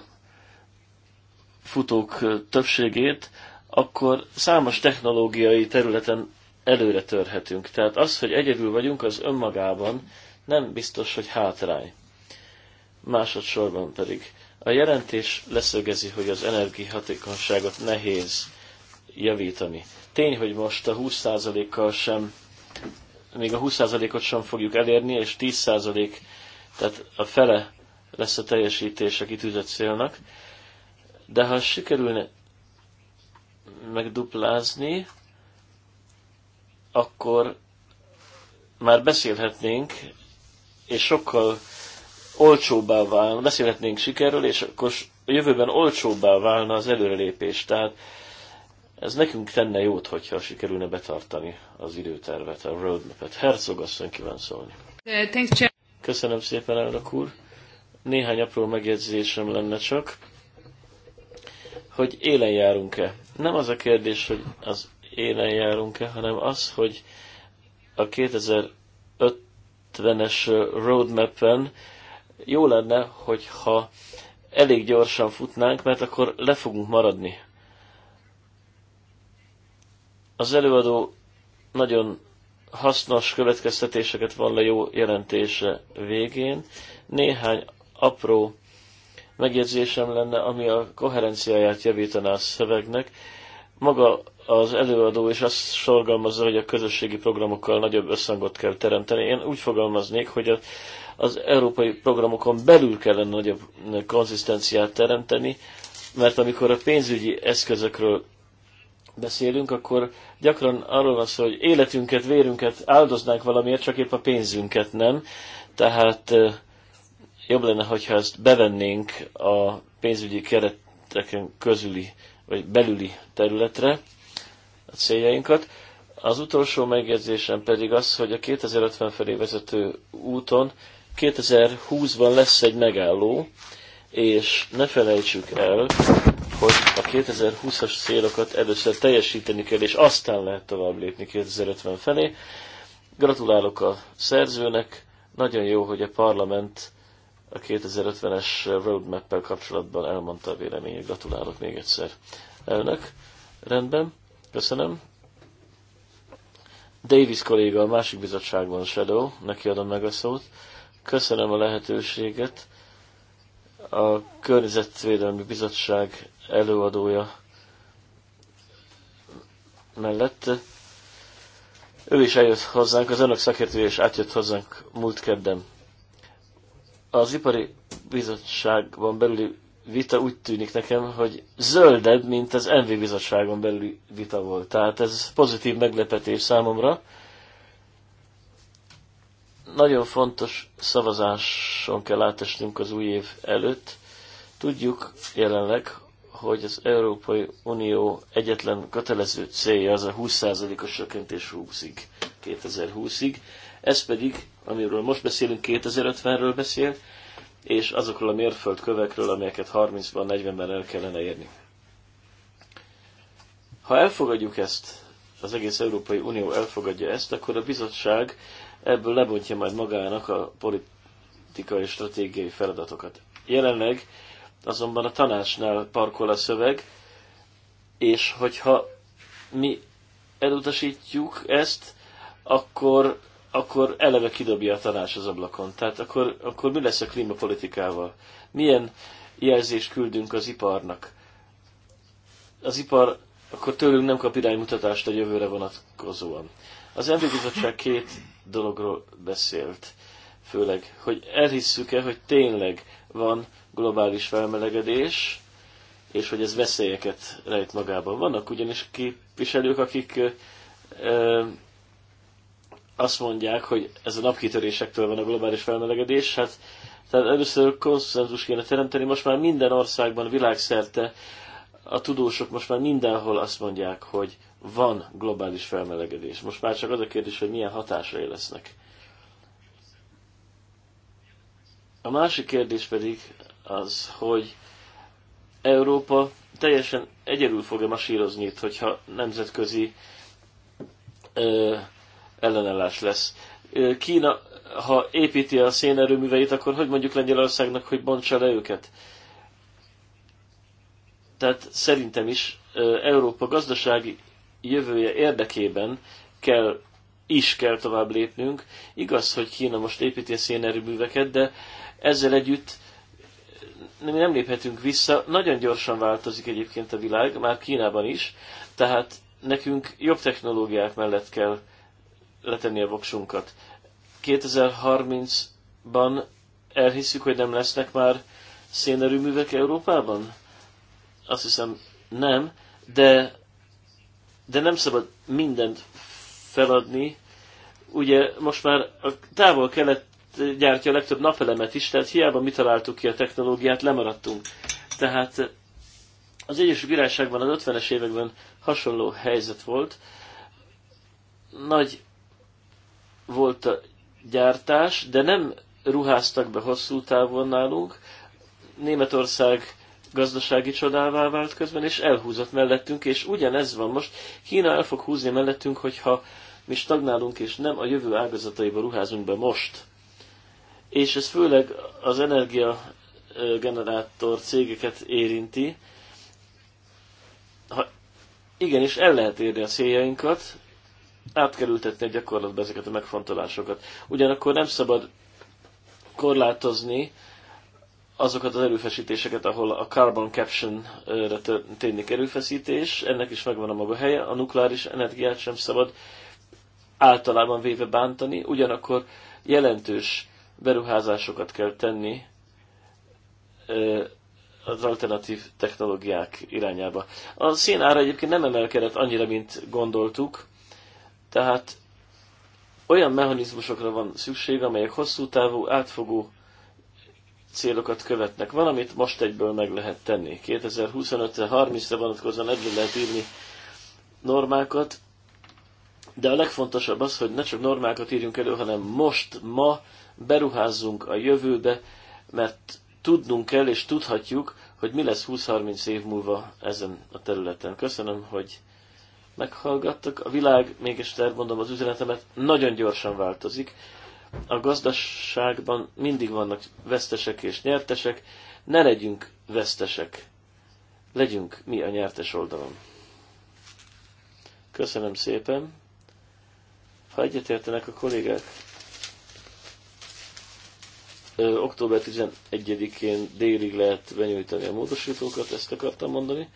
futók többségét, akkor számos technológiai területen előre törhetünk. Tehát az, hogy egyedül vagyunk, az önmagában nem biztos, hogy hátrány. Másodszorban pedig a jelentés leszögezi, hogy az energiahatékonyságot nehéz javítani. Tény, hogy most a 20%-kal sem, még a 20%-ot sem fogjuk elérni, és 10%, tehát a fele lesz a teljesítés a kitűzött célnak, de ha sikerülne megduplázni, akkor már beszélhetnénk és sokkal olcsóbbá válna, beszélhetnénk sikerről, és akkor a jövőben olcsóbbá válna az előrelépés. Tehát ez nekünk tenne jót, hogyha sikerülne betartani az időtervet, a roadmap-et. Herzog asszony kíván szólni. Uh, Köszönöm szépen, elnök úr. Néhány apró megjegyzésem lenne csak, hogy élen járunk-e. Nem az a kérdés, hogy az élen járunk-e, hanem az, hogy a 2005 50 es roadmap-en jó lenne, hogyha elég gyorsan futnánk, mert akkor le fogunk maradni. Az előadó nagyon hasznos következtetéseket van le jó jelentése végén. Néhány apró megjegyzésem lenne, ami a koherenciáját javítaná a szövegnek. Maga az előadó is azt sorgalmazza, hogy a közösségi programokkal nagyobb összhangot kell teremteni. Én úgy fogalmaznék, hogy az európai programokon belül kellene nagyobb eh, konzisztenciát teremteni, mert amikor a pénzügyi eszközökről beszélünk, akkor gyakran arról van szó, hogy életünket, vérünket áldoznánk valamiért, csak épp a pénzünket nem. Tehát eh, jobb lenne, hogyha ezt bevennénk a pénzügyi kereteken közüli vagy belüli területre a céljainkat. Az utolsó megjegyzésem pedig az, hogy a 2050 felé vezető úton 2020-ban lesz egy megálló, és ne felejtsük el, hogy a 2020-as célokat először teljesíteni kell, és aztán lehet tovább lépni 2050 felé. Gratulálok a szerzőnek, nagyon jó, hogy a parlament a 2050-es roadmap-el kapcsolatban elmondta a véleményét. Gratulálok még egyszer. Elnök, rendben. Köszönöm. Davis kolléga a másik bizottságban Shadow, neki adom meg a szót. Köszönöm a lehetőséget. A Környezetvédelmi Bizottság előadója mellett. Ő is eljött hozzánk, az önök szakértője is átjött hozzánk múlt kedden. Az Ipari Bizottságban belüli vita úgy tűnik nekem, hogy zöldebb, mint az MV bizottságon belüli vita volt. Tehát ez pozitív meglepetés számomra. Nagyon fontos szavazáson kell átesnünk az új év előtt. Tudjuk jelenleg, hogy az Európai Unió egyetlen kötelező célja az a 20%-os csökkentés 20-ig, 2020-ig. Ez pedig, amiről most beszélünk, 2050-ről beszél, és azokról a mérföldkövekről, amelyeket 30-ban, 40-ben el kellene érni. Ha elfogadjuk ezt, az egész Európai Unió elfogadja ezt, akkor a bizottság ebből lebontja majd magának a politikai és stratégiai feladatokat. Jelenleg azonban a tanácsnál parkol a szöveg, és hogyha mi elutasítjuk ezt, akkor akkor eleve kidobja a tanács az ablakon. Tehát akkor, akkor mi lesz a klímapolitikával? Milyen jelzést küldünk az iparnak? Az ipar akkor tőlünk nem kap iránymutatást a jövőre vonatkozóan. Az Emberi Bizottság két dologról beszélt, főleg, hogy elhisszük-e, hogy tényleg van globális felmelegedés, és hogy ez veszélyeket rejt magában. Vannak ugyanis képviselők, akik azt mondják, hogy ez a napkitörésektől van a globális felmelegedés, hát tehát először konszenzus kéne teremteni, most már minden országban világszerte a tudósok most már mindenhol azt mondják, hogy van globális felmelegedés. Most már csak az a kérdés, hogy milyen hatásai lesznek. A másik kérdés pedig az, hogy Európa teljesen egyedül fogja masírozni itt, hogyha nemzetközi ö, ellenállás lesz. Kína, ha építi a szénerőműveit, akkor hogy mondjuk Lengyelországnak, hogy bontsa le őket? Tehát szerintem is Európa gazdasági jövője érdekében kell, is kell tovább lépnünk. Igaz, hogy Kína most építi a szénerőműveket, de ezzel együtt mi nem léphetünk vissza. Nagyon gyorsan változik egyébként a világ, már Kínában is, tehát nekünk jobb technológiák mellett kell letenni a voksunkat. 2030-ban elhiszük, hogy nem lesznek már szénerőművek Európában? Azt hiszem nem, de, de nem szabad mindent feladni. Ugye most már a távol kelet gyártja a legtöbb napelemet is, tehát hiába mi találtuk ki a technológiát, lemaradtunk. Tehát az Egyesült Királyságban az 50-es években hasonló helyzet volt. Nagy volt a gyártás, de nem ruháztak be hosszú távon nálunk. Németország gazdasági csodává vált közben, és elhúzott mellettünk, és ugyanez van most. Kína el fog húzni mellettünk, hogyha mi stagnálunk, és nem a jövő ágazataiba ruházunk be most. És ez főleg az energia generátor cégeket érinti. Ha igenis el lehet érni a céljainkat, átkerültetni a gyakorlatba ezeket a megfontolásokat. Ugyanakkor nem szabad korlátozni azokat az erőfeszítéseket, ahol a carbon caption-re történik erőfeszítés, ennek is megvan a maga helye, a nukleáris energiát sem szabad általában véve bántani, ugyanakkor jelentős beruházásokat kell tenni az alternatív technológiák irányába. A szénára egyébként nem emelkedett annyira, mint gondoltuk, tehát olyan mechanizmusokra van szükség, amelyek hosszú távú, átfogó célokat követnek. Valamit most egyből meg lehet tenni. 2025 30-re vonatkozóan egyből lehet írni normákat, de a legfontosabb az, hogy ne csak normákat írjunk elő, hanem most, ma beruházzunk a jövőbe, mert tudnunk kell és tudhatjuk, hogy mi lesz 20-30 év múlva ezen a területen. Köszönöm, hogy meghallgattak. A világ, mégis egyszer mondom az üzenetemet, nagyon gyorsan változik. A gazdaságban mindig vannak vesztesek és nyertesek. Ne legyünk vesztesek. Legyünk mi a nyertes oldalon. Köszönöm szépen. Ha egyetértenek a kollégák, ö, október 11-én délig lehet benyújtani a módosítókat, ezt akartam mondani.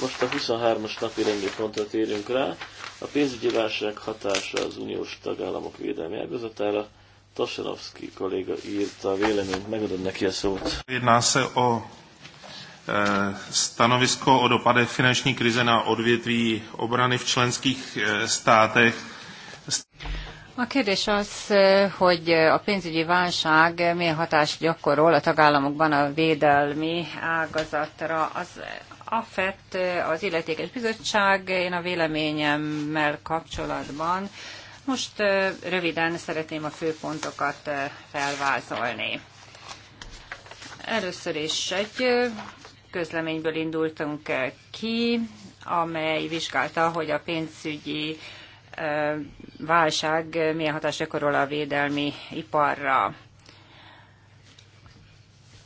Most a 23-as napi rendi pontra térjünk rá. A pénzügyi válság hatása az uniós tagállamok védelmi ágazatára. Tosanovski kolléga írta a véleményt, megadom neki a szót. Jedná se o e, stanovisko o dopade finanční krize na odvětví obrany v členských e, státech. A kérdés az, e, hogy a pénzügyi válság milyen hatást gyakorol a tagállamokban a védelmi ágazatra. Az Affett, az illetékes bizottság, én a véleményemmel kapcsolatban most röviden szeretném a főpontokat felvázolni. Először is egy közleményből indultunk ki, amely vizsgálta, hogy a pénzügyi válság milyen hatást gyakorol a védelmi iparra.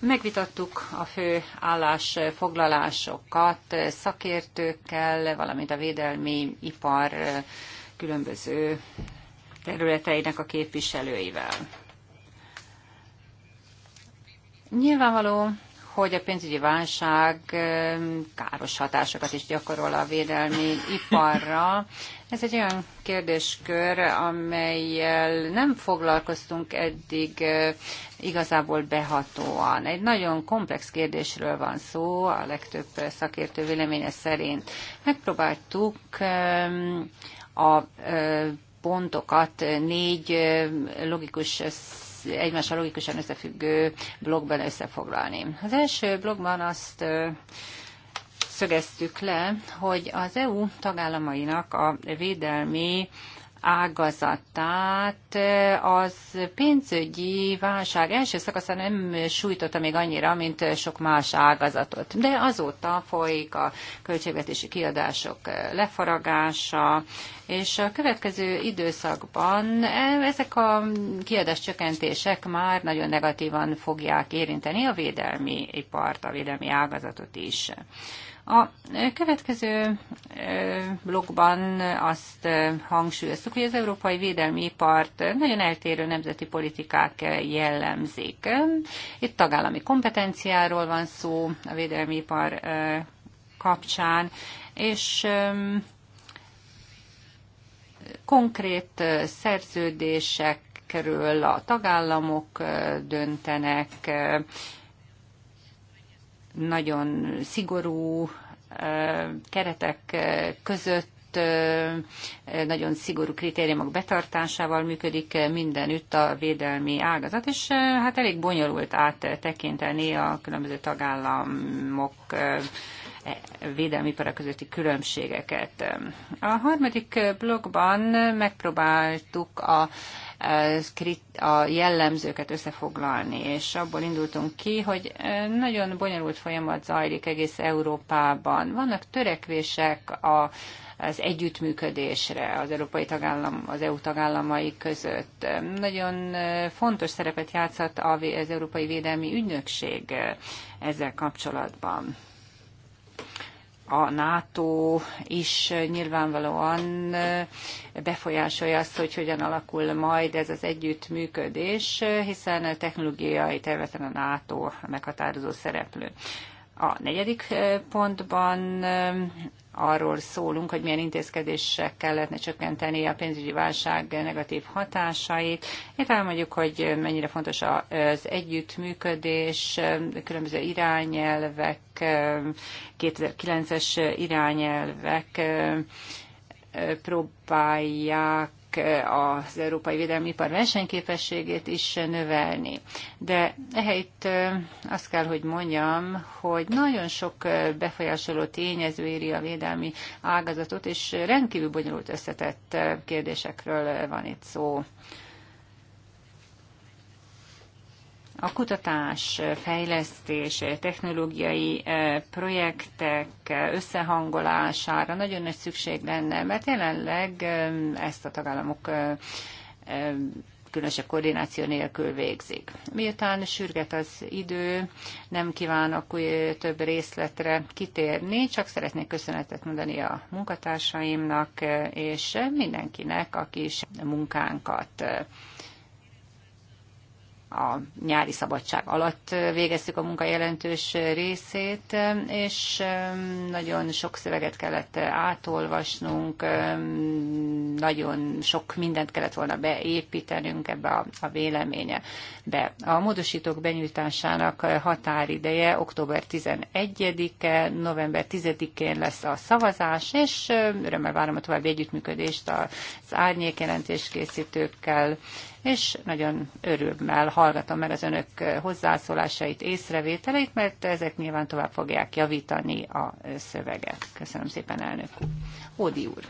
Megvitattuk a fő állásfoglalásokat szakértőkkel, valamint a védelmi ipar különböző területeinek a képviselőivel. Nyilvánvaló, hogy a pénzügyi válság káros hatásokat is gyakorol a védelmi iparra. Ez egy olyan kérdéskör, amelyel nem foglalkoztunk eddig igazából behatóan. Egy nagyon komplex kérdésről van szó, a legtöbb szakértő véleménye szerint. Megpróbáltuk a pontokat négy logikus egymással logikusan összefüggő blogban összefoglalni. Az első blogban azt szögeztük le, hogy az EU tagállamainak a védelmi ágazatát az pénzügyi válság első szakasza nem sújtotta még annyira, mint sok más ágazatot. De azóta folyik a költségvetési kiadások lefaragása, és a következő időszakban e, ezek a kiadáscsökkentések már nagyon negatívan fogják érinteni a védelmi ipart, a védelmi ágazatot is. A következő blogban azt hangsúlyoztuk, hogy az európai védelmi ipart nagyon eltérő nemzeti politikák jellemzik. Itt tagállami kompetenciáról van szó a védelmi ipar kapcsán, és konkrét szerződések kerül a tagállamok döntenek, nagyon szigorú keretek között nagyon szigorú kritériumok betartásával működik mindenütt a védelmi ágazat, és hát elég bonyolult áttekinteni a különböző tagállamok e, védelmi para közötti különbségeket. A harmadik blogban megpróbáltuk a a jellemzőket összefoglalni, és abból indultunk ki, hogy nagyon bonyolult folyamat zajlik egész Európában. Vannak törekvések a az együttműködésre az európai tagállam, az EU tagállamai között. Nagyon fontos szerepet játszhat az Európai Védelmi Ügynökség ezzel kapcsolatban a NATO is nyilvánvalóan befolyásolja azt, hogy hogyan alakul majd ez az együttműködés, hiszen a technológiai területen a NATO meghatározó szereplő. A negyedik pontban arról szólunk, hogy milyen intézkedésekkel lehetne csökkenteni a pénzügyi válság negatív hatásait. Én mondjuk, hogy mennyire fontos az együttműködés, különböző irányelvek, 2009-es irányelvek próbálják Eh, az európai védelmi ipar versenyképességét is növelni. De ehelyett eh, azt kell, hogy mondjam, hogy nagyon sok eh, befolyásoló tényező éri a védelmi ágazatot, és rendkívül bonyolult összetett kérdésekről van itt szó. A kutatás, fejlesztés, technológiai eh, projektek összehangolására nagyon nagy szükség lenne, mert jelenleg eh, ezt a tagállamok eh, különösebb koordináció nélkül végzik. Miután sürget az idő, nem kívánok új, több részletre kitérni, csak szeretnék köszönetet mondani a munkatársaimnak és mindenkinek, aki is munkánkat a nyári szabadság alatt végeztük a munka jelentős részét, és nagyon sok szöveget kellett átolvasnunk, nagyon sok mindent kellett volna beépítenünk ebbe a, a véleménye. Be. A módosítók benyújtásának határideje október 11-e, november 10-én lesz a szavazás, és örömmel várom a további együttműködést az árnyék készítőkkel és nagyon örömmel hallgatom meg az önök hozzászólásait, észrevételeit, mert ezek nyilván tovább fogják javítani a szöveget. Köszönöm szépen, elnök úr. Ódi úr.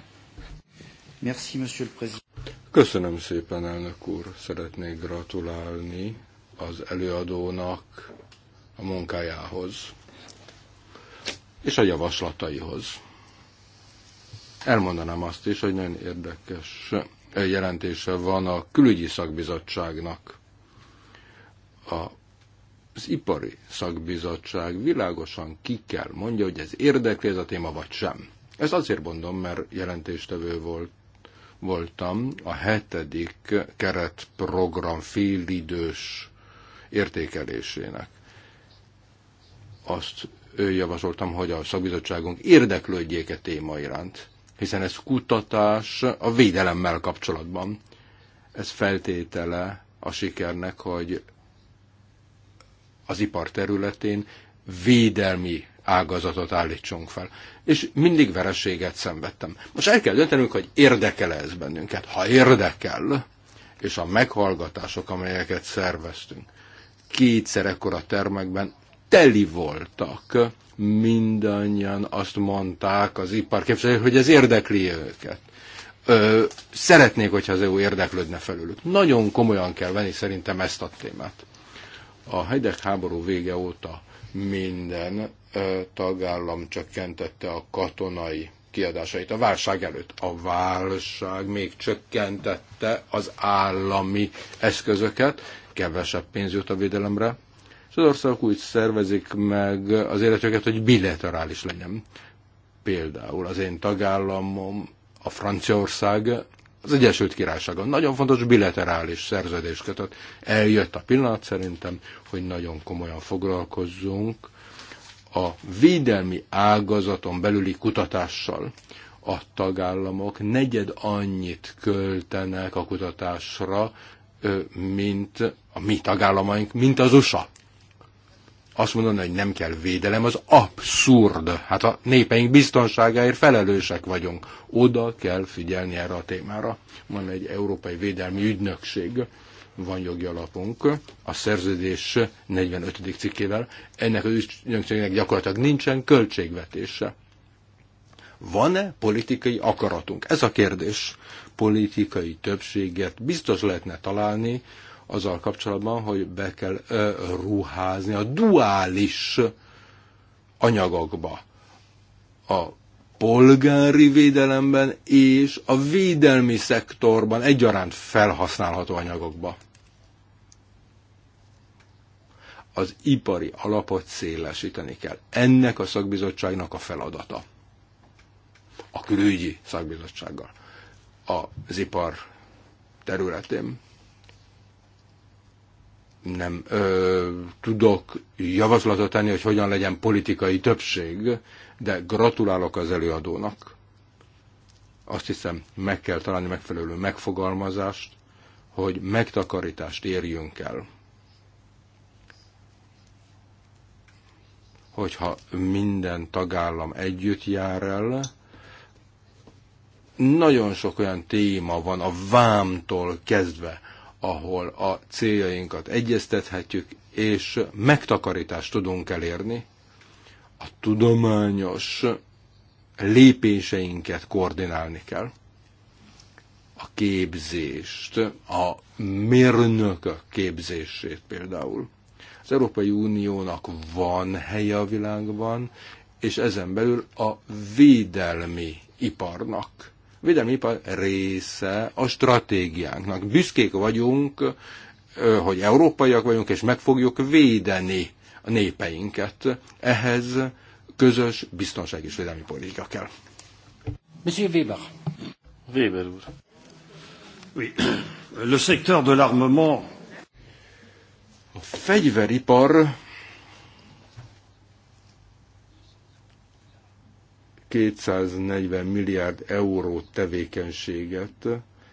Merci, monsieur le président. Köszönöm szépen, elnök úr. Szeretnék gratulálni az előadónak a munkájához és a javaslataihoz. Elmondanám azt is, hogy nagyon érdekes jelentése van a külügyi szakbizottságnak. A az ipari szakbizottság világosan ki kell mondja, hogy ez érdekli ez a téma, vagy sem. Ez azért mondom, mert jelentéstevő volt, voltam a hetedik keretprogram félidős értékelésének. Azt javasoltam, hogy a szakbizottságunk érdeklődjék e téma iránt hiszen ez kutatás a védelemmel kapcsolatban. Ez feltétele a sikernek, hogy az ipar területén védelmi ágazatot állítsunk fel. És mindig vereséget szenvedtem. Most el kell döntenünk, hogy érdekel -e ez bennünket. Ha érdekel, és a meghallgatások, amelyeket szerveztünk, kétszer ekkora termekben teli voltak. Mindannyian azt mondták az iparképzelők, hogy ez érdekli őket. Ö, szeretnék, hogyha az EU érdeklődne felülük. Nagyon komolyan kell venni szerintem ezt a témát. A hegyek háború vége óta minden ö, tagállam csökkentette a katonai kiadásait a válság előtt. A válság még csökkentette az állami eszközöket, kevesebb pénz jut a védelemre, az országok úgy szervezik meg az életüket, hogy bilaterális legyen. Például az én tagállamom, a Franciaország, az Egyesült Királyságon nagyon fontos bilaterális szerződés kötött. Eljött a pillanat szerintem, hogy nagyon komolyan foglalkozzunk a védelmi ágazaton belüli kutatással a tagállamok negyed annyit költenek a kutatásra, mint a mi tagállamaink, mint az USA azt mondani, hogy nem kell védelem, az abszurd. Hát a népeink biztonságáért felelősek vagyunk. Oda kell figyelni erre a témára. Van egy Európai Védelmi Ügynökség, van jogi alapunk a szerződés 45. cikkével. Ennek az ügynökségnek gyakorlatilag nincsen költségvetése. Van-e politikai akaratunk? Ez a kérdés. Politikai többséget biztos lehetne találni, azzal kapcsolatban, hogy be kell ruházni a duális anyagokba. A polgári védelemben és a védelmi szektorban egyaránt felhasználható anyagokba. Az ipari alapot szélesíteni kell. Ennek a szakbizottságnak a feladata. A külügyi szakbizottsággal. Az ipar területén nem ö, tudok javaslatot tenni, hogy hogyan legyen politikai többség, de gratulálok az előadónak. Azt hiszem, meg kell találni megfelelő megfogalmazást, hogy megtakarítást érjünk el. Hogyha minden tagállam együtt jár el, nagyon sok olyan téma van a vámtól kezdve, ahol a céljainkat egyeztethetjük, és megtakarítást tudunk elérni, a tudományos lépéseinket koordinálni kell. A képzést, a mérnökök képzését például. Az Európai Uniónak van helye a világban, és ezen belül a védelmi iparnak védelmi ipar része a stratégiánknak. Büszkék vagyunk, hogy európaiak vagyunk, és meg fogjuk védeni a népeinket. Ehhez közös biztonság és védelmi politika kell. Monsieur Weber. Weber úr. Oui. Le secteur de l'armement. A fegyveripar 240 milliárd euró tevékenységet,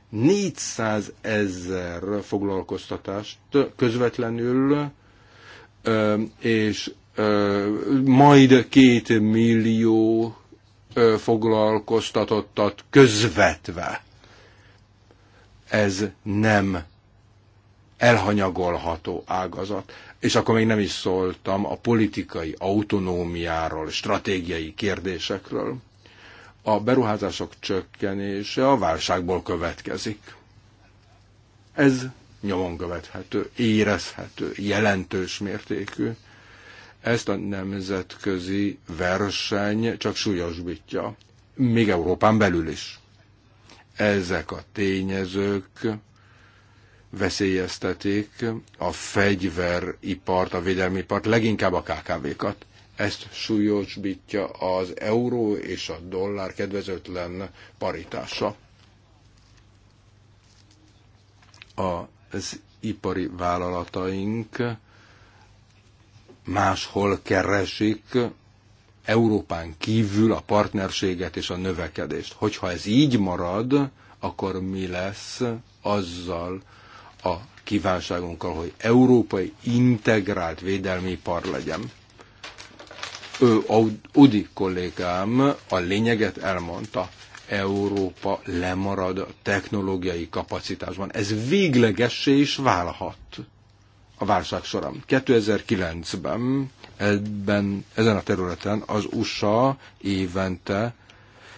400 ezer foglalkoztatást közvetlenül, és majd két millió foglalkoztatottat közvetve. Ez nem elhanyagolható ágazat és akkor még nem is szóltam a politikai autonómiáról, stratégiai kérdésekről. A beruházások csökkenése a válságból következik. Ez nyomon követhető, érezhető, jelentős mértékű. Ezt a nemzetközi verseny csak súlyosbítja, még Európán belül is. Ezek a tényezők veszélyeztetik a fegyveripart, a védelmipart, leginkább a KKV-kat. Ezt súlyosbítja az euró és a dollár kedvezőtlen paritása. Az ipari vállalataink máshol keresik Európán kívül a partnerséget és a növekedést. Hogyha ez így marad, akkor mi lesz azzal, a kívánságunkkal, hogy európai integrált védelmi par legyen. Ő, Udi kollégám a lényeget elmondta, Európa lemarad a technológiai kapacitásban. Ez véglegessé is válhat a válság során. 2009-ben ebben, ezen a területen az USA évente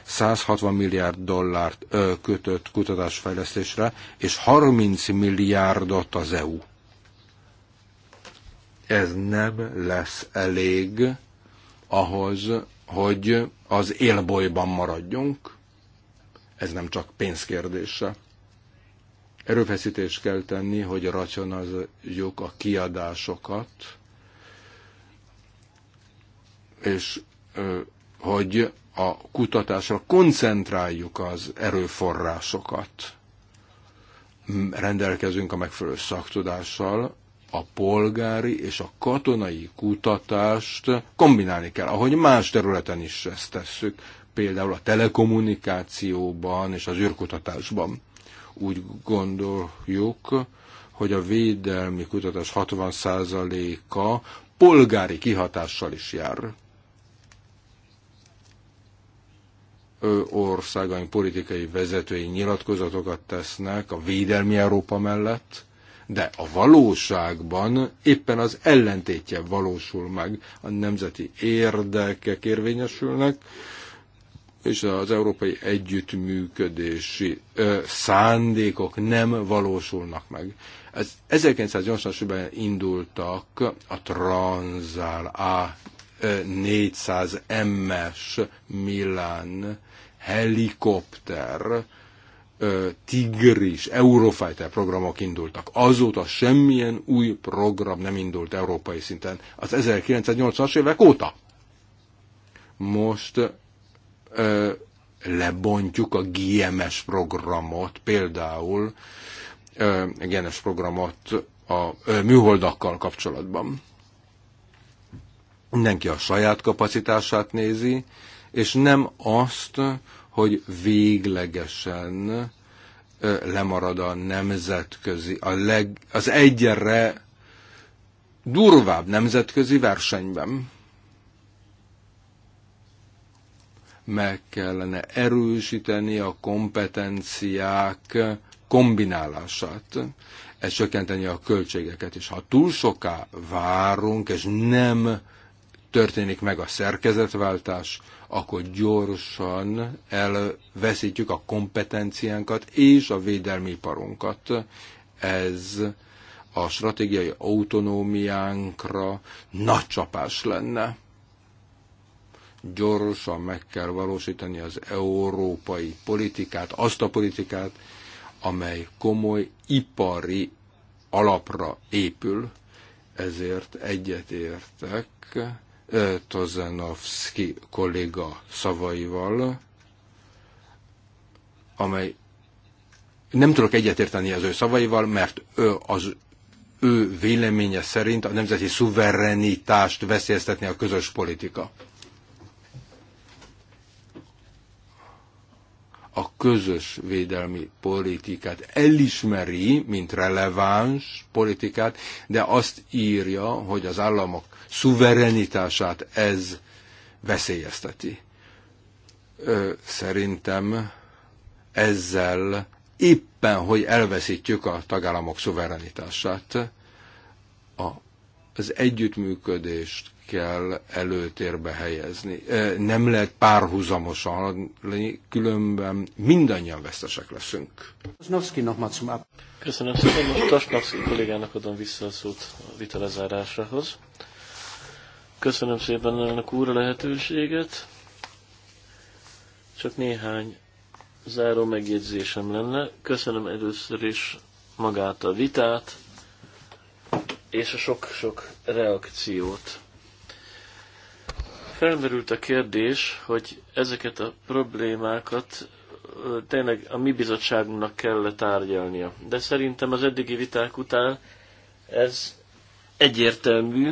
160 milliárd dollárt kötött kutatásfejlesztésre, és 30 milliárdot az EU. Ez nem lesz elég ahhoz, hogy az élbolyban maradjunk. Ez nem csak pénzkérdése. Erőfeszítést kell tenni, hogy racionalizáljuk a kiadásokat, és hogy a kutatásra, koncentráljuk az erőforrásokat. Rendelkezünk a megfelelő szaktudással, a polgári és a katonai kutatást kombinálni kell, ahogy más területen is ezt tesszük, például a telekommunikációban és az űrkutatásban. Úgy gondoljuk, hogy a védelmi kutatás 60%-a polgári kihatással is jár országaink politikai vezetői nyilatkozatokat tesznek a védelmi Európa mellett, de a valóságban éppen az ellentétje valósul meg. A nemzeti érdekek érvényesülnek, és az európai együttműködési ö, szándékok nem valósulnak meg. Ez 1980-as évben indultak a Transál A 400 MS Milán helikopter, Tigris, Eurofighter programok indultak. Azóta semmilyen új program nem indult európai szinten az 1980-as évek óta. Most ö, lebontjuk a GMS programot, például ö, GMS programot a ö, műholdakkal kapcsolatban. Mindenki a saját kapacitását nézi, és nem azt, hogy véglegesen lemarad a nemzetközi, a leg, az egyre durvább nemzetközi versenyben. Meg kellene erősíteni a kompetenciák kombinálását, ez csökkenteni a költségeket, és ha túl soká várunk, és nem történik meg a szerkezetváltás, akkor gyorsan elveszítjük a kompetenciánkat és a védelmi parunkat. Ez a stratégiai autonómiánkra nagy csapás lenne. Gyorsan meg kell valósítani az európai politikát, azt a politikát, amely komoly ipari alapra épül, ezért egyetértek Tozanovski kolléga szavaival, amely nem tudok egyetérteni az ő szavaival, mert ő az ő véleménye szerint a nemzeti szuverenitást veszélyeztetni a közös politika. a közös védelmi politikát elismeri, mint releváns politikát, de azt írja, hogy az államok szuverenitását ez veszélyezteti. Szerintem ezzel éppen, hogy elveszítjük a tagállamok szuverenitását, az együttműködést kell előtérbe helyezni. Nem lehet párhuzamosan haladni, különben mindannyian vesztesek leszünk. Köszönöm szépen, most Tasnovszki kollégának adom vissza a szót a vita lezárásához. Köszönöm szépen elnök úr a lehetőséget. Csak néhány záró megjegyzésem lenne. Köszönöm először is magát a vitát, és a sok-sok reakciót. Felmerült a kérdés, hogy ezeket a problémákat tényleg a mi bizottságunknak kell tárgyalnia. De szerintem az eddigi viták után ez egyértelmű,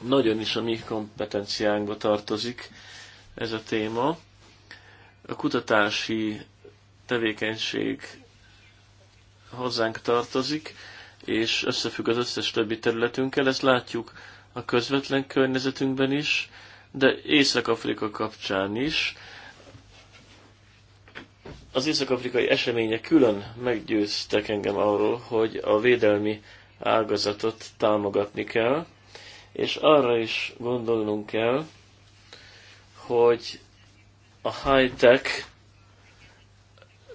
nagyon is a mi kompetenciánkba tartozik ez a téma. A kutatási tevékenység hozzánk tartozik, és összefügg az összes többi területünkkel, ezt látjuk a közvetlen környezetünkben is, de Észak-Afrika kapcsán is. Az észak-afrikai események külön meggyőztek engem arról, hogy a védelmi ágazatot támogatni kell, és arra is gondolnunk kell, hogy a high-tech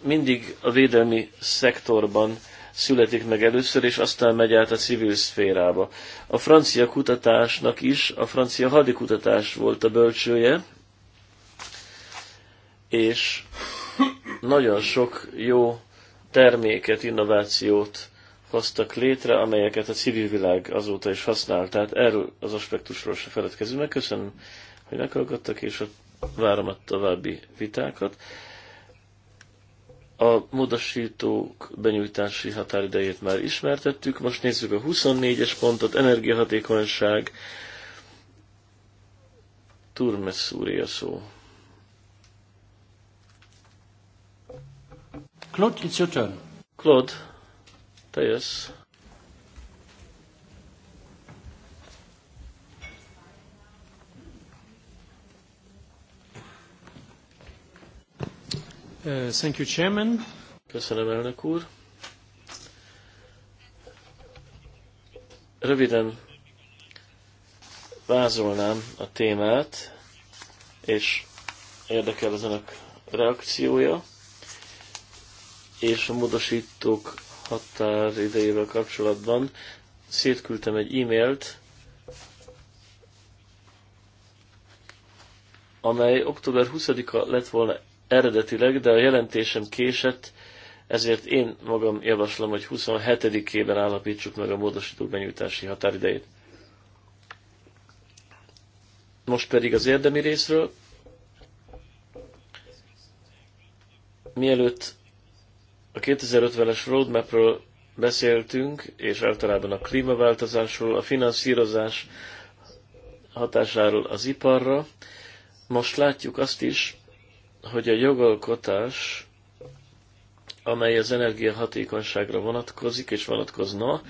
mindig a védelmi szektorban születik meg először, és aztán megy át a civil szférába. A francia kutatásnak is a francia hadikutatás volt a bölcsője, és nagyon sok jó terméket, innovációt hoztak létre, amelyeket a civil világ azóta is használ. Tehát erről az aspektusról se feledkezünk meg. Köszönöm, hogy meghallgattak, és várom a további vitákat. A módosítók benyújtási határidejét már ismertettük, most nézzük a 24-es pontot, energiahatékonyság. Turmes a szó. Claude, it's your turn. Claude, te jössz. Uh, thank you, Chairman. Köszönöm, elnök úr. Röviden vázolnám a témát, és érdekel az önök reakciója, és a módosítók határidejével kapcsolatban szétküldtem egy e-mailt, amely október 20-a lett volna eredetileg, de a jelentésem késett, ezért én magam javaslom, hogy 27-ében állapítsuk meg a módosító benyújtási határidejét. Most pedig az érdemi részről. Mielőtt a 2050-es roadmapről beszéltünk, és általában a klímaváltozásról, a finanszírozás hatásáról az iparra, most látjuk azt is, hogy a jogalkotás, amely az energiahatékonyságra vonatkozik és vonatkozna,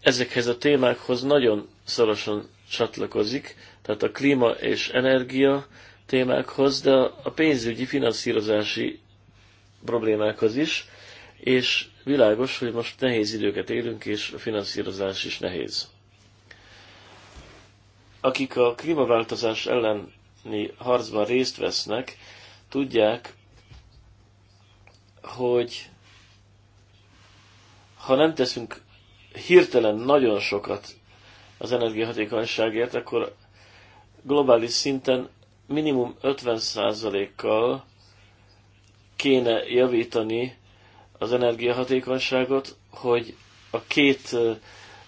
ezekhez a témákhoz nagyon szorosan csatlakozik, tehát a klíma és energia témákhoz, de a pénzügyi, finanszírozási problémákhoz is, és világos, hogy most nehéz időket élünk, és a finanszírozás is nehéz. Akik a klímaváltozás elleni harcban részt vesznek, tudják, hogy ha nem teszünk hirtelen nagyon sokat az energiahatékonyságért, akkor globális szinten minimum 50%-kal kéne javítani az energiahatékonyságot, hogy a két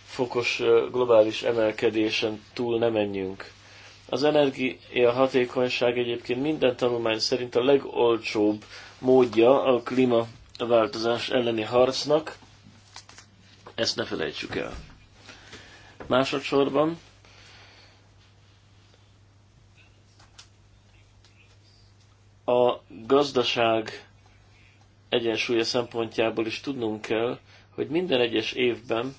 fokos globális emelkedésen túl ne menjünk. Az energia hatékonyság egyébként minden tanulmány szerint a legolcsóbb módja a klímaváltozás elleni harcnak. Ezt ne felejtsük el. Másodszorban a gazdaság egyensúlya szempontjából is tudnunk kell, hogy minden egyes évben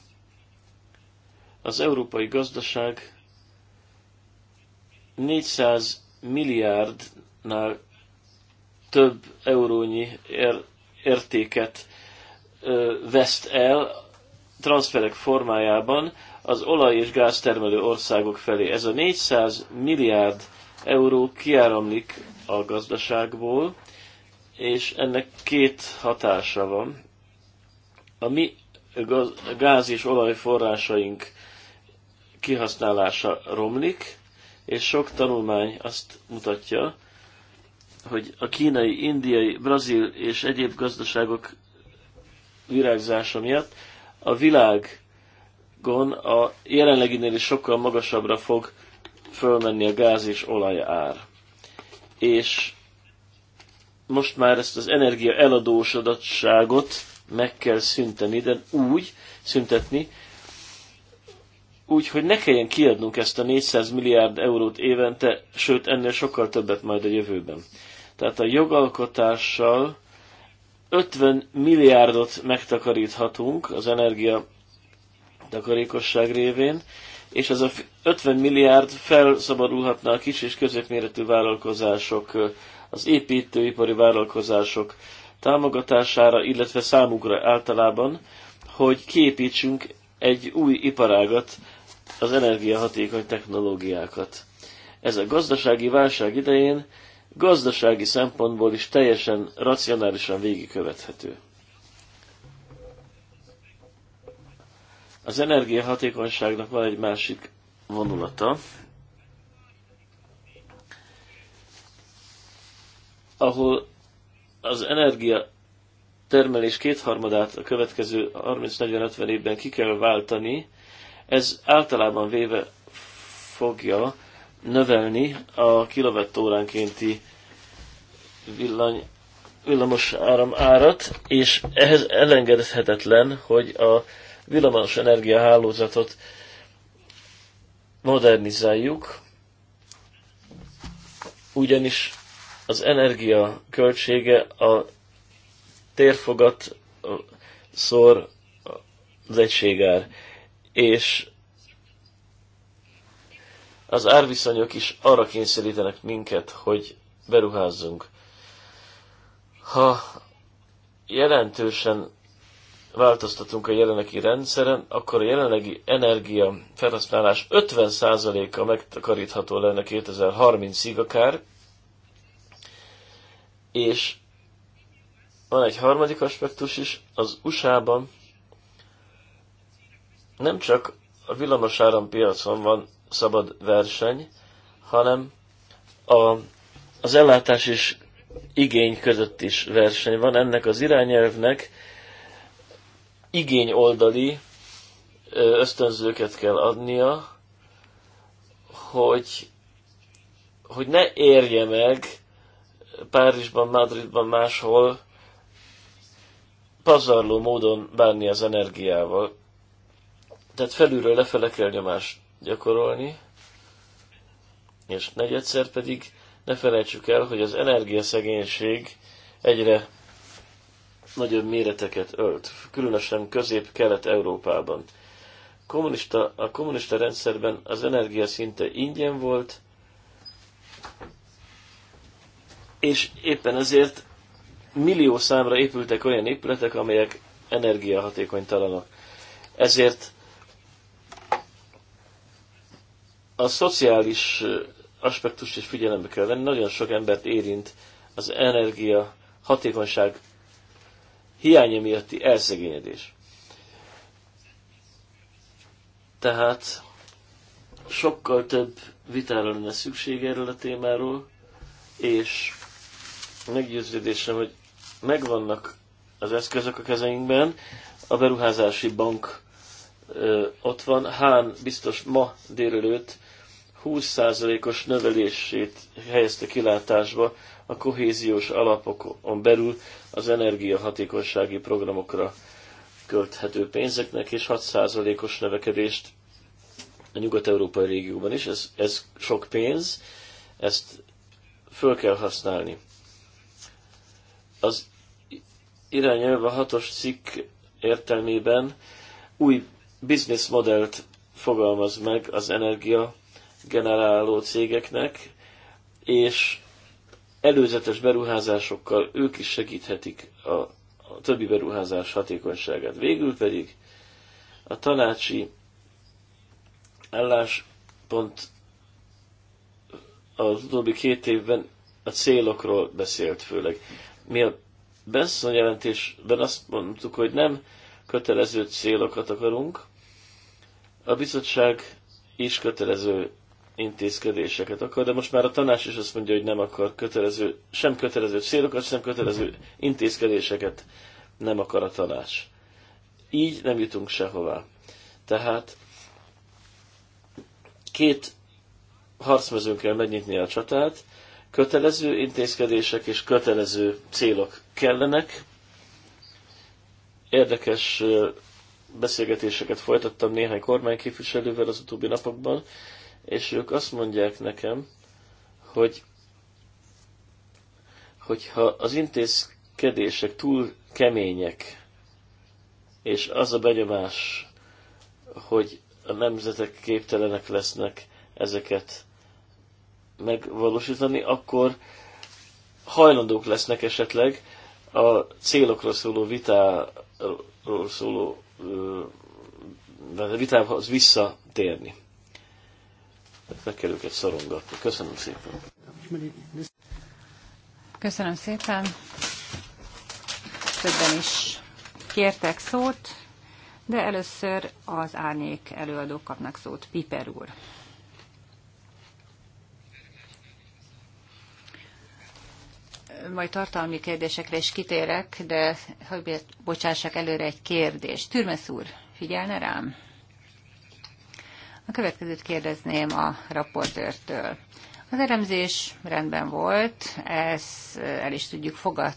az európai gazdaság 400 milliárdnál több eurónyi értéket veszt el transferek formájában az olaj- és gáztermelő országok felé. Ez a 400 milliárd euró kiáramlik a gazdaságból, és ennek két hatása van. A mi gáz és olajforrásaink kihasználása romlik, és sok tanulmány azt mutatja, hogy a kínai, indiai, brazil és egyéb gazdaságok virágzása miatt a világon a jelenleginél is sokkal magasabbra fog fölmenni a gáz és olaj ár. És most már ezt az energia eladósodatságot meg kell szünteni, de úgy szüntetni, Úgyhogy ne kelljen kiadnunk ezt a 400 milliárd eurót évente, sőt ennél sokkal többet majd a jövőben. Tehát a jogalkotással 50 milliárdot megtakaríthatunk az energia takarékosság révén, és ez a 50 milliárd felszabadulhatna a kis és középméretű vállalkozások, az építőipari vállalkozások támogatására, illetve számukra általában, hogy képítsünk egy új iparágat az energiahatékony technológiákat. Ez a gazdasági válság idején gazdasági szempontból is teljesen racionálisan végigkövethető. Az energiahatékonyságnak van egy másik vonulata, ahol az energia termelés kétharmadát a következő 30-40-50 évben ki kell váltani ez általában véve fogja növelni a kilovattóránkénti villany, villamos áram árat, és ehhez elengedhetetlen, hogy a villamos energiahálózatot modernizáljuk, ugyanis az energia költsége a térfogat szor az egységár és az árviszonyok is arra kényszerítenek minket, hogy beruházzunk. Ha jelentősen változtatunk a jelenlegi rendszeren, akkor a jelenlegi energia felhasználás 50%-a megtakarítható lenne 2030-ig akár, és van egy harmadik aspektus is, az USA-ban nem csak a villamos árampiacon van szabad verseny, hanem a, az ellátás és igény között is verseny van. Ennek az irányelvnek igény oldali ösztönzőket kell adnia, hogy, hogy ne érje meg Párizsban, Madridban, máshol pazarló módon bánni az energiával. Tehát felülről lefele kell nyomást gyakorolni, és negyedszer pedig ne felejtsük el, hogy az energiaszegénység egyre nagyobb méreteket ölt, különösen közép-kelet-európában. Kommunista, a kommunista rendszerben az energia szinte ingyen volt, és éppen ezért millió számra épültek olyan épületek, amelyek energiahatékonytalanok. Ezért A szociális aspektust is figyelembe kell venni. Nagyon sok embert érint az energia hatékonyság hiánya miatti elszegényedés. Tehát sokkal több vitára lenne szükség erről a témáról, és meggyőződésem, hogy megvannak az eszközök a kezeinkben, a beruházási bank ö, ott van, Hán biztos ma délelőtt 20%-os növelését helyezte kilátásba a kohéziós alapokon belül az energiahatékonysági programokra költhető pénzeknek, és 6%-os növekedést a nyugat-európai régióban is. Ez, ez sok pénz, ezt föl kell használni. Az irányelv a hatos cikk értelmében új bizniszmodellt fogalmaz meg az energia generáló cégeknek, és előzetes beruházásokkal ők is segíthetik a, a többi beruházás hatékonyságát. Végül pedig a tanácsi álláspont az utóbbi két évben a célokról beszélt főleg. Mi a Benson jelentésben azt mondtuk, hogy nem kötelező célokat akarunk, a bizottság is kötelező intézkedéseket akar, de most már a tanács is azt mondja, hogy nem akar kötelező, sem kötelező célokat, sem kötelező intézkedéseket nem akar a tanács. Így nem jutunk sehová. Tehát két harcmezőn kell megnyitni a csatát, kötelező intézkedések és kötelező célok kellenek. Érdekes beszélgetéseket folytattam néhány kormányképviselővel az utóbbi napokban, és ők azt mondják nekem, hogy hogyha az intézkedések túl kemények, és az a benyomás, hogy a nemzetek képtelenek lesznek ezeket megvalósítani, akkor hajlandók lesznek esetleg a célokra szóló vitáról szóló vitához visszatérni mert meg kell őket szorongatni. Köszönöm szépen. Köszönöm szépen. Többen is kértek szót, de először az árnyék előadók kapnak szót. Piper úr. majd tartalmi kérdésekre is kitérek, de hogy bocsássak előre egy kérdést. Türmesz úr, figyelne rám? A következőt kérdezném a raportőrtől. Az elemzés rendben volt, ezt el is tudjuk fogad,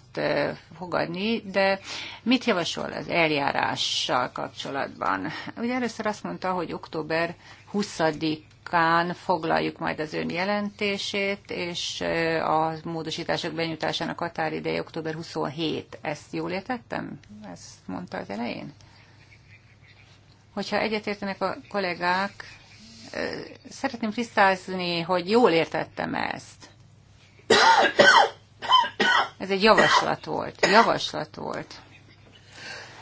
fogadni, de mit javasol az eljárással kapcsolatban? Ugye először azt mondta, hogy október 20-án foglaljuk majd az ön jelentését, és a módosítások benyújtásának határideje október 27. Ezt jól értettem? Ezt mondta az elején? Hogyha egyetértenek a kollégák, szeretném tisztázni, hogy jól értettem ezt. Ez egy javaslat volt. Javaslat volt.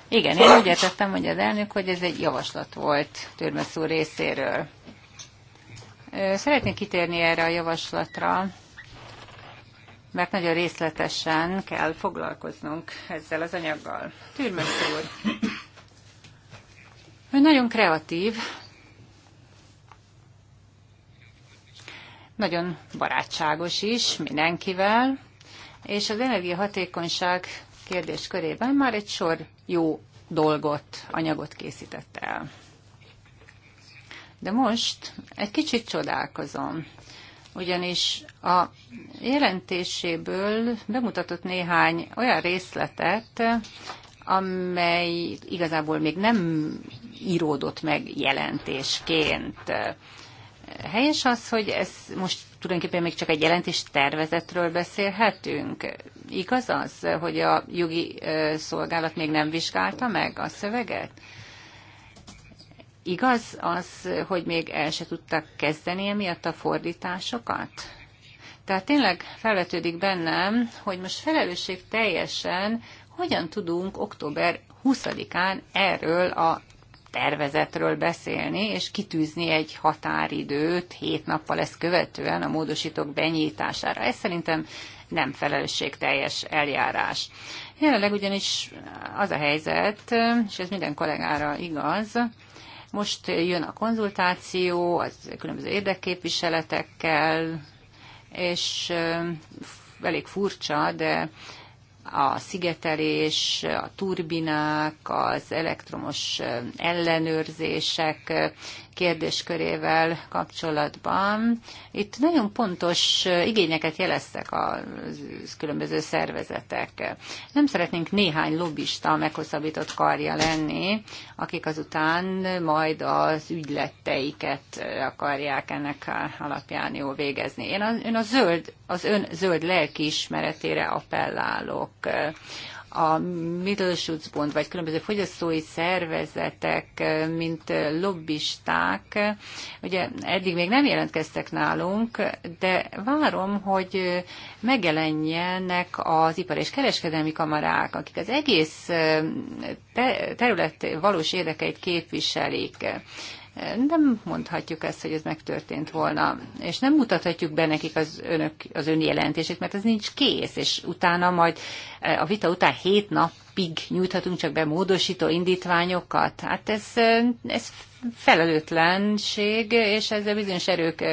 Igen, én úgy értettem, hogy az elnök, hogy ez egy javaslat volt Törmesz úr részéről. Szeretnék kitérni erre a javaslatra, mert nagyon részletesen kell foglalkoznunk ezzel az anyaggal. Türmes úr, ő nagyon kreatív, nagyon barátságos is mindenkivel, és az energiahatékonyság kérdés körében már egy sor jó dolgot, anyagot készített el. De most egy kicsit csodálkozom, ugyanis a jelentéséből bemutatott néhány olyan részletet, amely igazából még nem íródott meg jelentésként. Helyes az, hogy ez most tulajdonképpen még csak egy jelentés tervezetről beszélhetünk. Igaz az, hogy a jogi szolgálat még nem vizsgálta meg a szöveget? Igaz az, hogy még el se tudtak kezdeni emiatt a fordításokat? Tehát tényleg felvetődik bennem, hogy most felelősség teljesen hogyan tudunk október 20-án erről a tervezetről beszélni, és kitűzni egy határidőt hét nappal ezt követően a módosítók benyitására. Ez szerintem nem felelősségteljes eljárás. Jelenleg ugyanis az a helyzet, és ez minden kollégára igaz, most jön a konzultáció az különböző érdekképviseletekkel, és elég furcsa, de a szigetelés, a turbinák, az elektromos ellenőrzések kérdéskörével kapcsolatban. Itt nagyon pontos igényeket jeleztek a különböző szervezetek. Nem szeretnénk néhány lobbista meghosszabbított karja lenni, akik azután majd az ügyletteiket akarják ennek alapján jó végezni. Én a, én a zöld, az ön zöld lelkiismeretére appellálok a Mittelschutzbund, vagy különböző fogyasztói szervezetek, mint lobbisták, ugye eddig még nem jelentkeztek nálunk, de várom, hogy megjelenjenek az ipar és kereskedelmi kamarák, akik az egész terület valós érdekeit képviselik nem mondhatjuk ezt, hogy ez megtörtént volna, és nem mutathatjuk be nekik az, önök, az ön jelentését, mert ez nincs kész, és utána majd a vita után hét napig nyújthatunk csak be módosító indítványokat. Hát ez, ez felelőtlenség, és ezzel bizonyos erők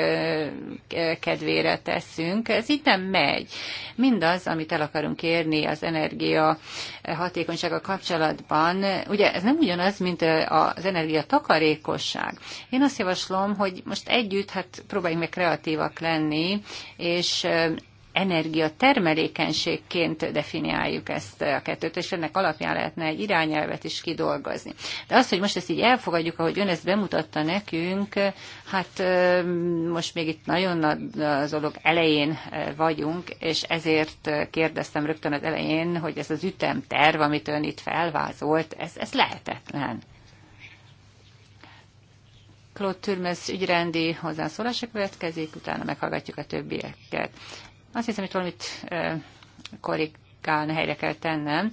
kedvére teszünk. Ez itt nem megy. Mindaz, amit el akarunk érni az energia hatékonysága kapcsolatban, ugye ez nem ugyanaz, mint az energia takarékosság. Én azt javaslom, hogy most együtt hát próbáljunk meg kreatívak lenni, és energiatermelékenységként definiáljuk ezt a kettőt, és ennek alapján lehetne egy irányelvet is kidolgozni. De az, hogy most ezt így elfogadjuk, ahogy ön ezt bemutatta nekünk, hát most még itt nagyon az olog elején vagyunk, és ezért kérdeztem rögtön az elején, hogy ez az ütemterv, amit ön itt felvázolt, ez, ez lehetetlen. Claude Türmes ügyrendi hozzászólása következik, utána meghallgatjuk a többieket. Azt hiszem, hogy valamit korrigálni helyre kell tennem.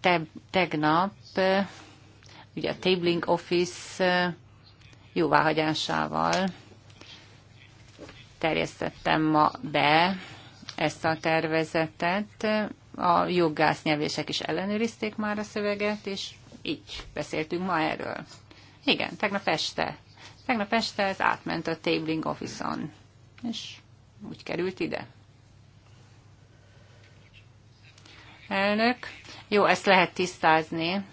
Te, tegnap ugye a Tabling Office jóváhagyásával terjesztettem ma be ezt a tervezetet. A jogásznyelvések is ellenőrizték már a szöveget, és így beszéltünk ma erről. Igen, tegnap este. Tegnap este ez átment a Tabling Office-on, és úgy került ide? Elnök, jó, ezt lehet tisztázni.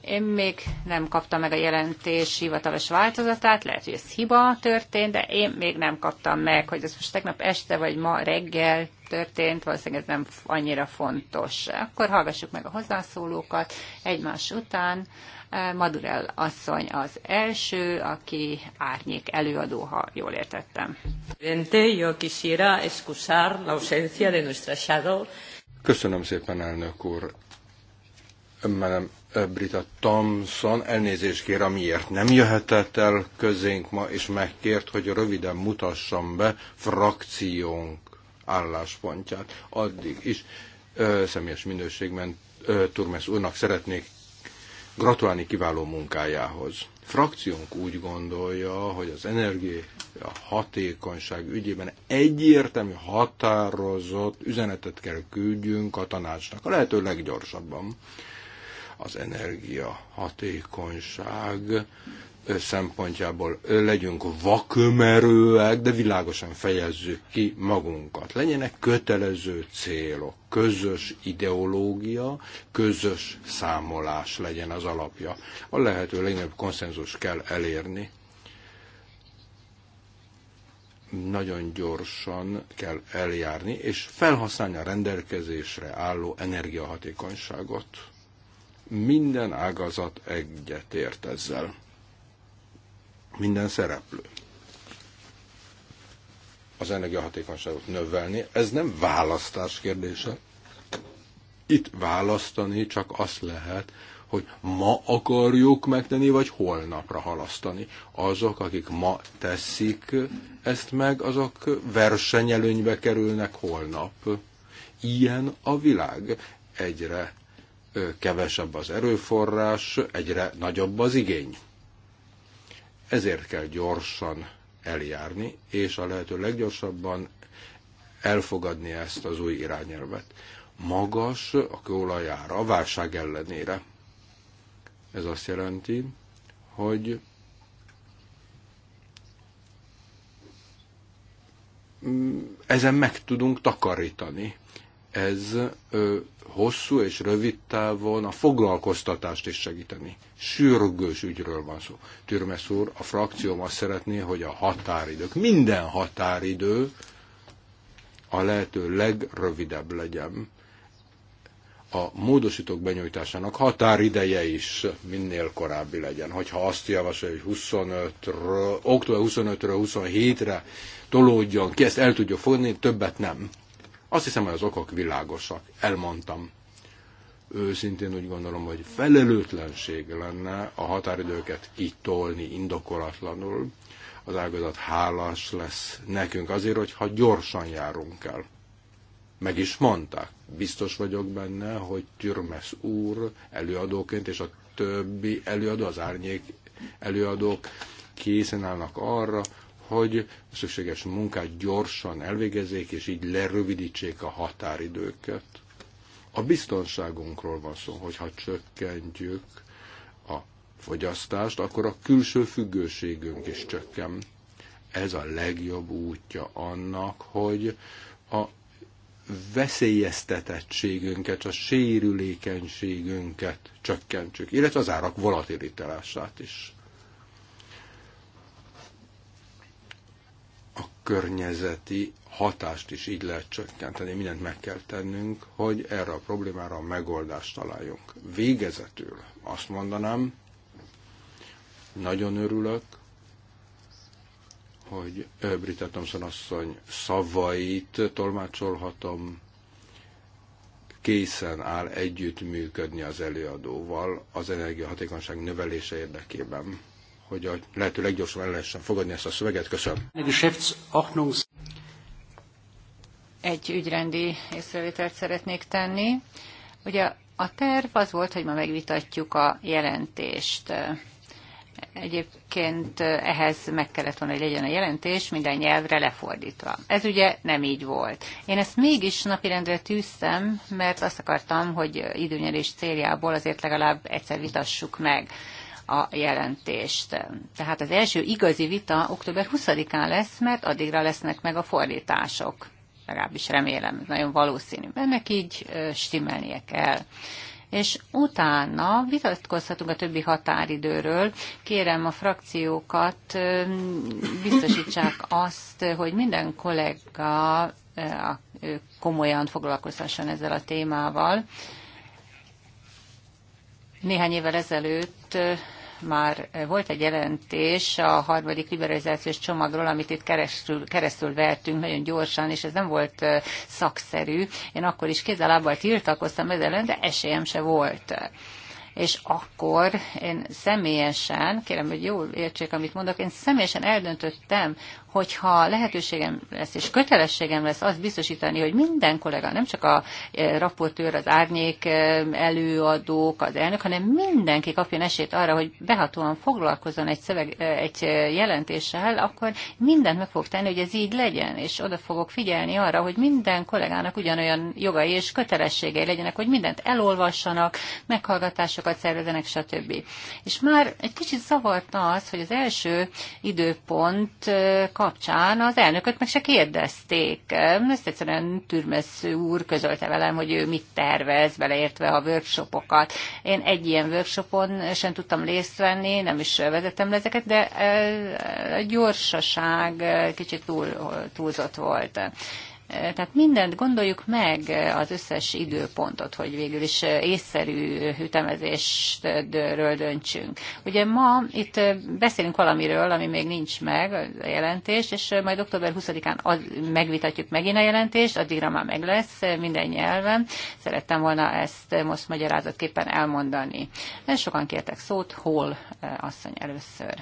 Én még nem kaptam meg a jelentés hivatalos változatát, lehet, hogy ez hiba történt, de én még nem kaptam meg, hogy ez most tegnap este vagy ma reggel történt, valószínűleg ez nem annyira fontos. Akkor hallgassuk meg a hozzászólókat egymás után. Madurell asszony az első, aki árnyék előadó, ha jól értettem. Köszönöm szépen, elnök úr. Melem eh, Brita Thompson elnézést kér, amiért nem jöhetett el közénk ma, és megkért, hogy röviden mutassam be frakciónk álláspontját. Addig is ö, eh, személyes minőségben ö, eh, Turmes úrnak szeretnék gratulálni kiváló munkájához. Frakciónk úgy gondolja, hogy az energia hatékonyság ügyében egyértelmű határozott üzenetet kell küldjünk a tanácsnak, a lehető leggyorsabban. Az energia hatékonyság szempontjából legyünk vakömerőek, de világosan fejezzük ki magunkat. Legyenek kötelező célok, közös ideológia, közös számolás legyen az alapja. A lehető legnagyobb konszenzus kell elérni. Nagyon gyorsan kell eljárni, és felhasználni a rendelkezésre álló energiahatékonyságot. Minden ágazat egyetért ezzel minden szereplő. Az energiahatékonyságot növelni, ez nem választás kérdése. Itt választani csak azt lehet, hogy ma akarjuk megtenni, vagy holnapra halasztani. Azok, akik ma teszik ezt meg, azok versenyelőnybe kerülnek holnap. Ilyen a világ. Egyre kevesebb az erőforrás, egyre nagyobb az igény. Ezért kell gyorsan eljárni, és a lehető leggyorsabban elfogadni ezt az új irányelvet. Magas a kőolajára, a válság ellenére. Ez azt jelenti, hogy ezen meg tudunk takarítani. Ez ö, hosszú és rövid távon a foglalkoztatást is segíteni. Sürgős ügyről van szó. Türmes úr, a frakcióm azt szeretné, hogy a határidők, minden határidő a lehető legrövidebb legyen. A módosítók benyújtásának határideje is minél korábbi legyen. Hogyha azt javasolja, hogy 25 október 25-ről 27-re tolódjon ki, ezt el tudja fogni, többet nem azt hiszem, hogy az okok világosak. Elmondtam. Őszintén úgy gondolom, hogy felelőtlenség lenne a határidőket kitolni indokolatlanul. Az ágazat hálás lesz nekünk azért, hogyha gyorsan járunk el. Meg is mondták. Biztos vagyok benne, hogy Türmes úr előadóként és a többi előadó, az árnyék előadók készen állnak arra, hogy a szükséges munkát gyorsan elvégezzék, és így lerövidítsék a határidőket. A biztonságunkról van szó, hogyha csökkentjük a fogyasztást, akkor a külső függőségünk is csökken. Ez a legjobb útja annak, hogy a veszélyeztetettségünket, a sérülékenységünket csökkentsük, illetve az árak volatilitását is. környezeti hatást is így lehet csökkenteni. Mindent meg kell tennünk, hogy erre a problémára a megoldást találjunk. Végezetül azt mondanám, nagyon örülök, hogy Brita Thompson asszony szavait tolmácsolhatom, készen áll együttműködni az előadóval az energiahatékonyság növelése érdekében hogy a lehető leggyorsabban el lehessen fogadni ezt a szöveget. Köszönöm. Egy ügyrendi észrevételt szeretnék tenni. Ugye a terv az volt, hogy ma megvitatjuk a jelentést. Egyébként ehhez meg kellett volna, hogy legyen a jelentés minden nyelvre lefordítva. Ez ugye nem így volt. Én ezt mégis napirendre tűztem, mert azt akartam, hogy időnyerés céljából azért legalább egyszer vitassuk meg a jelentést. Tehát az első igazi vita október 20-án lesz, mert addigra lesznek meg a fordítások. Legalábbis remélem, nagyon valószínű. Ennek így stimmelnie kell és utána vitatkozhatunk a többi határidőről. Kérem a frakciókat, biztosítsák azt, hogy minden kollega komolyan foglalkozhasson ezzel a témával. Néhány évvel ezelőtt már volt egy jelentés a harmadik liberalizációs csomagról, amit itt keresztül, keresztül vertünk nagyon gyorsan, és ez nem volt szakszerű. Én akkor is kézzel-lábbal tiltakoztam ezzel ellen, de esélyem se volt és akkor én személyesen, kérem, hogy jól értsék, amit mondok, én személyesen eldöntöttem, hogyha lehetőségem lesz és kötelességem lesz azt biztosítani, hogy minden kollega, nem csak a e, raportőr, az árnyék e, előadók, az elnök, hanem mindenki kapjon esélyt arra, hogy behatóan foglalkozzon egy, szöveg, e, egy jelentéssel, akkor mindent meg fog tenni, hogy ez így legyen, és oda fogok figyelni arra, hogy minden kollégának ugyanolyan jogai és kötelességei legyenek, hogy mindent elolvassanak, meghallgatásokat szervezenek, stb. És már egy kicsit zavarta az, hogy az első időpont kapcsán az elnököt meg se kérdezték. Ezt egyszerűen Türmesz úr közölte velem, hogy ő mit tervez, beleértve a workshopokat. Én egy ilyen workshopon sem tudtam részt venni, nem is vezettem le ezeket, de a eh, gyorsaság kicsit túl, túlzott volt. Tehát mindent gondoljuk meg, az összes időpontot, hogy végül is észszerű ütemezésről döntsünk. Ugye ma itt beszélünk valamiről, ami még nincs meg, a jelentés, és majd október 20-án az, megvitatjuk megint a jelentést, addigra már meg lesz minden nyelven. Szerettem volna ezt most magyarázatképpen elmondani. Sokan kértek szót, hol asszony először.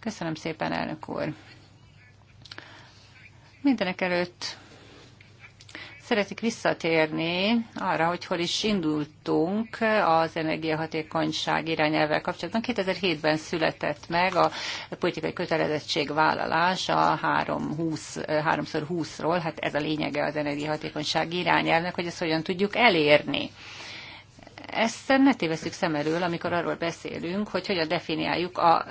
Köszönöm szépen, elnök úr. Mindenek előtt Szeretik visszatérni arra, hogy hol is indultunk az energiahatékonyság irányelvvel kapcsolatban. 2007-ben született meg a politikai kötelezettségvállalás a 3x20-ról, hát ez a lényege az energiahatékonyság irányelvnek, hogy ezt hogyan tudjuk elérni ezt ne tévesszük szem elől, amikor arról beszélünk, hogy hogyan definiáljuk a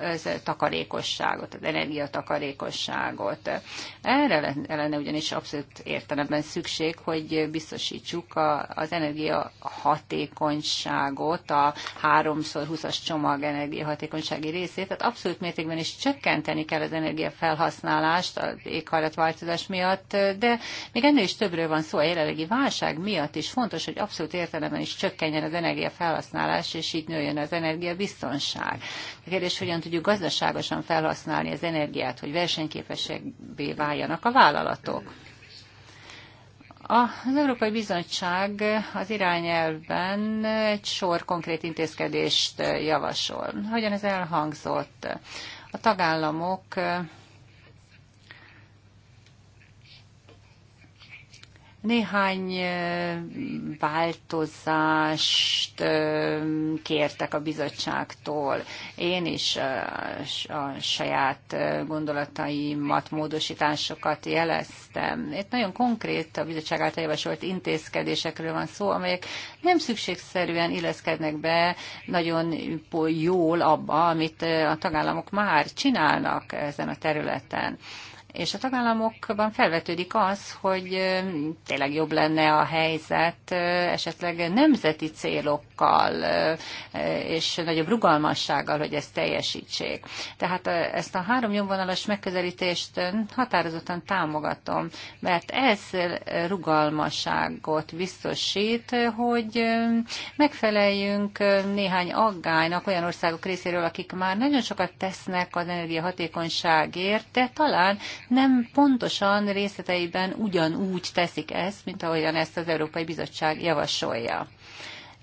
takarékosságot, az energiatakarékosságot. Erre lenne ugyanis abszolút értelemben szükség, hogy biztosítsuk a, az energia hatékonyságot, a 3x20-as csomag energiahatékonysági részét, tehát abszolút mértékben is csökkenteni kell az energiafelhasználást az éghajlatváltozás miatt, de még ennél is többről van szó a jelenlegi válság miatt is fontos, hogy abszolút értelemben is csökkenjen az energia energiafelhasználás, és így nőjön az energiabiztonság. A kérdés, hogyan tudjuk gazdaságosan felhasználni az energiát, hogy versenyképesebbé váljanak a vállalatok. Az Európai Bizottság az irányelvben egy sor konkrét intézkedést javasol. Hogyan ez elhangzott? A tagállamok Néhány változást kértek a bizottságtól. Én is a saját gondolataimat, módosításokat jeleztem. Itt nagyon konkrét a bizottság által javasolt intézkedésekről van szó, amelyek nem szükségszerűen illeszkednek be nagyon jól abba, amit a tagállamok már csinálnak ezen a területen és a tagállamokban felvetődik az, hogy tényleg jobb lenne a helyzet esetleg nemzeti célokkal és nagyobb rugalmassággal, hogy ezt teljesítsék. Tehát ezt a három nyomvonalas megközelítést határozottan támogatom, mert ez rugalmasságot biztosít, hogy megfeleljünk néhány aggálynak olyan országok részéről, akik már nagyon sokat tesznek az energiahatékonyságért, de talán nem pontosan részleteiben ugyanúgy teszik ezt, mint ahogyan ezt az Európai Bizottság javasolja.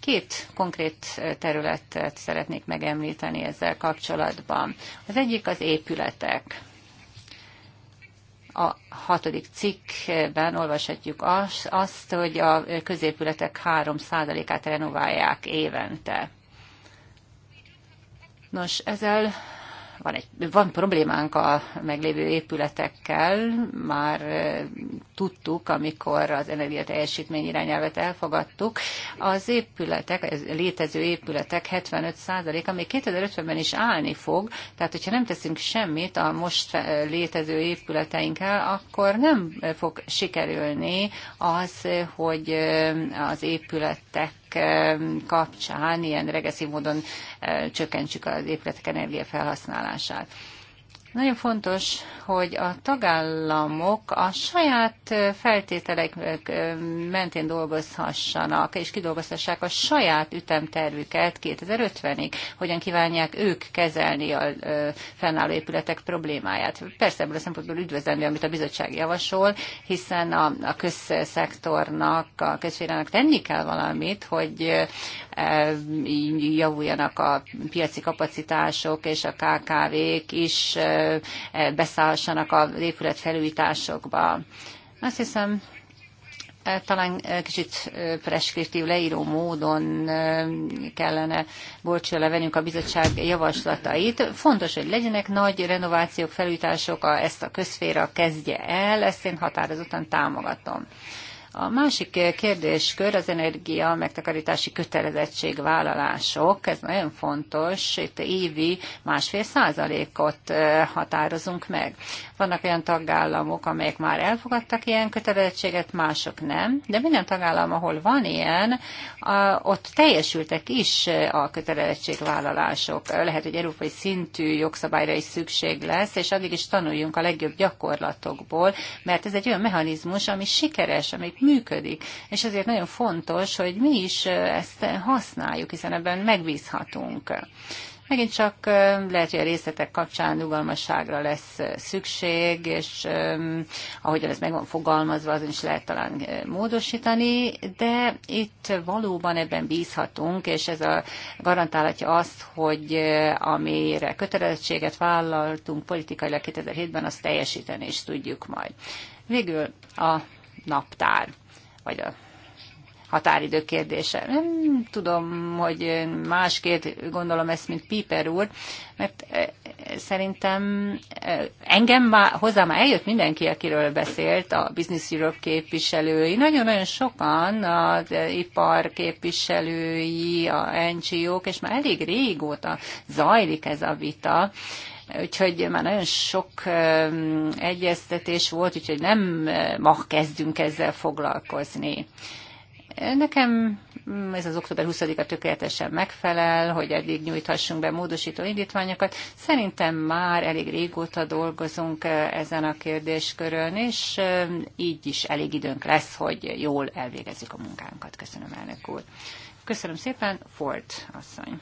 Két konkrét területet szeretnék megemlíteni ezzel kapcsolatban. Az egyik az épületek. A hatodik cikkben olvashatjuk azt, hogy a középületek 3%-át renoválják évente. Nos, ezzel van, egy, van problémánk a meglévő épületekkel, már tudtuk, amikor az teljesítmény irányelvet elfogadtuk. Az épületek, az létező épületek 75%-a még 2050-ben is állni fog, tehát hogyha nem teszünk semmit a most létező épületeinkkel, akkor nem fog sikerülni az, hogy az épületek E, kapcsán ilyen regresszív módon e, csökkentsük az épületek energiafelhasználását. Nagyon fontos, hogy a tagállamok a saját feltételek mentén dolgozhassanak, és kidolgozhassák a saját ütemtervüket 2050-ig, hogyan kívánják ők kezelni a fennálló épületek problémáját. Persze ebből a szempontból üdvözlendő, amit a bizottság javasol, hiszen a, a közszektornak, a közférának tenni kell valamit, hogy e, javuljanak a piaci kapacitások és a KKV-k is beszállhassanak a épület felújításokba. Azt hiszem, e, talán e, kicsit e, preskriptív, leíró módon kellene borcsra levenünk a bizottság javaslatait. Fontos, hogy legyenek nagy renovációk, felújítások, ezt a közféra kezdje el, ezt én határozottan támogatom. A másik kérdéskör az energia megtakarítási kötelezettség vállalások, Ez nagyon fontos. Itt évi másfél százalékot határozunk meg. Vannak olyan tagállamok, amelyek már elfogadtak ilyen kötelezettséget, mások nem, de minden tagállam, ahol van ilyen, ott teljesültek is a kötelezettségvállalások. Lehet, hogy európai szintű jogszabályra is szükség lesz, és addig is tanuljunk a legjobb gyakorlatokból, mert ez egy olyan mechanizmus, ami sikeres, amit működik. És ezért nagyon fontos, hogy mi is ezt használjuk, hiszen ebben megbízhatunk. Megint csak lehet, hogy a részletek kapcsán rugalmasságra lesz szükség, és ahogyan ez meg van fogalmazva, azon is lehet talán módosítani, de itt valóban ebben bízhatunk, és ez a garantálhatja azt, hogy amire kötelezettséget vállaltunk politikailag 2007-ben, azt teljesíteni is tudjuk majd. Végül a naptár, vagy a határidő kérdése. Nem tudom, hogy másként gondolom ezt, mint Piper úr, mert e, szerintem e, engem már, hozzá már eljött mindenki, akiről beszélt, a Business Europe képviselői, nagyon-nagyon sokan az ipar képviselői, a NGO-k, és már elég régóta zajlik ez a vita, úgyhogy már nagyon sok egyeztetés volt, úgyhogy nem ma kezdünk ezzel foglalkozni. Nekem mm, ez az október 20-a tökéletesen megfelel, hogy eddig nyújthassunk be módosító indítványokat. Szerintem már elég régóta dolgozunk ezen a kérdéskörön, és így is elég időnk lesz, hogy jól elvégezzük a munkánkat. Köszönöm, elnök úr. Köszönöm szépen, Ford asszony.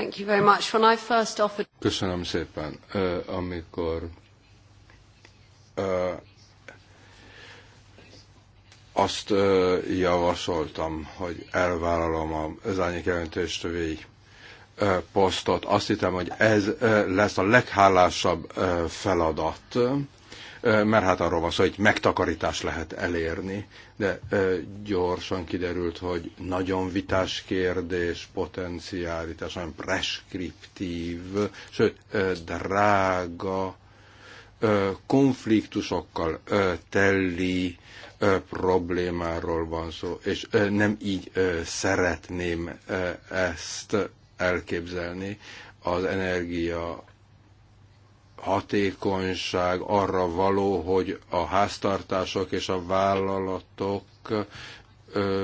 Thank you very much. When I first offered... Köszönöm szépen, amikor azt javasoltam, hogy elvállalom az árnyék jelentéstövői posztot. Azt hittem, hogy ez lesz a leghálásabb feladat mert hát arról van szó, hogy megtakarítást lehet elérni, de gyorsan kiderült, hogy nagyon vitás kérdés, potenciálitás, nagyon preskriptív, sőt, drága, konfliktusokkal teli problémáról van szó, és nem így szeretném ezt elképzelni az energia hatékonyság arra való, hogy a háztartások és a vállalatok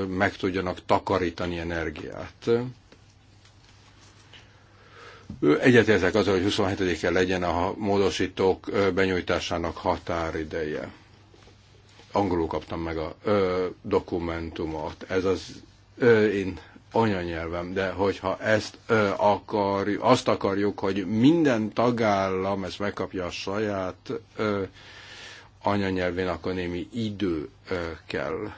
meg tudjanak takarítani energiát. Egyet Egyetértek azzal, hogy 27-e legyen a módosítók benyújtásának határideje. Angolul kaptam meg a ö, dokumentumot. Ez az ö, én anyanyelvem, de hogyha ezt ö, akar, azt akarjuk, hogy minden tagállam ezt megkapja a saját ö, anyanyelvén, akkor némi idő ö, kell.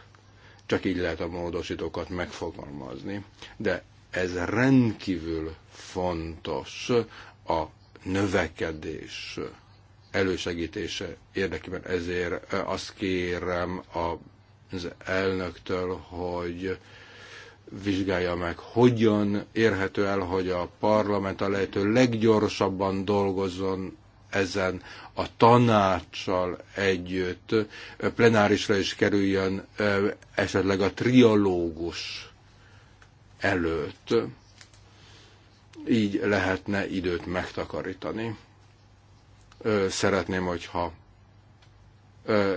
Csak így lehet a módosítókat megfogalmazni. De ez rendkívül fontos a növekedés elősegítése érdekében. Ezért azt kérem az elnöktől, hogy vizsgálja meg, hogyan érhető el, hogy a parlament a lehető leggyorsabban dolgozzon ezen a tanácssal együtt plenárisra is kerüljön esetleg a trialógus előtt. Így lehetne időt megtakarítani. Szeretném, hogyha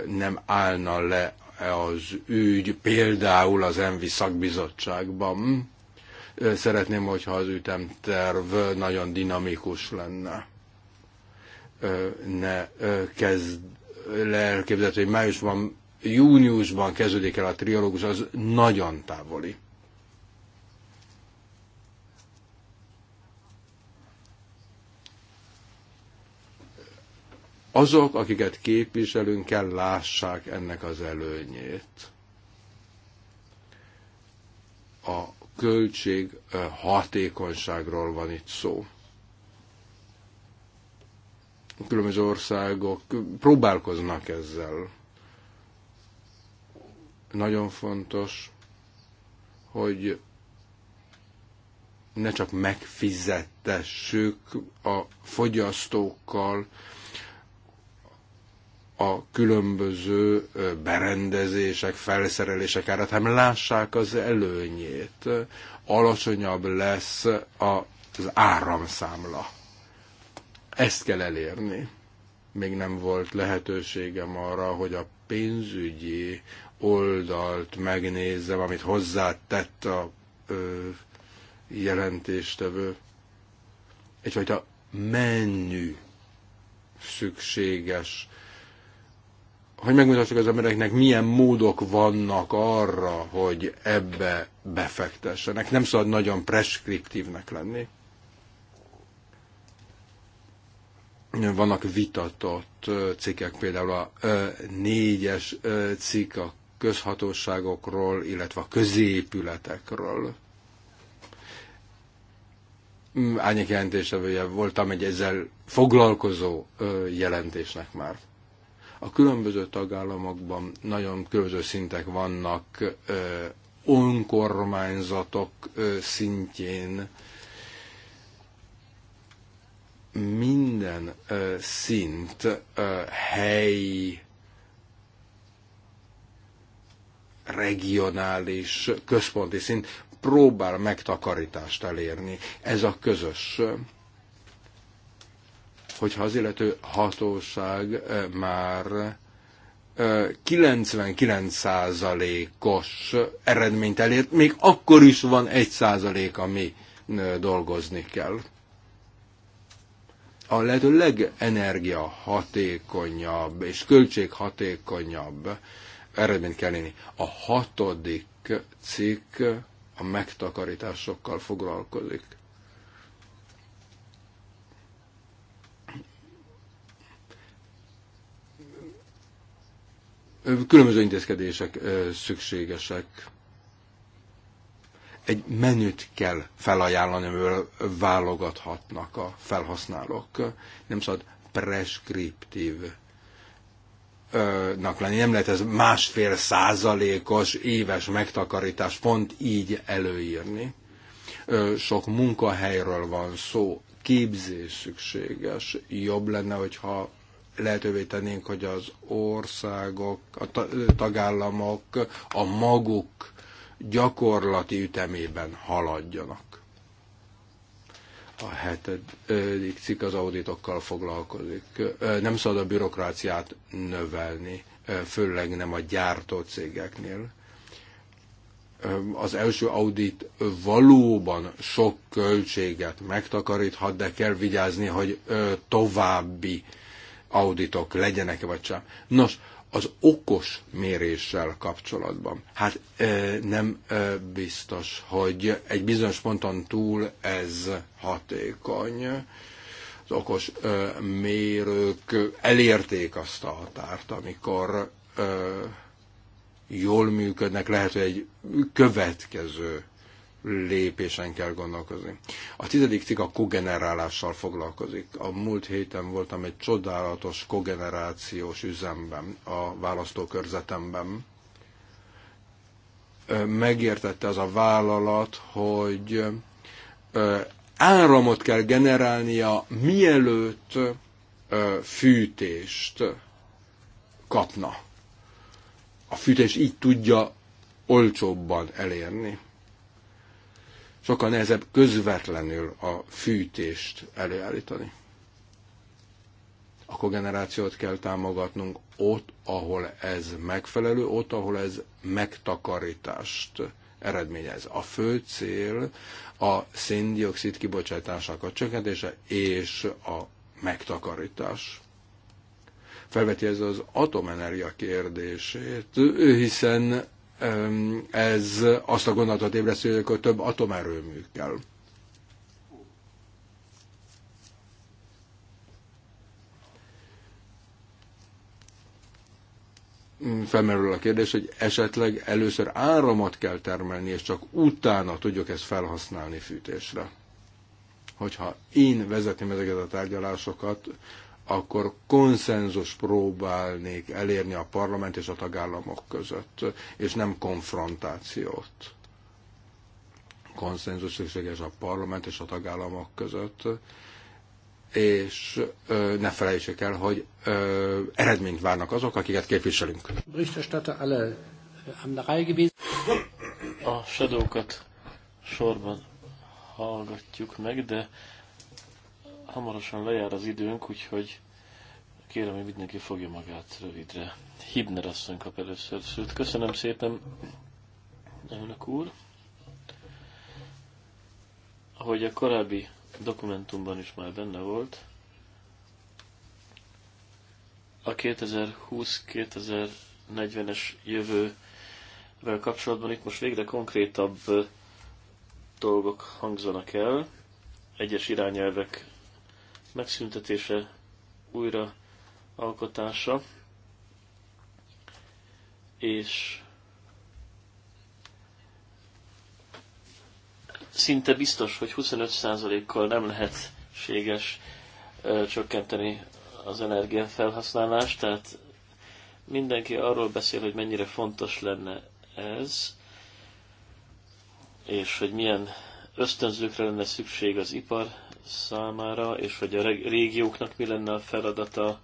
nem állna le az ügy például az ENVI szakbizottságban. Szeretném, hogyha az ütemterv nagyon dinamikus lenne. Ne kezd le hogy májusban, júniusban kezdődik el a triológus, az nagyon távoli. azok, akiket képviselünk kell, lássák ennek az előnyét. A költség hatékonyságról van itt szó. A különböző országok próbálkoznak ezzel. Nagyon fontos, hogy ne csak megfizettessük a fogyasztókkal, a különböző berendezések, felszerelések árát, hanem hát lássák az előnyét. Alacsonyabb lesz az áramszámla. Ezt kell elérni. Még nem volt lehetőségem arra, hogy a pénzügyi oldalt megnézzem, amit hozzátett a ö, jelentéstevő. Egyfajta menü szükséges hogy megmutassuk az embereknek, milyen módok vannak arra, hogy ebbe befektessenek. Nem szabad nagyon preskriptívnek lenni. Vannak vitatott cikkek, például a négyes cikk a közhatóságokról, illetve a középületekről. jelentése jelentésevője voltam egy ezzel foglalkozó jelentésnek már. A különböző tagállamokban nagyon különböző szintek vannak, önkormányzatok szintjén, minden szint helyi, regionális, központi szint próbál megtakarítást elérni. Ez a közös hogyha az illető hatóság eh, már 99%-os eh, eredményt elért, még akkor is van 1% ami eh, dolgozni kell. A lehető legenergiahatékonyabb és költséghatékonyabb eredményt kell lenni. A hatodik cikk a megtakarításokkal foglalkozik. különböző intézkedések szükségesek. Egy menüt kell felajánlani, amivel válogathatnak a felhasználók. Nem szabad preskriptív nak lenni. Nem lehet ez másfél százalékos éves megtakarítás pont így előírni. Sok munkahelyről van szó, képzés szükséges. Jobb lenne, hogyha lehetővé tennénk, hogy az országok, a tagállamok a maguk gyakorlati ütemében haladjanak. A hetedik cikk az auditokkal foglalkozik. Nem szabad a bürokráciát növelni, főleg nem a gyártó cégeknél. Az első audit valóban sok költséget megtakaríthat, de kell vigyázni, hogy további auditok legyenek vagy sem. Nos, az okos méréssel kapcsolatban. Hát nem biztos, hogy egy bizonyos ponton túl ez hatékony. Az okos mérők elérték azt a határt, amikor jól működnek, lehet, hogy egy következő lépésen kell gondolkozni. A tizedik cikk a kogenerálással foglalkozik. A múlt héten voltam egy csodálatos kogenerációs üzemben, a választókörzetemben. Megértette az a vállalat, hogy áramot kell generálnia, mielőtt fűtést kapna. A fűtés így tudja olcsóbban elérni sokkal nehezebb közvetlenül a fűtést előállítani. A kogenerációt kell támogatnunk ott, ahol ez megfelelő, ott, ahol ez megtakarítást eredményez. A fő cél a széndiokszid kibocsátásának a csökkentése és a megtakarítás. Felveti ez az atomenergia kérdését, hiszen ez azt a gondolatot ébresztő, hogy több atomerőmű kell. Mm, felmerül a kérdés, hogy esetleg először áramot kell termelni, és csak utána tudjuk ezt felhasználni fűtésre. Hogyha én vezetném ezeket a tárgyalásokat, akkor konszenzus próbálnék elérni a parlament és a tagállamok között, és nem konfrontációt. Konszenzus szükséges a parlament és a tagállamok között, és ö, ne felejtsék el, hogy ö, eredményt várnak azok, akiket képviselünk. Äh, a sadókat sorban hallgatjuk meg, de hamarosan lejár az időnk, úgyhogy kérem, hogy mindenki fogja magát rövidre. Hibner asszony kap először szült. Köszönöm szépen, elnök úr. Ahogy a korábbi dokumentumban is már benne volt, a 2020-2040-es jövővel kapcsolatban itt most végre konkrétabb dolgok hangzanak el, egyes irányelvek megszüntetése, újra alkotása, és szinte biztos, hogy 25%-kal nem lehetséges ö, csökkenteni az energiafelhasználást, tehát mindenki arról beszél, hogy mennyire fontos lenne ez, és hogy milyen ösztönzőkre lenne szükség az ipar számára, és hogy a régióknak mi lenne a feladata,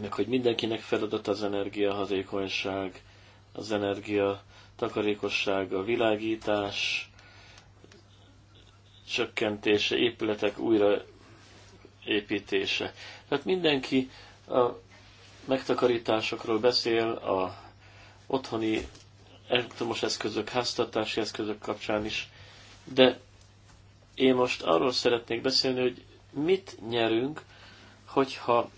meg hogy mindenkinek feladat az energiahatékonyság, az energia takarékosság, a világítás csökkentése, épületek újraépítése. Tehát mindenki a megtakarításokról beszél, a otthoni elektromos eszközök, háztartási eszközök kapcsán is, de én most arról szeretnék beszélni, hogy mit nyerünk, hogyha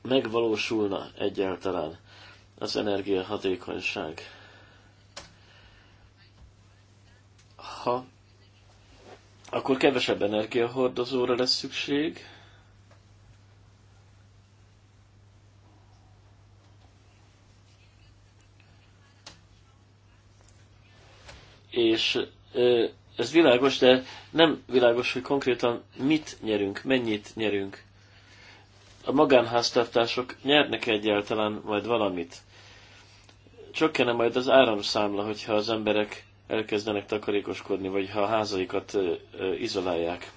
megvalósulna egyáltalán az energiahatékonyság. Ha akkor kevesebb energiahordozóra lesz szükség, és ö, ez világos, de nem világos, hogy konkrétan mit nyerünk, mennyit nyerünk. A magánháztartások nyernek egyáltalán majd valamit. Csökkene majd az áramszámla, hogyha az emberek elkezdenek takarékoskodni, vagy ha a házaikat izolálják.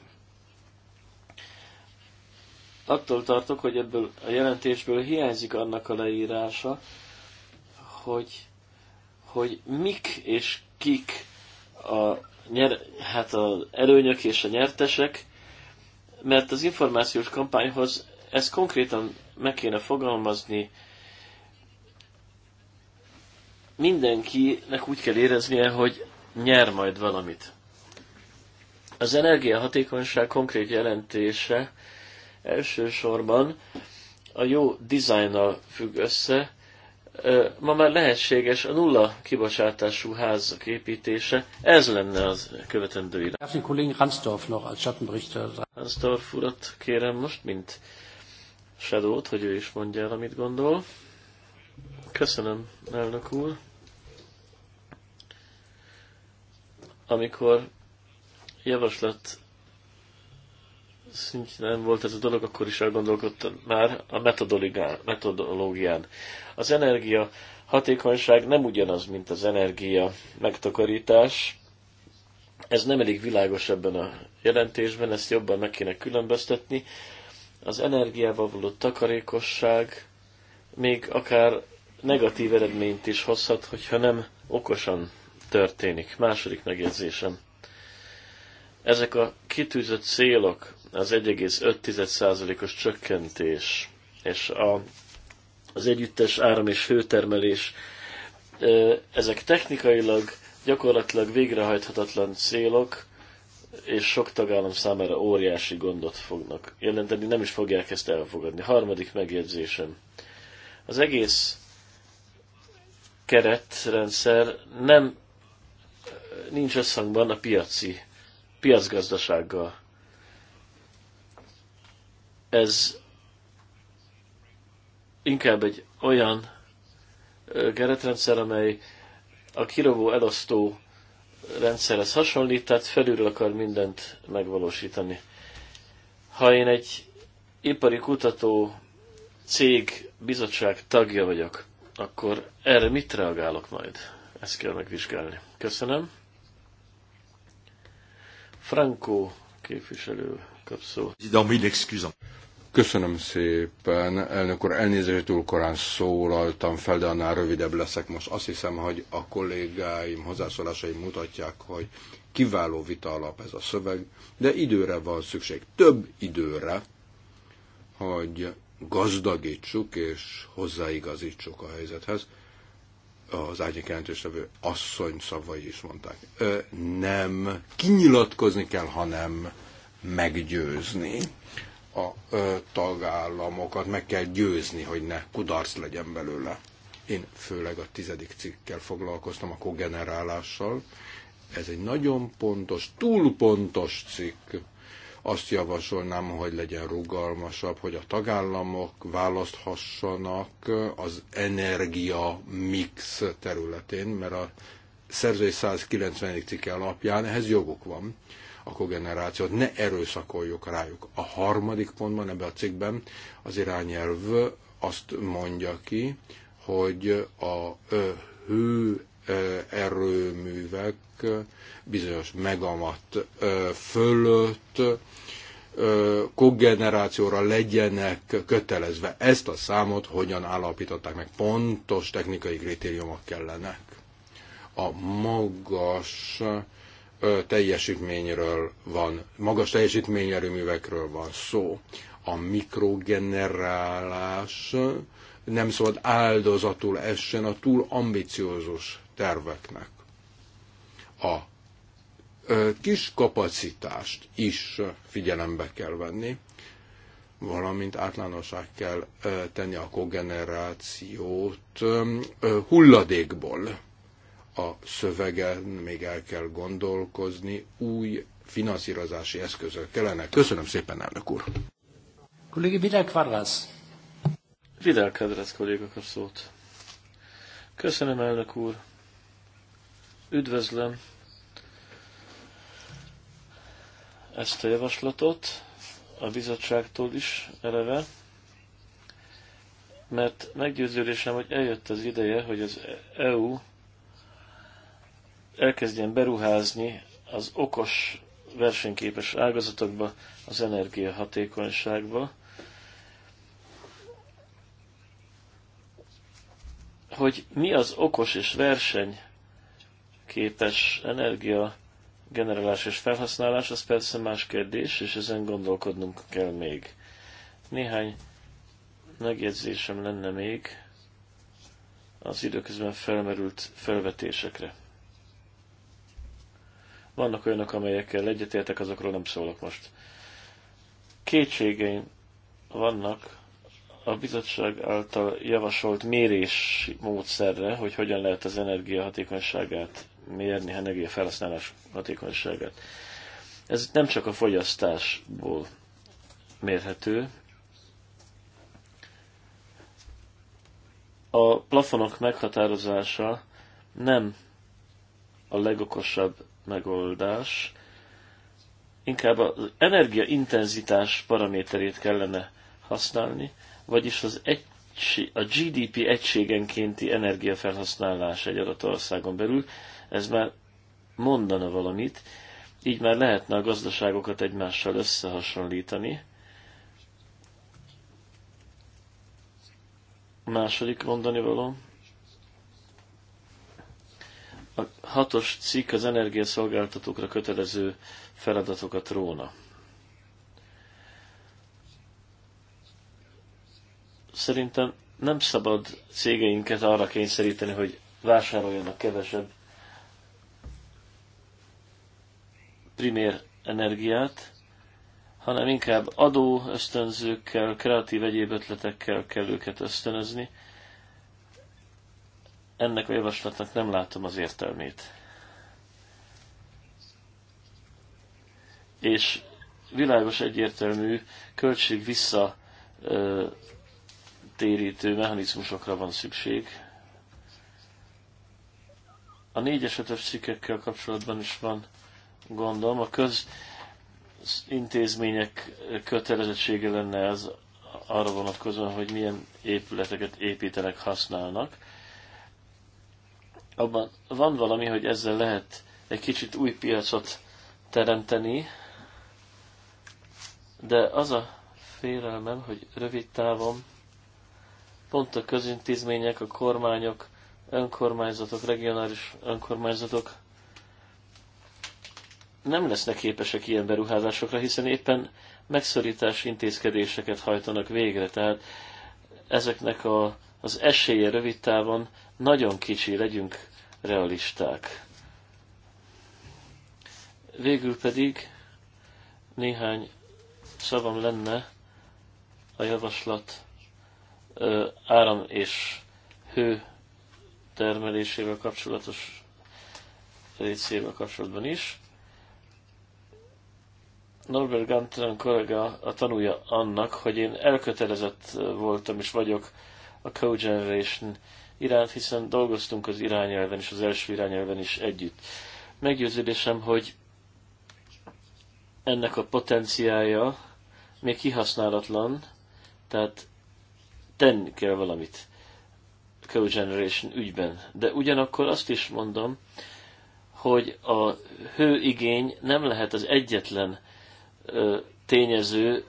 Attól tartok, hogy ebből a jelentésből hiányzik annak a leírása, hogy, hogy mik és kik a nyer, hát az előnyök és a nyertesek, mert az információs kampányhoz ezt konkrétan meg kéne fogalmazni, mindenkinek úgy kell éreznie, hogy nyer majd valamit. Az energiahatékonyság konkrét jelentése elsősorban a jó dizájnnal függ össze, ma már lehetséges a nulla kibocsátású házak építése. Ez lenne az követendő irány. Ransdorf Ransdorf urat kérem most, mint shadow hogy ő is mondja el, amit gondol. Köszönöm, elnök úr. Amikor javaslat szintjén volt ez a dolog, akkor is elgondolkodtam már a metodológián. Az energia hatékonyság nem ugyanaz, mint az energia megtakarítás. Ez nem elég világos ebben a jelentésben, ezt jobban meg kéne különböztetni. Az energiával való takarékosság még akár negatív eredményt is hozhat, hogyha nem okosan történik. Második megjegyzésem. Ezek a kitűzött célok, az 1,5%-os csökkentés és a, az együttes áram és hőtermelés, ezek technikailag gyakorlatilag végrehajthatatlan célok, és sok tagállam számára óriási gondot fognak jelenteni, nem is fogják ezt elfogadni. Harmadik megjegyzésem. Az egész keretrendszer nem nincs összhangban a piaci, piacgazdasággal. Ez inkább egy olyan keretrendszer, amely a kirovó elosztó rendszerhez hasonlít, tehát felülről akar mindent megvalósítani. Ha én egy ipari kutató cég bizottság tagja vagyok, akkor erre mit reagálok majd? Ezt kell megvizsgálni. Köszönöm. Franco képviselő kap szót. Köszönöm szépen, elnök úr, elnézést, túl korán szólaltam fel, de annál rövidebb leszek most. Azt hiszem, hogy a kollégáim hozzászólásai mutatják, hogy kiváló vita alap ez a szöveg, de időre van szükség, több időre, hogy gazdagítsuk és hozzáigazítsuk a helyzethez. Az ágyik jelentéstevő asszony szavai is mondták. nem kinyilatkozni kell, hanem meggyőzni a tagállamokat meg kell győzni, hogy ne kudarc legyen belőle. Én főleg a tizedik cikkkel foglalkoztam, a kogenerálással. Ez egy nagyon pontos, túl pontos cikk. Azt javasolnám, hogy legyen rugalmasabb, hogy a tagállamok választhassanak az energia mix területén, mert a szerzői 190. cikke alapján ehhez joguk van a kogenerációt, ne erőszakoljuk rájuk. A harmadik pontban ebben a cikkben az irányelv azt mondja ki, hogy a hő erőművek bizonyos megamat fölött kogenerációra legyenek kötelezve. Ezt a számot hogyan állapították meg? Pontos technikai kritériumok kellenek. A magas teljesítményről van, magas teljesítményerőművekről van szó. A mikrogenerálás nem szabad áldozatul essen a túl ambiciózus terveknek. A kis kapacitást is figyelembe kell venni, valamint átlánosság kell tenni a kogenerációt hulladékból a szövegen, még el kell gondolkozni, új finanszírozási eszközök kellene. Köszönöm szépen, elnök úr! Kollégi Vidal Kvarlász. Vidal Kvarlász kolléga kap szót. Köszönöm, elnök úr! Üdvözlöm ezt a javaslatot a bizottságtól is eleve, mert meggyőződésem, hogy eljött az ideje, hogy az e- EU elkezdjen beruházni az okos versenyképes ágazatokba, az energiahatékonyságba, hogy mi az okos és versenyképes energia generálás és felhasználás, az persze más kérdés, és ezen gondolkodnunk kell még. Néhány megjegyzésem lenne még az időközben felmerült felvetésekre. Vannak olyanok, amelyekkel egyetértek, azokról nem szólok most. Kétségeim vannak a bizottság által javasolt mérés módszerre, hogy hogyan lehet az energia hatékonyságát mérni, felhasználás hatékonyságát. Ez nem csak a fogyasztásból mérhető. A plafonok meghatározása nem a legokosabb megoldás. Inkább az energiaintenzitás paraméterét kellene használni, vagyis az egység, a GDP egységenkénti energiafelhasználás egy adott országon belül, ez már mondana valamit, így már lehetne a gazdaságokat egymással összehasonlítani. Második mondani való. A hatos cikk az energiaszolgáltatókra kötelező feladatokat róna. Szerintem nem szabad cégeinket arra kényszeríteni, hogy vásároljanak kevesebb primér energiát, hanem inkább adó ösztönzőkkel, kreatív egyéb ötletekkel kell őket ösztönözni, ennek a javaslatnak nem látom az értelmét. És világos egyértelmű költség vissza térítő mechanizmusokra van szükség. A 4-es 5 cikkekkel kapcsolatban is van gondom. A közintézmények kötelezettsége lenne az arra vonatkozóan, hogy milyen épületeket építenek, használnak abban van valami, hogy ezzel lehet egy kicsit új piacot teremteni, de az a félelmem, hogy rövid távon pont a közintézmények, a kormányok, önkormányzatok, regionális önkormányzatok nem lesznek képesek ilyen beruházásokra, hiszen éppen megszorítás intézkedéseket hajtanak végre. Tehát ezeknek a az esélye rövid távon nagyon kicsi, legyünk realisták. Végül pedig néhány szavam lenne a javaslat áram és hő termelésével kapcsolatos részével kapcsolatban is. Norbert Gantran kollega a tanúja annak, hogy én elkötelezett voltam és vagyok a code generation iránt, hiszen dolgoztunk az irányelven és az első irányelven is együtt. Meggyőződésem, hogy ennek a potenciája még kihasználatlan, tehát tenni kell valamit code generation ügyben. De ugyanakkor azt is mondom, hogy a hőigény nem lehet az egyetlen ö, tényező,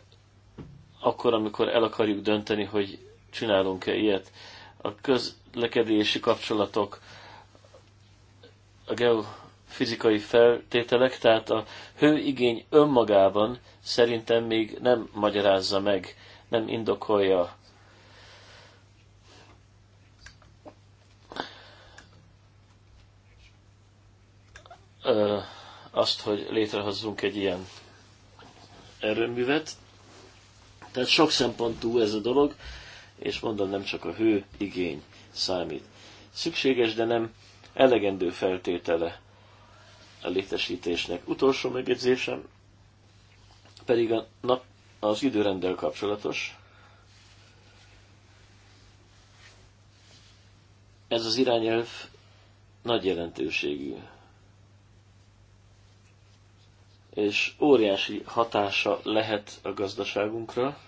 akkor, amikor el akarjuk dönteni, hogy csinálunk-e ilyet. A közlekedési kapcsolatok, a geofizikai feltételek, tehát a hőigény önmagában szerintem még nem magyarázza meg, nem indokolja azt, hogy létrehozzunk egy ilyen erőművet. Tehát sok szempontú ez a dolog és mondom, nem csak a hő igény számít. Szükséges, de nem elegendő feltétele a létesítésnek. Utolsó megjegyzésem pedig a nap, az időrendel kapcsolatos. Ez az irányelv nagy jelentőségű. És óriási hatása lehet a gazdaságunkra,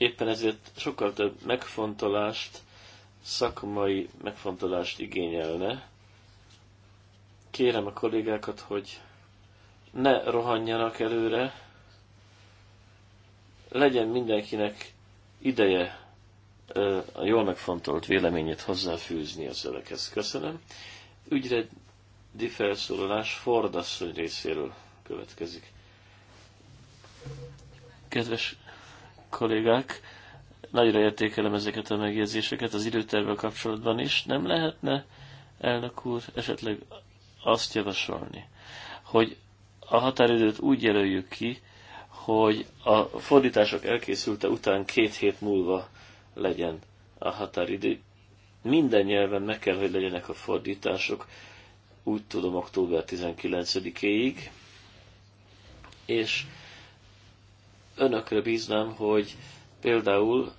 Éppen ezért sokkal több megfontolást, szakmai megfontolást igényelne. Kérem a kollégákat, hogy ne rohanjanak előre, legyen mindenkinek ideje a jól megfontolt véleményét hozzáfűzni az ölekhez. Köszönöm. Ügyre difelszólalás Ford asszony részéről következik. Kedves kollégák, nagyra értékelem ezeket a megjegyzéseket az időtervvel kapcsolatban is. Nem lehetne, elnök úr, esetleg azt javasolni, hogy a határidőt úgy jelöljük ki, hogy a fordítások elkészülte után két hét múlva legyen a határidő. Minden nyelven meg kell, hogy legyenek a fordítások, úgy tudom, október 19-éig, és önökre bíznám, hogy például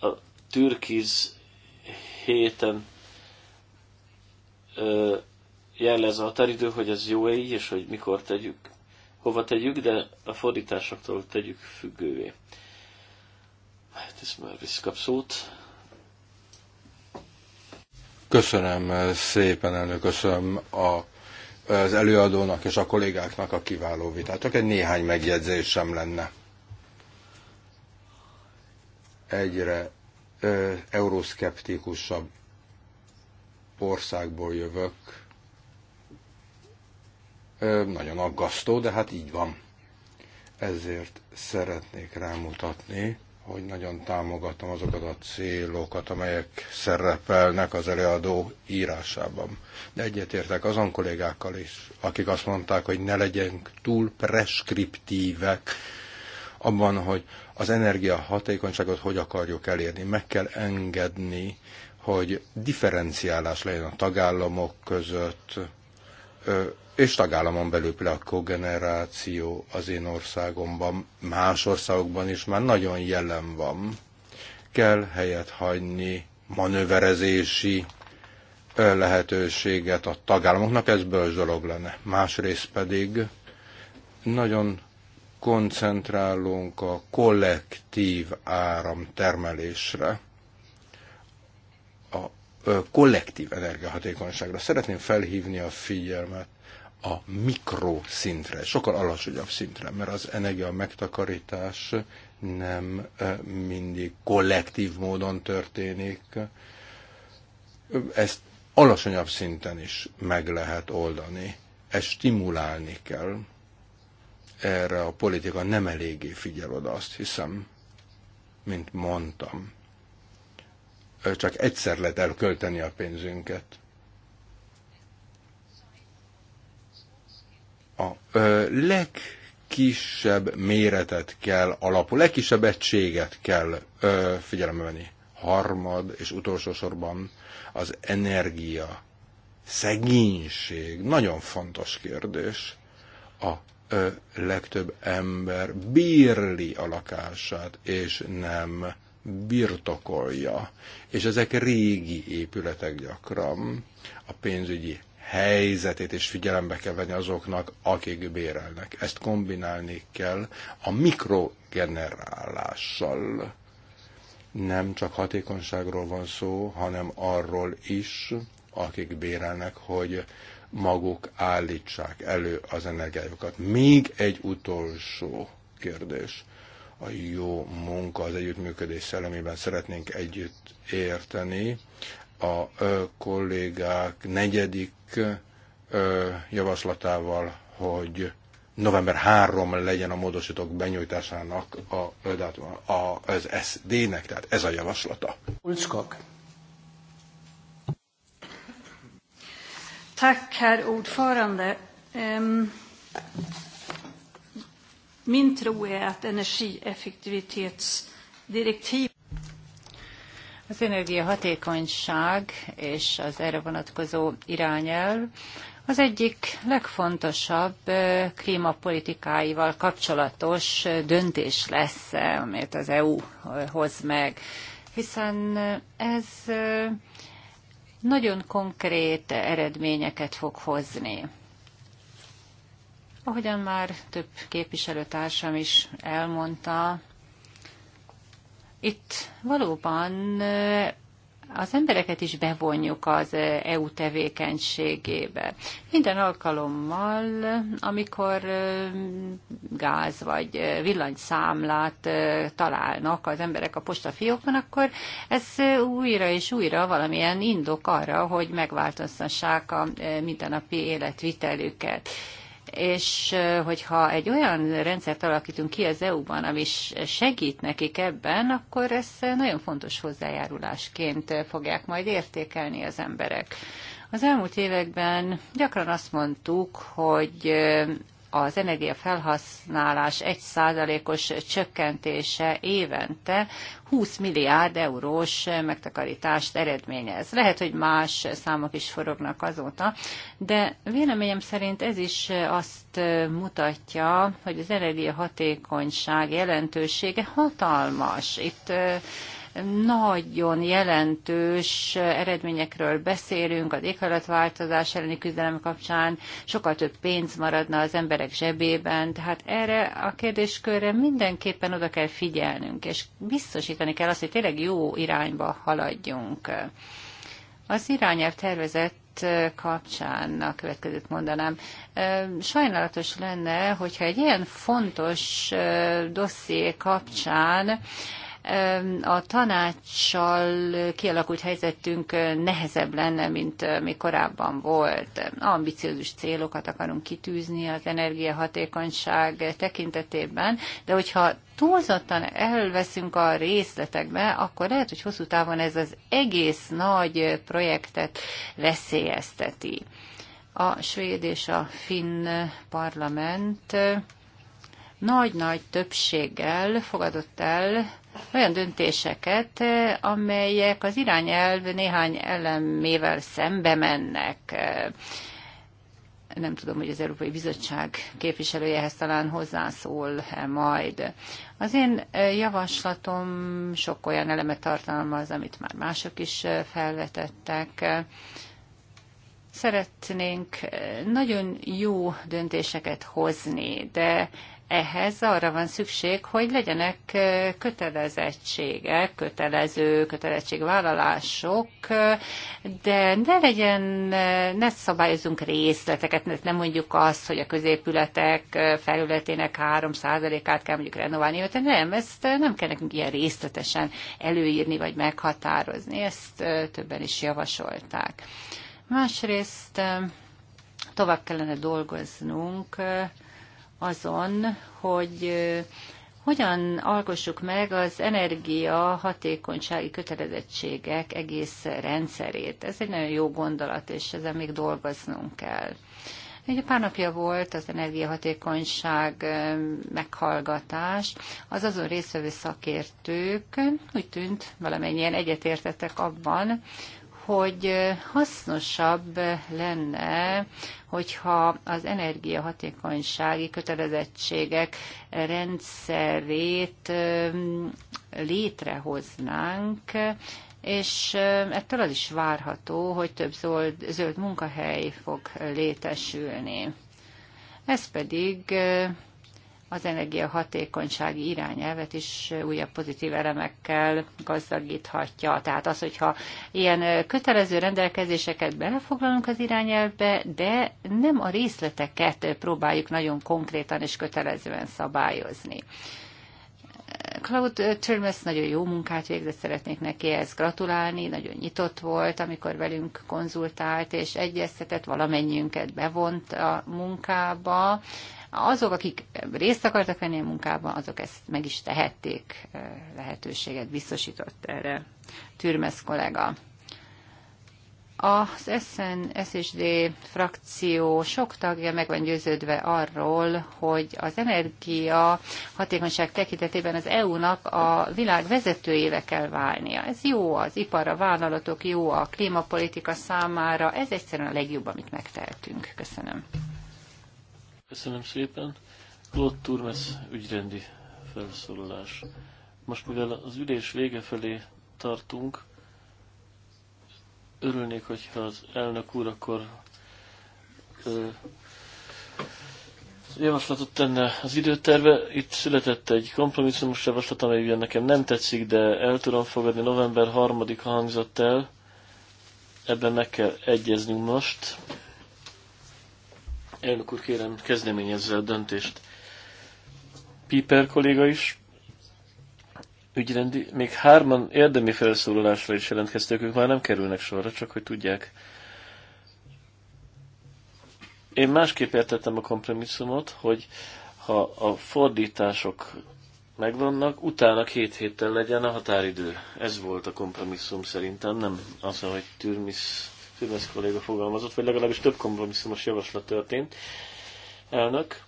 a türkiz héten ö, jellez a határidő, hogy ez jó-e így, és hogy mikor tegyük, hova tegyük, de a fordításoktól tegyük függővé. Hát ez már visszkap szót. Köszönöm szépen, elnök, köszönöm a az előadónak és a kollégáknak a kiváló vitát. Csak egy néhány megjegyzésem lenne egyre ö, euroszkeptikusabb országból jövök. Ö, nagyon aggasztó, de hát így van. Ezért szeretnék rámutatni, hogy nagyon támogatom azokat a célokat, amelyek szerepelnek az előadó írásában. De egyetértek azon kollégákkal is, akik azt mondták, hogy ne legyünk túl preskriptívek, abban, hogy az energia hatékonyságot hogy akarjuk elérni. Meg kell engedni, hogy differenciálás legyen a tagállamok között, és tagállamon belül például a kogeneráció az én országomban, más országokban is már nagyon jelen van. Kell helyet hagyni manőverezési lehetőséget a tagállamoknak, ez bölcs dolog lenne. Másrészt pedig nagyon koncentrálunk a kollektív áramtermelésre, a kollektív energiahatékonyságra. Szeretném felhívni a figyelmet a mikroszintre, sokkal alacsonyabb szintre, mert az energia megtakarítás nem mindig kollektív módon történik. Ezt alacsonyabb szinten is meg lehet oldani. Ezt stimulálni kell erre a politika nem eléggé figyel oda, azt hiszem, mint mondtam. Csak egyszer lehet elkölteni a pénzünket. A ö, legkisebb méretet kell alapul, legkisebb egységet kell ö, figyelembe venni. Harmad és utolsó sorban az energia, szegénység, nagyon fontos kérdés. A legtöbb ember bírli a lakását, és nem birtokolja. És ezek régi épületek gyakran. A pénzügyi helyzetét és figyelembe kell venni azoknak, akik bérelnek. Ezt kombinálni kell a mikrogenerálással. Nem csak hatékonyságról van szó, hanem arról is, akik bérelnek, hogy maguk állítsák elő az energiájukat. Még egy utolsó kérdés. A jó munka, az együttműködés szellemében szeretnénk együtt érteni. A ö, kollégák negyedik ö, javaslatával, hogy november 3 legyen a módosítók benyújtásának a, a, az SD-nek, tehát ez a javaslata. Ulcskok. Tack, herr ordförande. Ehm, min tro är att energieffektivitetsdirektiv az energiahatékonyság és az erre vonatkozó irányelv az egyik legfontosabb klímapolitikáival kapcsolatos döntés lesz, amelyet az EU hoz meg, hiszen ez nagyon konkrét eredményeket fog hozni. Ahogyan már több képviselőtársam is elmondta, itt valóban az embereket is bevonjuk az EU tevékenységébe. Minden alkalommal, amikor gáz vagy villanyszámlát találnak az emberek a postafiókon, akkor ez újra és újra valamilyen indok arra, hogy megváltoztassák a mindennapi életvitelüket és hogyha egy olyan rendszert alakítunk ki az EU-ban, ami segít nekik ebben, akkor ezt nagyon fontos hozzájárulásként fogják majd értékelni az emberek. Az elmúlt években gyakran azt mondtuk, hogy az energiafelhasználás 1%-os csökkentése évente 20 milliárd eurós megtakarítást eredményez. Lehet, hogy más számok is forognak azóta, de véleményem szerint ez is azt mutatja, hogy az energiahatékonyság jelentősége hatalmas. Itt nagyon jelentős eredményekről beszélünk az éghajlatváltozás elleni küzdelem kapcsán, sokkal több pénz maradna az emberek zsebében, tehát erre a kérdéskörre mindenképpen oda kell figyelnünk, és biztosítani kell azt, hogy tényleg jó irányba haladjunk. Az irányelv tervezett kapcsán a következőt mondanám. Sajnálatos lenne, hogyha egy ilyen fontos dosszié kapcsán a tanácssal kialakult helyzetünk nehezebb lenne, mint eh, mi korábban volt. Ambiciózus célokat akarunk kitűzni az energiahatékonyság tekintetében, de hogyha túlzottan elveszünk a részletekbe, akkor lehet, hogy hosszú távon ez az egész nagy projektet veszélyezteti. A svéd és a finn parlament eh, nagy-nagy többséggel fogadott el olyan döntéseket, eh, amelyek az irányelv néhány elemével szembe mennek. Eh, nem tudom, hogy az Európai Bizottság képviselője ehhez talán hozzászól -e majd. Az én eh, javaslatom sok olyan elemet tartalmaz, amit már mások is felvetettek. Szeretnénk nagyon jó döntéseket hozni, de ehhez arra van szükség, hogy legyenek kötelezettségek, kötelező kötelezettségvállalások, de ne legyen, ne szabályozunk részleteket, nem mondjuk azt, hogy a középületek felületének 3%-át kell mondjuk renoválni, mert nem, ezt nem kell nekünk ilyen részletesen előírni vagy meghatározni, ezt többen is javasolták. Másrészt tovább kellene dolgoznunk, azon, hogy hogyan alkossuk meg az energia hatékonysági kötelezettségek egész rendszerét. Ez egy nagyon jó gondolat, és ezen még dolgoznunk kell. Egy pár napja volt az energiahatékonyság meghallgatás. Az azon résztvevő szakértők úgy tűnt, valamennyien egyetértettek abban, hogy hasznosabb lenne, hogyha az energiahatékonysági kötelezettségek rendszerét létrehoznánk, és ettől az is várható, hogy több zöld, zöld munkahely fog létesülni. Ez pedig az energiahatékonysági irányelvet is újabb pozitív elemekkel gazdagíthatja. Tehát az, hogyha ilyen kötelező rendelkezéseket belefoglalunk az irányelvbe, de nem a részleteket próbáljuk nagyon konkrétan és kötelezően szabályozni. Claude Turmes nagyon jó munkát végzett, szeretnék neki ezt gratulálni, nagyon nyitott volt, amikor velünk konzultált és egyeztetett, valamennyiünket bevont a munkába, azok, akik részt akartak venni a munkában, azok ezt meg is tehették, lehetőséget biztosított erre Türmes kollega. Az SN, SSD frakció sok tagja meg van győződve arról, hogy az energia hatékonyság tekintetében az EU-nak a világ vezetőjével kell válnia. Ez jó az ipar, a vállalatok, jó a klímapolitika számára, ez egyszerűen a legjobb, amit megtehetünk. Köszönöm. Köszönöm szépen. Klott Turmes ügyrendi felszólalás. Most mivel az ülés vége felé tartunk, örülnék, hogyha az elnök úr akkor ö, javaslatot tenne az időterve. Itt született egy kompromisszumos javaslat, amely ugye nekem nem tetszik, de el tudom fogadni. November 3-a hangzott el. Ebben meg kell egyeznünk most. Elnök úr, kérem, kezdeményezze a döntést. Piper kolléga is ügyrendi, még hárman érdemi felszólalásra is jelentkeztek, ők már nem kerülnek sorra, csak hogy tudják. Én másképp értettem a kompromisszumot, hogy ha a fordítások megvannak, utána két héttel legyen a határidő. Ez volt a kompromisszum szerintem, nem az, hogy Türmisz Fidesz kolléga fogalmazott, vagy legalábbis több kompromisszumos javaslat történt. Elnök,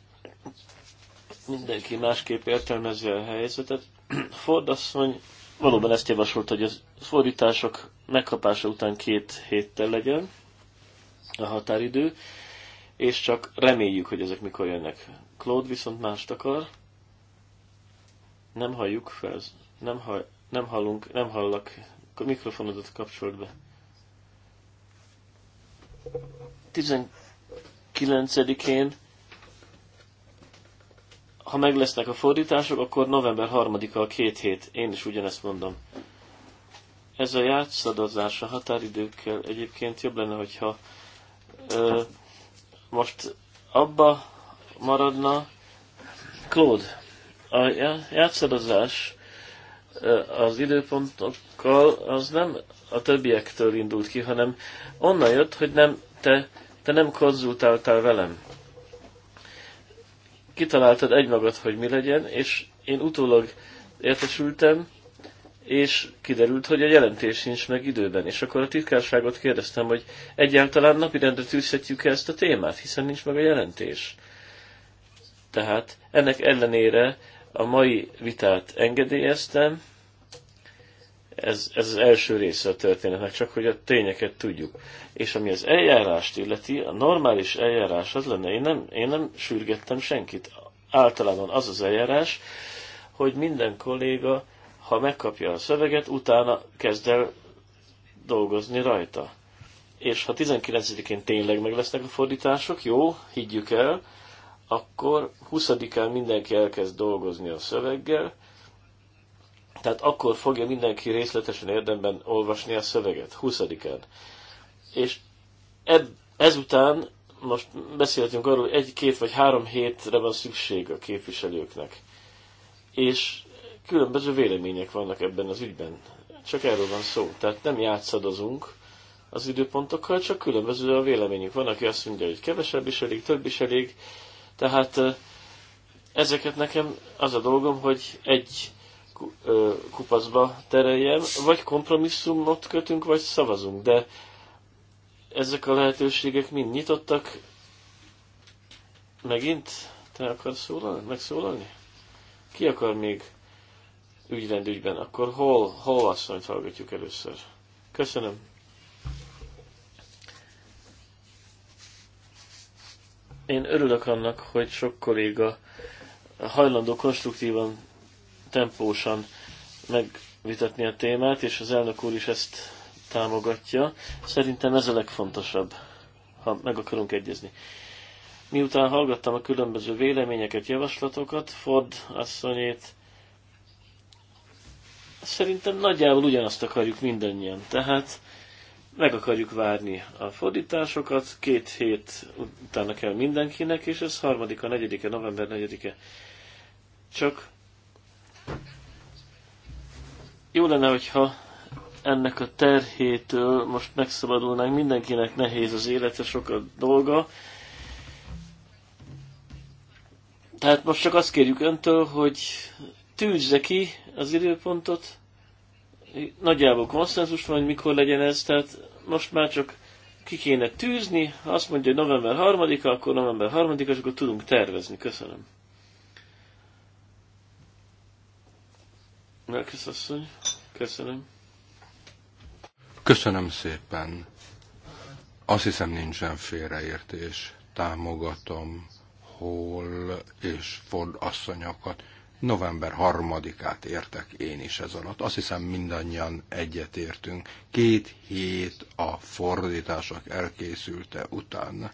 mindenki másképp értelmezi a helyzetet. Ford asszony valóban ezt javasolt, hogy a fordítások megkapása után két héttel legyen a határidő, és csak reméljük, hogy ezek mikor jönnek. Claude viszont mást akar. Nem halljuk fel, nem, hall, nem hallunk, nem hallak. A mikrofonodat kapcsolt be. 19-én, ha meg lesznek a fordítások, akkor november 3-a a két hét. Én is ugyanezt mondom. Ez a játszadozás a határidőkkel egyébként jobb lenne, hogyha ö, most abba maradna. Claude, a játszadozás az időpontokkal az nem a többiektől indult ki, hanem onnan jött, hogy nem, te, te nem konzultáltál velem. Kitaláltad egymagad, hogy mi legyen, és én utólag értesültem, és kiderült, hogy a jelentés sincs meg időben. És akkor a titkárságot kérdeztem, hogy egyáltalán napirendre tűzhetjük -e ezt a témát, hiszen nincs meg a jelentés. Tehát ennek ellenére a mai vitát engedélyeztem, ez, ez az első része a történetnek, csak hogy a tényeket tudjuk. És ami az eljárást illeti, a normális eljárás az lenne, én nem, én nem sürgettem senkit. Általában az az eljárás, hogy minden kolléga, ha megkapja a szöveget, utána kezd el dolgozni rajta. És ha 19-én tényleg meg lesznek a fordítások, jó, higgyük el, akkor 20-án mindenki elkezd dolgozni a szöveggel, tehát akkor fogja mindenki részletesen érdemben olvasni a szöveget, 20-án. És eb, ezután most beszéltünk arról, hogy egy-két vagy három hétre van szükség a képviselőknek. És különböző vélemények vannak ebben az ügyben. Csak erről van szó. Tehát nem játszadozunk az időpontokkal, csak különböző a véleményünk. Van, aki azt mondja, hogy kevesebb is elég, több is elég. Tehát ezeket nekem az a dolgom, hogy egy kupaszba tereljem, vagy kompromisszumot kötünk, vagy szavazunk, de ezek a lehetőségek mind nyitottak. Megint te akarsz szólalni? megszólalni? Ki akar még ügyrendügyben? Akkor hol, hol asszonyt hallgatjuk először? Köszönöm. Én örülök annak, hogy sok kolléga hajlandó konstruktívan tempósan megvitatni a témát, és az elnök úr is ezt támogatja. Szerintem ez a legfontosabb, ha meg akarunk egyezni. Miután hallgattam a különböző véleményeket, javaslatokat, Ford asszonyét, szerintem nagyjából ugyanazt akarjuk mindannyian. Tehát meg akarjuk várni a fordításokat, két hét utána kell mindenkinek, és ez harmadika, negyedike, november negyedike. Csak jó lenne, hogyha ennek a terhétől most megszabadulnánk, mindenkinek nehéz az élete, sok a dolga. Tehát most csak azt kérjük öntől, hogy tűzze ki az időpontot, nagyjából konszenzus van, hogy mikor legyen ez, tehát most már csak ki kéne tűzni, ha azt mondja, hogy november 3-a, akkor november 3-a, és akkor tudunk tervezni. Köszönöm. Merkis asszony, köszönöm. Köszönöm szépen. Azt hiszem nincsen félreértés. Támogatom Hol és Ford asszonyokat. November harmadikát értek én is ez alatt. Azt hiszem mindannyian egyetértünk. Két hét a fordítások elkészülte után.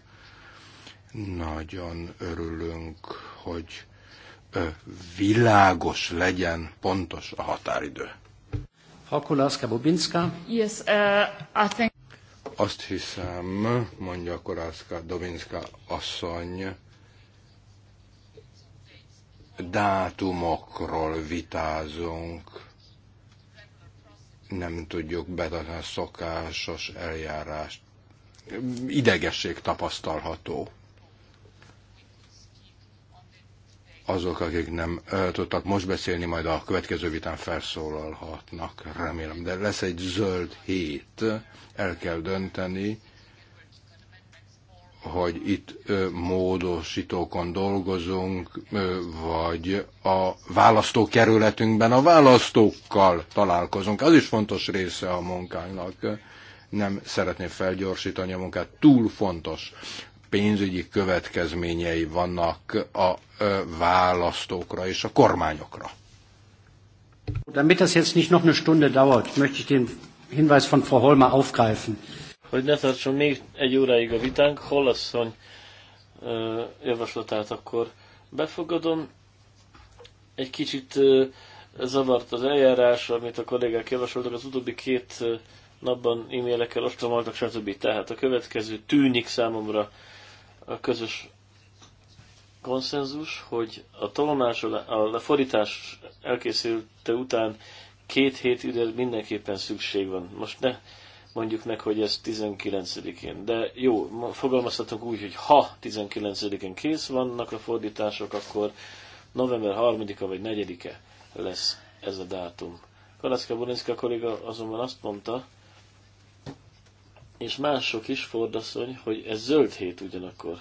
Nagyon örülünk, hogy világos legyen pontos a határidő. Yes, uh, I think... Azt hiszem, mondja Korászka Dobinska asszony, dátumokról vitázunk nem tudjuk betartani a szokásos eljárást. Idegesség tapasztalható. azok, akik nem tudtak most beszélni, majd a következő vitán felszólalhatnak, remélem. De lesz egy zöld hét, el kell dönteni, hogy itt ö, módosítókon dolgozunk, ö, vagy a választókerületünkben a választókkal találkozunk. Az is fontos része a munkánknak. Nem szeretném felgyorsítani a munkát, túl fontos pénzügyi következményei vannak a választókra és a kormányokra. Damit das jetzt nicht noch eine Stunde dauert, möchte ich den Hinweis von Frau Holmer aufgreifen. Hogy ne tartson még egy óráig a vitánk, Hollasszony javaslatát akkor befogadom. Egy kicsit zavart az eljárás, amit a kollégák javasoltak az utóbbi két napban e-mailekkel ostromoltak, stb. Tehát a következő tűnik számomra a közös konszenzus, hogy a tolmásolás, a lefordítás elkészülte után két hét ide mindenképpen szükség van. Most ne mondjuk meg, hogy ez 19-én. De jó, fogalmazhatunk úgy, hogy ha 19-én kész vannak a fordítások, akkor november 3-a vagy 4-e lesz ez a dátum. Kalaszka Borinska kolléga azonban azt mondta, és mások is, Fordasszony, hogy ez zöld hét ugyanakkor.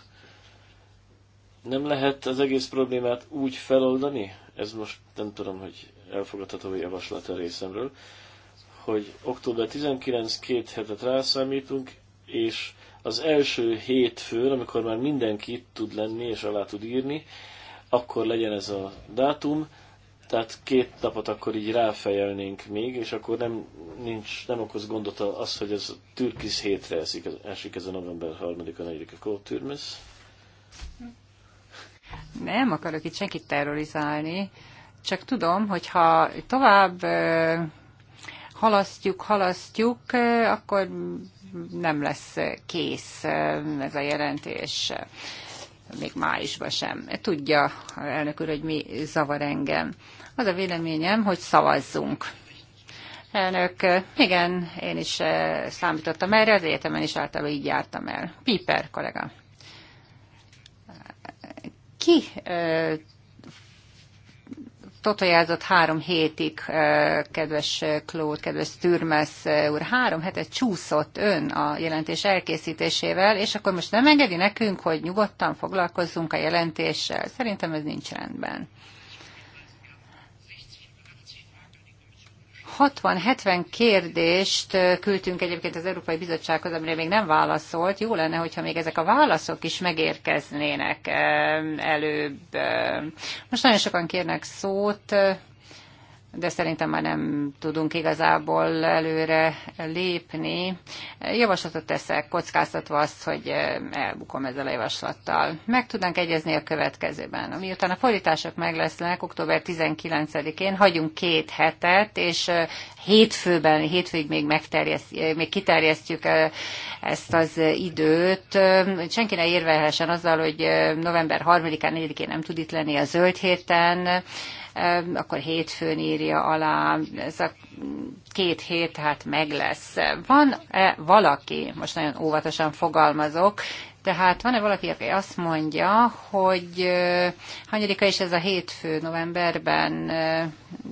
Nem lehet az egész problémát úgy feloldani, ez most nem tudom, hogy elfogadható javaslat a részemről, hogy október 19 két hetet rászámítunk, és az első hétfőn, amikor már mindenki itt tud lenni és alá tud írni, akkor legyen ez a dátum, tehát két napot akkor így ráfejelnénk még, és akkor nem, nincs, nem okoz gondot az, hogy ez türkisz hétre esik, esik ez a november 3-a, 4-a kótürmesz. Nem akarok itt senkit terrorizálni, csak tudom, hogy ha tovább halasztjuk, halasztjuk, akkor nem lesz kész ez a jelentés még májusban sem. Tudja, elnök úr, hogy mi zavar engem. Az a véleményem, hogy szavazzunk. Elnök, igen, én is eh, számítottam erre, az egyetemen is általában így jártam el. Piper kollega. Ki eh, totajázott három hétig, kedves Klót, kedves Türmes úr, három hetet csúszott ön a jelentés elkészítésével, és akkor most nem engedi nekünk, hogy nyugodtan foglalkozzunk a jelentéssel. Szerintem ez nincs rendben. 60-70 kérdést küldtünk egyébként az Európai Bizottsághoz, amire még nem válaszolt. Jó lenne, hogyha még ezek a válaszok is megérkeznének előbb. Most nagyon sokan kérnek szót, de szerintem már nem tudunk igazából előre lépni. Javaslatot teszek, kockáztatva azt, hogy eh, elbukom ezzel a javaslattal. Meg tudnánk egyezni a következőben. Miután a fordítások meg lesznek, október 19-én hagyunk két hetet, és eh, hétfőben, hétfőig még, eh, még kiterjesztjük ezt az időt. Senki ne érvelhessen azzal, hogy november 3-án, 4-én nem tud itt lenni a zöld héten, akkor hétfőn írja alá, ez a két hét hát meg lesz. Van-e valaki, most nagyon óvatosan fogalmazok, tehát van-e valaki, aki azt mondja, hogy hanyadika is ez a hétfő novemberben,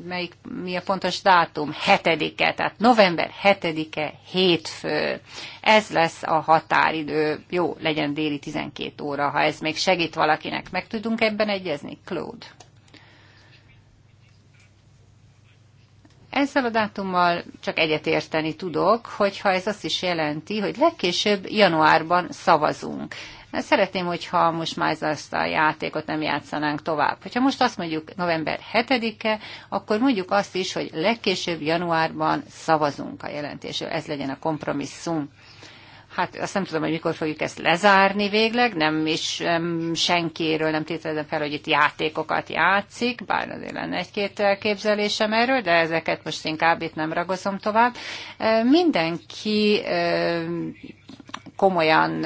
melyik, mi a pontos dátum? Hetedike, tehát november hetedike hétfő. Ez lesz a határidő. Jó, legyen déli 12 óra, ha ez még segít valakinek. Meg tudunk ebben egyezni, Claude? Ezzel a dátummal csak egyetérteni tudok, hogyha ez azt is jelenti, hogy legkésőbb januárban szavazunk. Szeretném, hogyha most már ezt a játékot nem játszanánk tovább. Hogyha most azt mondjuk november 7-e, akkor mondjuk azt is, hogy legkésőbb januárban szavazunk a jelentésről. Ez legyen a kompromisszum. Hát azt nem tudom, hogy mikor fogjuk ezt lezárni végleg, nem is um, senkiről nem tételezem fel, hogy itt játékokat játszik, bár azért lenne egy-két elképzelésem erről, de ezeket most inkább itt nem ragozom tovább. Mindenki komolyan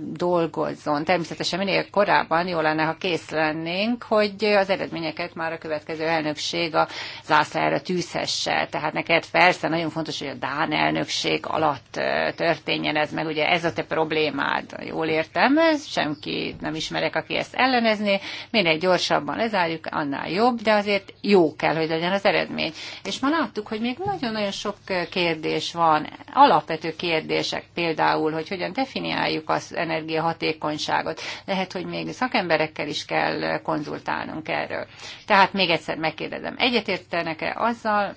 dolgozzon. Természetesen minél korábban jó lenne, ha kész lennénk, hogy az eredményeket már a következő elnökség a zászlára tűzhesse. Tehát neked persze nagyon fontos, hogy a Dán elnökség alatt történjen ez, meg ugye ez a te problémád, jól értem, ez semki nem ismerek, aki ezt ellenezné, minél gyorsabban lezárjuk, annál jobb, de azért jó kell, hogy legyen az eredmény. És ma láttuk, hogy még nagyon-nagyon sok kérdés van, alapvető kérdések, például, hogy hogyan definiáljuk az energiahatékonyságot. Lehet, hogy még szakemberekkel is kell konzultálnunk erről. Tehát még egyszer megkérdezem, egyetértenek-e azzal,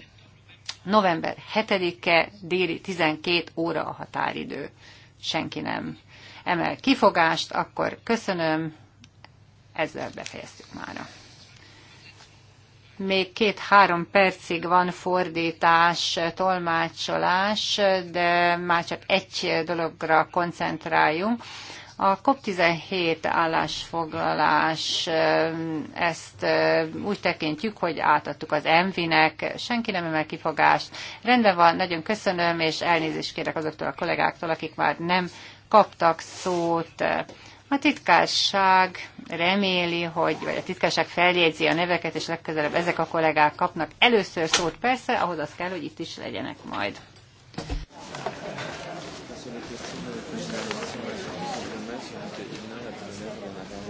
november 7-e déli 12 óra a határidő. Senki nem emel kifogást, akkor köszönöm, ezzel befejeztük mára még két-három percig van fordítás, tolmácsolás, de már csak egy dologra koncentráljunk. A COP17 állásfoglalás, ezt úgy tekintjük, hogy átadtuk az MV-nek, senki nem emel kifogást. Rendben van, nagyon köszönöm, és elnézést kérek azoktól a kollégáktól, akik már nem kaptak szót. A titkárság reméli, hogy, vagy a titkárság feljegyzi a neveket, és legközelebb ezek a kollégák kapnak először szót, persze, ahhoz az kell, hogy itt is legyenek majd.